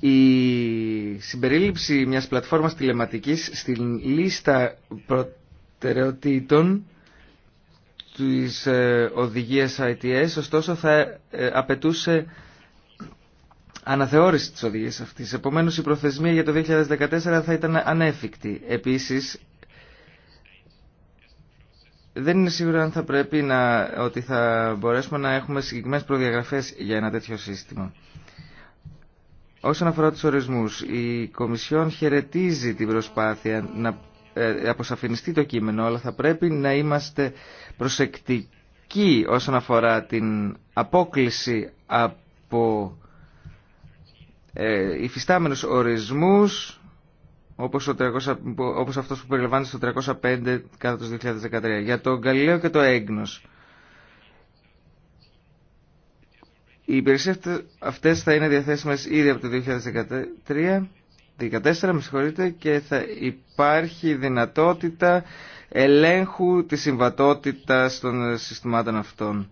Η συμπερίληψη μιας πλατφόρμας τηλεματικής στην λίστα προτεραιοτήτων της ε, οδηγίας ITS, ωστόσο θα ε, απαιτούσε αναθεώρηση της οδηγίας αυτής. Επομένως η προθεσμία για το 2014 θα ήταν ανέφικτη. Επίσης δεν είναι σίγουρο αν θα πρέπει να, ότι θα μπορέσουμε να έχουμε συγκεκριμένες προδιαγραφές για ένα τέτοιο σύστημα. Όσον αφορά τους ορισμούς, η Κομισιόν χαιρετίζει την προσπάθεια να ε, αποσαφινιστεί το κείμενο, αλλά θα πρέπει να είμαστε προσεκτικοί όσον αφορά την απόκληση από ε, υφιστάμενους ορισμούς όπως, ο 300, όπως αυτός που περιλαμβάνεται στο 305 κάτω του 2013. Για το Γαλιλαίο και το Έγνος. Οι υπηρεσίε αυτές θα είναι διαθέσιμες ήδη από το 2013, 2014 με συγχωρείτε, και θα υπάρχει δυνατότητα ελέγχου της συμβατότητας των συστημάτων αυτών.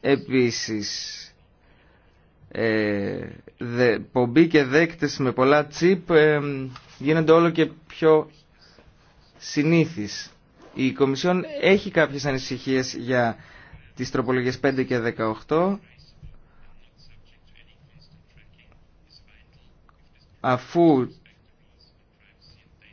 Επίσης, ε, πομπή και δέκτες με πολλά τσίπ ε, γίνονται όλο και πιο συνήθις. Η Κομισιόν έχει κάποιες ανησυχίες για τις τροπολογίες 5 και 18 αφού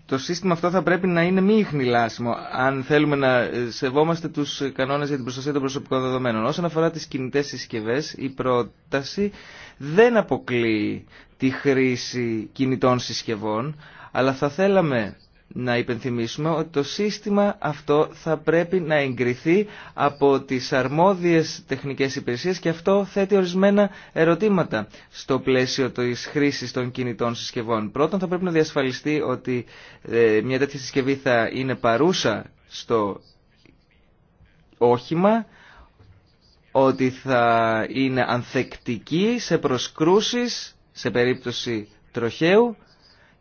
το σύστημα αυτό θα πρέπει να είναι μη ιχνηλάσιμο αν θέλουμε να ε, σεβόμαστε τους κανόνες για την προστασία των προσωπικών δεδομένων. Όσον αφορά τι κινητές συσκευέ, η πρόταση δεν αποκλείει τη χρήση κινητών συσκευών, αλλά θα θέλαμε να υπενθυμίσουμε ότι το σύστημα αυτό θα πρέπει να εγκριθεί από τις αρμόδιες τεχνικές υπηρεσίες και αυτό θέτει ορισμένα ερωτήματα στο πλαίσιο της χρήσης των κινητών συσκευών. Πρώτον θα πρέπει να διασφαλιστεί ότι ε, μια τέτοια συσκευή θα είναι παρούσα στο όχημα, ότι θα είναι ανθεκτική σε προσκρούσεις σε περίπτωση τροχαίου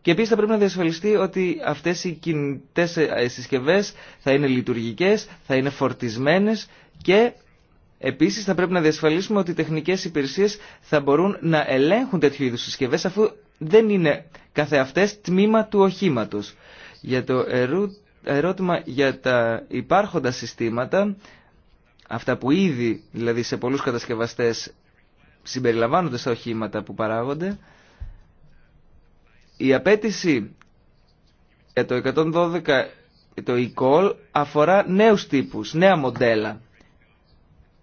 και επίση θα πρέπει να διασφαλιστεί ότι αυτέ οι κινητέ ε, συσκευέ θα είναι λειτουργικέ, θα είναι φορτισμένε και επίση θα πρέπει να διασφαλίσουμε ότι οι τεχνικέ υπηρεσίε θα μπορούν να ελέγχουν τέτοιου είδου συσκευέ, αφού δεν είναι καθεαυτές τμήμα του οχήματο. Για το ερώτημα για τα υπάρχοντα συστήματα, αυτά που ήδη δηλαδή σε πολλού κατασκευαστέ συμπεριλαμβάνονται στα οχήματα που παράγονται, η απέτηση για το 112 το e-call αφορά νέους τύπους, νέα μοντέλα.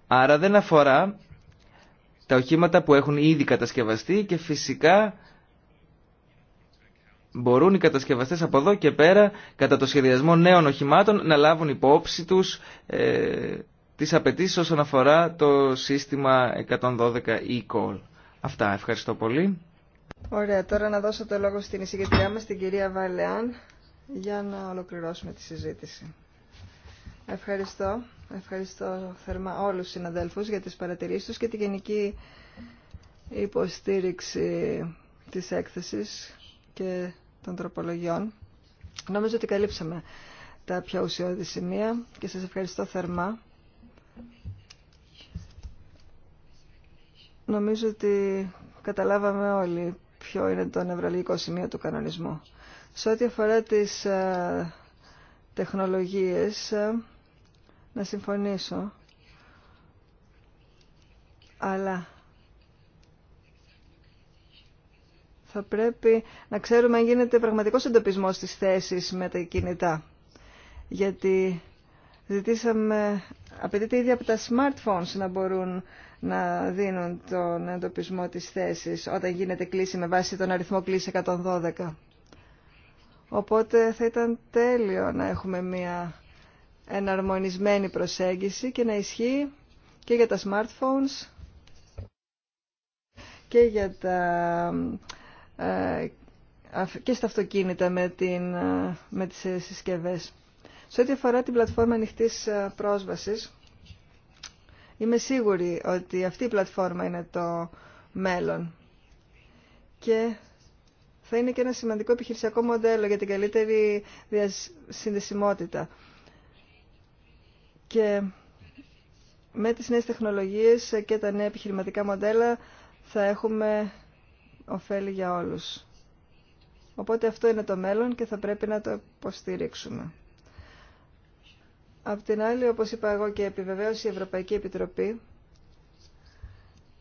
Άρα δεν αφορά τα οχήματα που έχουν ήδη κατασκευαστεί και φυσικά μπορούν οι κατασκευαστές από εδώ και πέρα κατά το σχεδιασμό νέων οχημάτων να λάβουν υπόψη τους ε, τις απαιτήσει όσον αφορά το σύστημα 112 e-call. Αυτά, ευχαριστώ πολύ. Ωραία, τώρα να δώσω το λόγο στην εισηγητριά μας, την κυρία Βαλεάν, για να ολοκληρώσουμε τη συζήτηση. Ευχαριστώ. Ευχαριστώ θερμά όλους τους συναδέλφους για τις παρατηρήσεις τους και την γενική υποστήριξη της έκθεσης και των τροπολογιών. Νομίζω ότι καλύψαμε τα πιο ουσιώδη σημεία και σας ευχαριστώ θερμά. Νομίζω ότι καταλάβαμε όλοι ποιο είναι το νευραλγικό σημείο του κανονισμού. Σε ό,τι αφορά τις ε, τεχνολογίες, ε, να συμφωνήσω, αλλά θα πρέπει να ξέρουμε αν γίνεται πραγματικός εντοπισμός της θέσης με τα κινητά. Γιατί Ζητήσαμε, απαιτείται ήδη από τα smartphones να μπορούν να δίνουν τον εντοπισμό της θέσης όταν γίνεται κλίση με βάση τον αριθμό κλίση 112. Οπότε θα ήταν τέλειο να έχουμε μια εναρμονισμένη προσέγγιση και να ισχύει και για τα smartphones και για τα ε, και στα αυτοκίνητα με, την, ε, με τις συσκευές. Σε ό,τι αφορά την πλατφόρμα ανοιχτή ε, πρόσβασης, είμαι σίγουρη ότι αυτή η πλατφόρμα είναι το μέλλον. Και θα είναι και ένα σημαντικό επιχειρησιακό μοντέλο για την καλύτερη συνδεσιμότητα. Και με τις νέες τεχνολογίες και τα νέα επιχειρηματικά μοντέλα θα έχουμε ωφέλη για όλους. Οπότε αυτό είναι το μέλλον και θα πρέπει να το υποστήριξουμε. Απ' την άλλη, όπως είπα εγώ και επιβεβαίωσε η Ευρωπαϊκή Επιτροπή,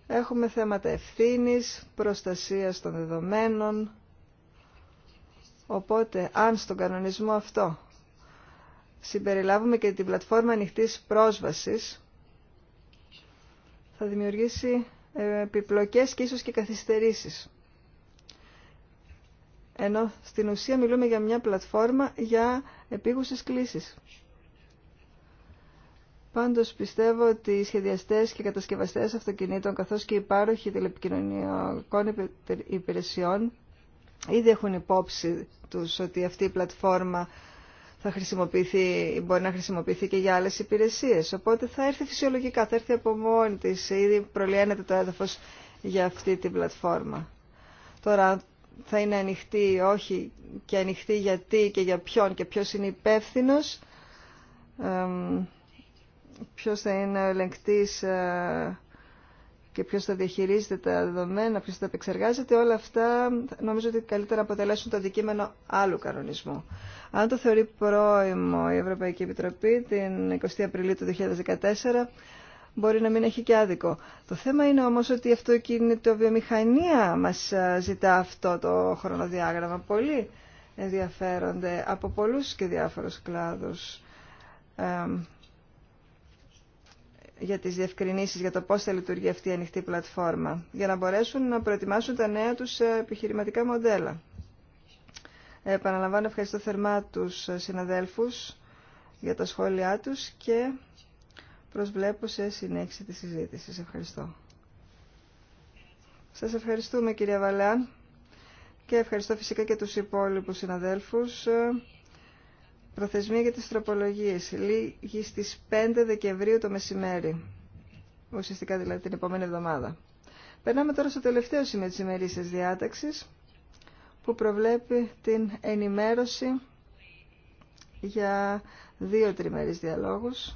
έχουμε θέματα ευθύνης, προστασίας των δεδομένων. Οπότε, αν στον κανονισμό αυτό συμπεριλάβουμε και την πλατφόρμα ανοιχτή πρόσβασης, θα δημιουργήσει ε, επιπλοκές και ίσως και καθυστερήσεις. Ενώ στην ουσία μιλούμε για μια πλατφόρμα για επίγουσες κλήσεις. Πάντως πιστεύω ότι οι σχεδιαστές και κατασκευαστές αυτοκινήτων καθώς και οι πάροχοι τηλεπικοινωνιακών υπηρεσιών ήδη έχουν υπόψη τους ότι αυτή η πλατφόρμα θα χρησιμοποιηθεί, μπορεί να χρησιμοποιηθεί και για άλλες υπηρεσίες. Οπότε θα έρθει φυσιολογικά, θα έρθει από μόνη της. Ήδη προλυαίνεται το έδαφος για αυτή την πλατφόρμα. Τώρα θα είναι ανοιχτή ή όχι και ανοιχτή γιατί και για ποιον και ποιος είναι υπεύθυνο ποιος θα είναι ο ελεγκτής ε, και ποιος θα διαχειρίζεται τα δεδομένα, ποιος θα τα επεξεργάζεται, όλα αυτά νομίζω ότι καλύτερα αποτελέσουν το αντικείμενο άλλου κανονισμού. Αν το θεωρεί πρόημο η Ευρωπαϊκή Επιτροπή την 20 Απριλίου του 2014, μπορεί να μην έχει και άδικο. Το θέμα είναι όμως ότι η αυτοκινητοβιομηχανία μας ε, ζητά αυτό το χρονοδιάγραμμα. Πολλοί ενδιαφέρονται από πολλούς και διάφορους κλάδους για τις διευκρινήσεις για το πώς θα λειτουργεί αυτή η ανοιχτή πλατφόρμα για να μπορέσουν να προετοιμάσουν τα νέα τους ε, επιχειρηματικά μοντέλα. Επαναλαμβάνω ευχαριστώ θερμά τους ε, συναδέλφους για τα σχόλιά τους και προσβλέπω σε συνέχιση τη συζήτηση. Ευχαριστώ. Σας ευχαριστούμε κυρία Βαλέαν και ευχαριστώ φυσικά και τους υπόλοιπους συναδέλφους ε, Προθεσμία για τις τροπολογίες. Λίγη στις 5 Δεκεμβρίου το μεσημέρι. Ουσιαστικά δηλαδή την επόμενη εβδομάδα. Περνάμε τώρα στο τελευταίο σημείο της ημερήσιας διάταξης που προβλέπει την ενημέρωση για δύο τριμερείς διαλόγους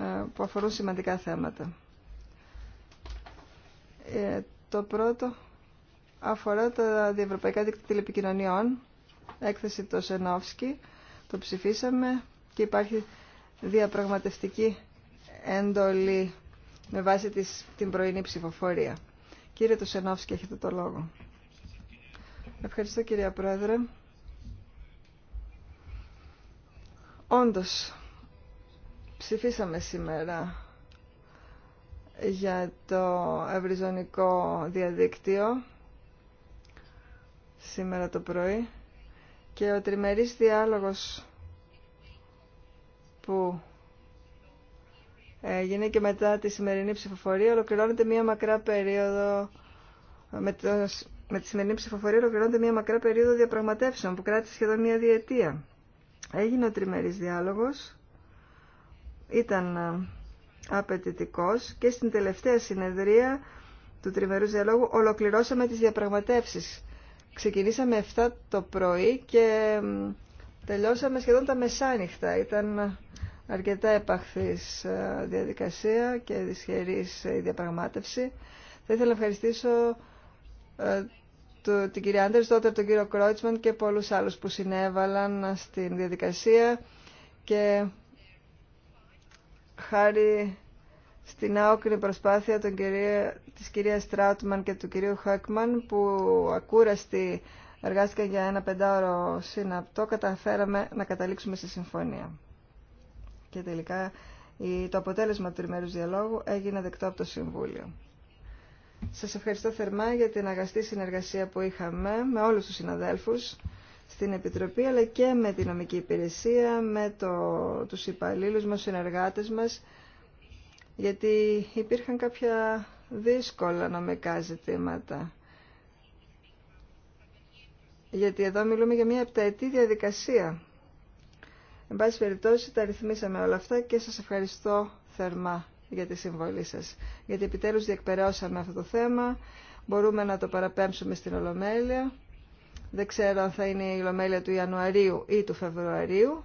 ε, που αφορούν σημαντικά θέματα. Ε, το πρώτο αφορά τα διευρωπαϊκά δίκτυα τηλεπικοινωνιών έκθεση το Σενόφσκι, το ψηφίσαμε και υπάρχει διαπραγματευτική εντολή με βάση της, την πρωινή ψηφοφορία. Κύριε Σενόφσκι, έχετε το λόγο. Ευχαριστώ κυρία Πρόεδρε. Όντως, ψηφίσαμε σήμερα για το ευρυζωνικό διαδίκτυο σήμερα το πρωί και ο τριμερής διάλογος που έγινε και μετά τη σημερινή ψηφοφορία ολοκληρώνεται μία μακρά περίοδο με, τη σημερινή ψηφοφορία ολοκληρώνεται μία μακρά περίοδο διαπραγματεύσεων που κράτησε σχεδόν μία διετία. Έγινε ο τριμερής διάλογος, ήταν ε, απαιτητικός και στην τελευταία συνεδρία του τριμερούς διαλόγου ολοκληρώσαμε τις διαπραγματεύσεις Ξεκινήσαμε 7 το πρωί και τελειώσαμε σχεδόν τα μεσάνυχτα. Ήταν αρκετά επαχθής ε, διαδικασία και δυσχερής ε, η διαπραγμάτευση. Θα ήθελα να ευχαριστήσω ε, την κυρία Άντερς, τότε τον κύριο Κρότσμαν και πολλούς άλλους που συνέβαλαν στην διαδικασία και χάρη στην άοκρη προσπάθεια των κυρία, της κυρία Στράουτμαν και του κυρίου Χάκμαν που ακούραστη εργάστηκαν για ένα πεντάωρο συναπτό, καταφέραμε να καταλήξουμε στη συμφωνία. Και τελικά το αποτέλεσμα του τριμερούς διαλόγου έγινε δεκτό από το Συμβούλιο. Σας ευχαριστώ θερμά για την αγαστή συνεργασία που είχαμε με όλους τους συναδέλφους στην Επιτροπή αλλά και με την νομική υπηρεσία, με το, τους υπαλλήλους μας, συνεργάτες μας γιατί υπήρχαν κάποια δύσκολα νομικά ζητήματα. Γιατί εδώ μιλούμε για μια επταετή διαδικασία. Εν πάση περιπτώσει τα ρυθμίσαμε όλα αυτά και σας ευχαριστώ θερμά για τη συμβολή σας. Γιατί επιτέλους διεκπαιρεώσαμε αυτό το θέμα, μπορούμε να το παραπέμψουμε στην Ολομέλεια. Δεν ξέρω αν θα είναι η Ολομέλεια του Ιανουαρίου ή του Φεβρουαρίου,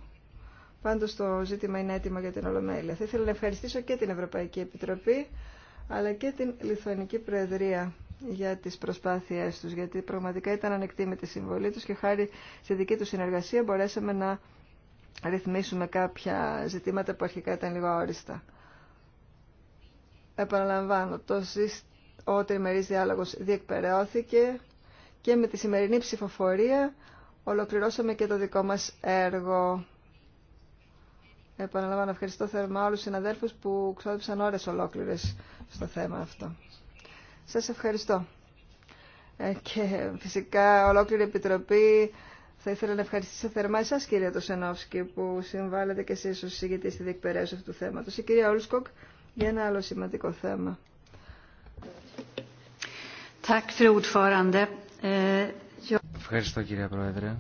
Πάντως το ζήτημα είναι έτοιμο για την Ολομέλεια. Θα ήθελα να ευχαριστήσω και την Ευρωπαϊκή Επιτροπή αλλά και την Λιθουανική Προεδρία για τις προσπάθειές τους, γιατί πραγματικά ήταν ανεκτήμητη η συμβολή τους και χάρη στη δική τους συνεργασία μπορέσαμε να ρυθμίσουμε κάποια ζητήματα που αρχικά ήταν λίγο αόριστα. Επαναλαμβάνω, το ο τριμερής διάλογος διεκπαιρεώθηκε και με τη σημερινή ψηφοφορία ολοκληρώσαμε και το δικό μας έργο Επαναλαμβάνω, ευχαριστώ θερμά όλους τους συναδέλφους που ξόδεψαν ώρες ολόκληρες στο θέμα αυτό. Σας ευχαριστώ. Ε, και φυσικά ολόκληρη Επιτροπή θα ήθελα να ευχαριστήσω θερμά εσάς κυρία Τωσενόφσκη που συμβάλλετε και εσείς ως συγκεκριτή στη διεκπαιρέωση αυτού του θέματος. Η κυρία Ολσκοκ για ένα άλλο σημαντικό θέμα. Ε, ευχαριστώ κυρία Πρόεδρε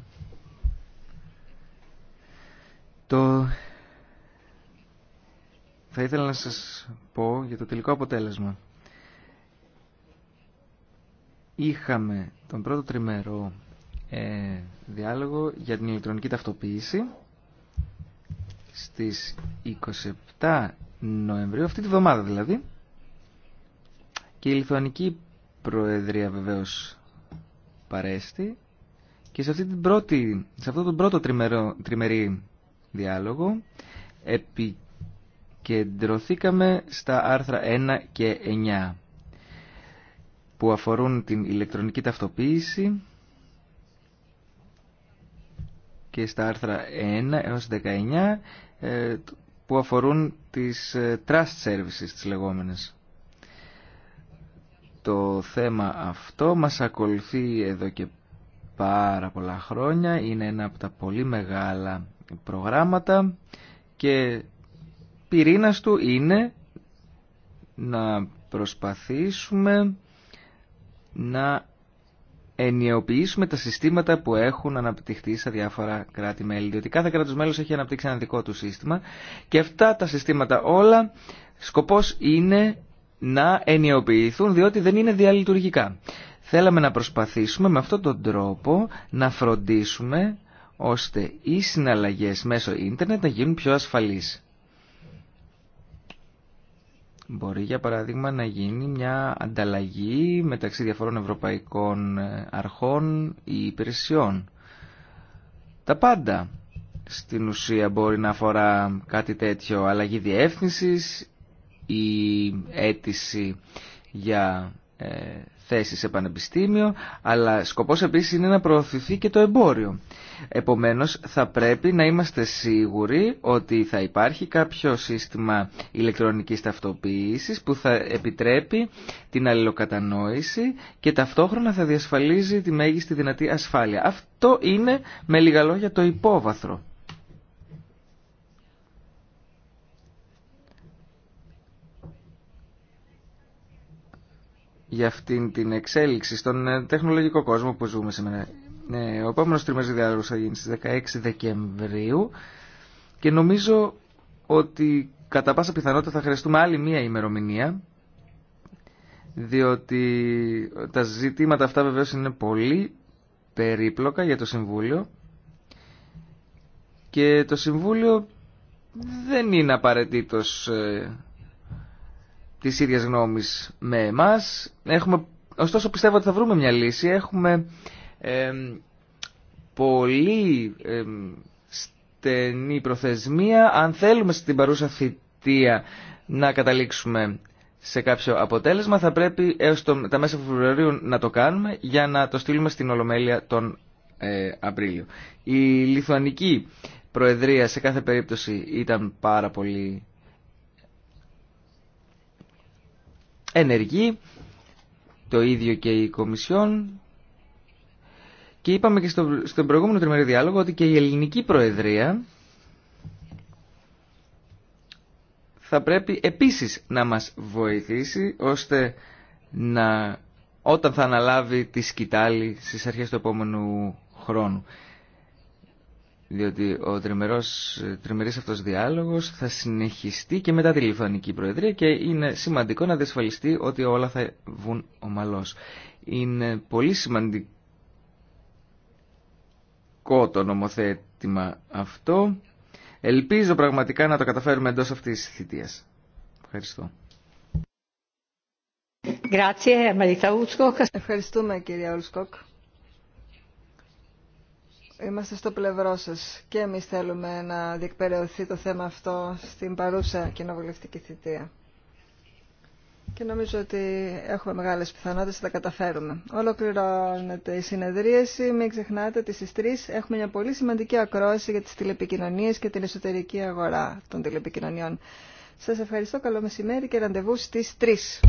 θα ήθελα να σας πω για το τελικό αποτέλεσμα. Είχαμε τον πρώτο τριμερό ε, διάλογο για την ηλεκτρονική ταυτοποίηση στις 27 Νοεμβρίου, αυτή τη βδομάδα δηλαδή. Και η Λιθουανική Προεδρία βεβαίως παρέστη. Και σε, αυτή την πρώτη, σε αυτό τον πρώτο τριμερό, τριμερή διάλογο επί Κεντρωθήκαμε στα άρθρα 1 και 9 που αφορούν την ηλεκτρονική ταυτοποίηση και στα άρθρα 1 έως 19 ε, που αφορούν τις ε, trust services τις λεγόμενες. Το θέμα αυτό μας ακολουθεί εδώ και πάρα πολλά χρόνια, είναι ένα από τα πολύ μεγάλα προγράμματα και πυρήνας του είναι να προσπαθήσουμε να ενιοποιήσουμε τα συστήματα που έχουν αναπτυχθεί σε διάφορα κράτη-μέλη. Διότι κάθε κράτος μέλος έχει αναπτύξει ένα δικό του σύστημα και αυτά τα συστήματα όλα σκοπός είναι να ενιοποιηθούν διότι δεν είναι διαλειτουργικά. Θέλαμε να προσπαθήσουμε με αυτόν τον τρόπο να φροντίσουμε ώστε οι συναλλαγές μέσω ίντερνετ να γίνουν πιο ασφαλείς. Μπορεί για παράδειγμα να γίνει μια ανταλλαγή μεταξύ διαφορών ευρωπαϊκών ε, αρχών ή υπηρεσιών. Τα πάντα στην ουσία μπορεί να αφορά κάτι τέτοιο αλλαγή διεύθυνσης ή αίτηση για ε, θέση σε πανεπιστήμιο, αλλά σκοπός επίσης είναι να προωθηθεί και το εμπόριο. Επομένως, θα πρέπει να είμαστε σίγουροι ότι θα υπάρχει κάποιο σύστημα ηλεκτρονικής ταυτοποίησης που θα επιτρέπει την αλληλοκατανόηση και ταυτόχρονα θα διασφαλίζει τη μέγιστη δυνατή ασφάλεια. Αυτό είναι, με λίγα λόγια, το υπόβαθρο για αυτήν την εξέλιξη στον ε, τεχνολογικό κόσμο που ζούμε σήμερα. Ε, ο επόμενο τριμερή διάλογο θα γίνει στις 16 Δεκεμβρίου και νομίζω ότι κατά πάσα πιθανότητα θα χρειαστούμε άλλη μία ημερομηνία διότι τα ζητήματα αυτά βεβαίως είναι πολύ περίπλοκα για το Συμβούλιο και το Συμβούλιο δεν είναι απαραίτητος ε, της ίδιας γνώμης με εμάς. Έχουμε, ωστόσο πιστεύω ότι θα βρούμε μια λύση. Έχουμε πολύ στενή προθεσμία. Αν θέλουμε στην παρούσα θητεία να καταλήξουμε σε κάποιο αποτέλεσμα θα πρέπει έως το, τα μέσα Φεβρουαρίου να το κάνουμε για να το στείλουμε στην Ολομέλεια τον ε, Απρίλιο. Η Λιθουανική Προεδρία σε κάθε περίπτωση ήταν πάρα πολύ Ενεργεί το ίδιο και η Κομισιόν. Και είπαμε και στο, στον προηγούμενο τριμερή διάλογο ότι και η ελληνική προεδρία θα πρέπει επίσης να μας βοηθήσει ώστε να όταν θα αναλάβει τη σκητάλη στις αρχές του επόμενου χρόνου διότι ο τριμερός, τριμερής αυτός διάλογος θα συνεχιστεί και μετά τη Λιθουανική Προεδρία και είναι σημαντικό να διασφαλιστεί ότι όλα θα βγουν ομαλώς. Είναι πολύ σημαντικό το νομοθέτημα αυτό. Ελπίζω πραγματικά να το καταφέρουμε εντός αυτής της θητείας. Ευχαριστώ. Ευχαριστούμε κύριε Ολσκοκ είμαστε στο πλευρό σας και εμείς θέλουμε να διεκπαιρεωθεί το θέμα αυτό στην παρούσα κοινοβουλευτική θητεία. Και νομίζω ότι έχουμε μεγάλες πιθανότητες να τα καταφέρουμε. Ολοκληρώνεται η συνεδρίαση. Μην ξεχνάτε ότι στις 3 έχουμε μια πολύ σημαντική ακρόαση για τις τηλεπικοινωνίες και την εσωτερική αγορά των τηλεπικοινωνιών. Σας ευχαριστώ. Καλό μεσημέρι και ραντεβού στις 3.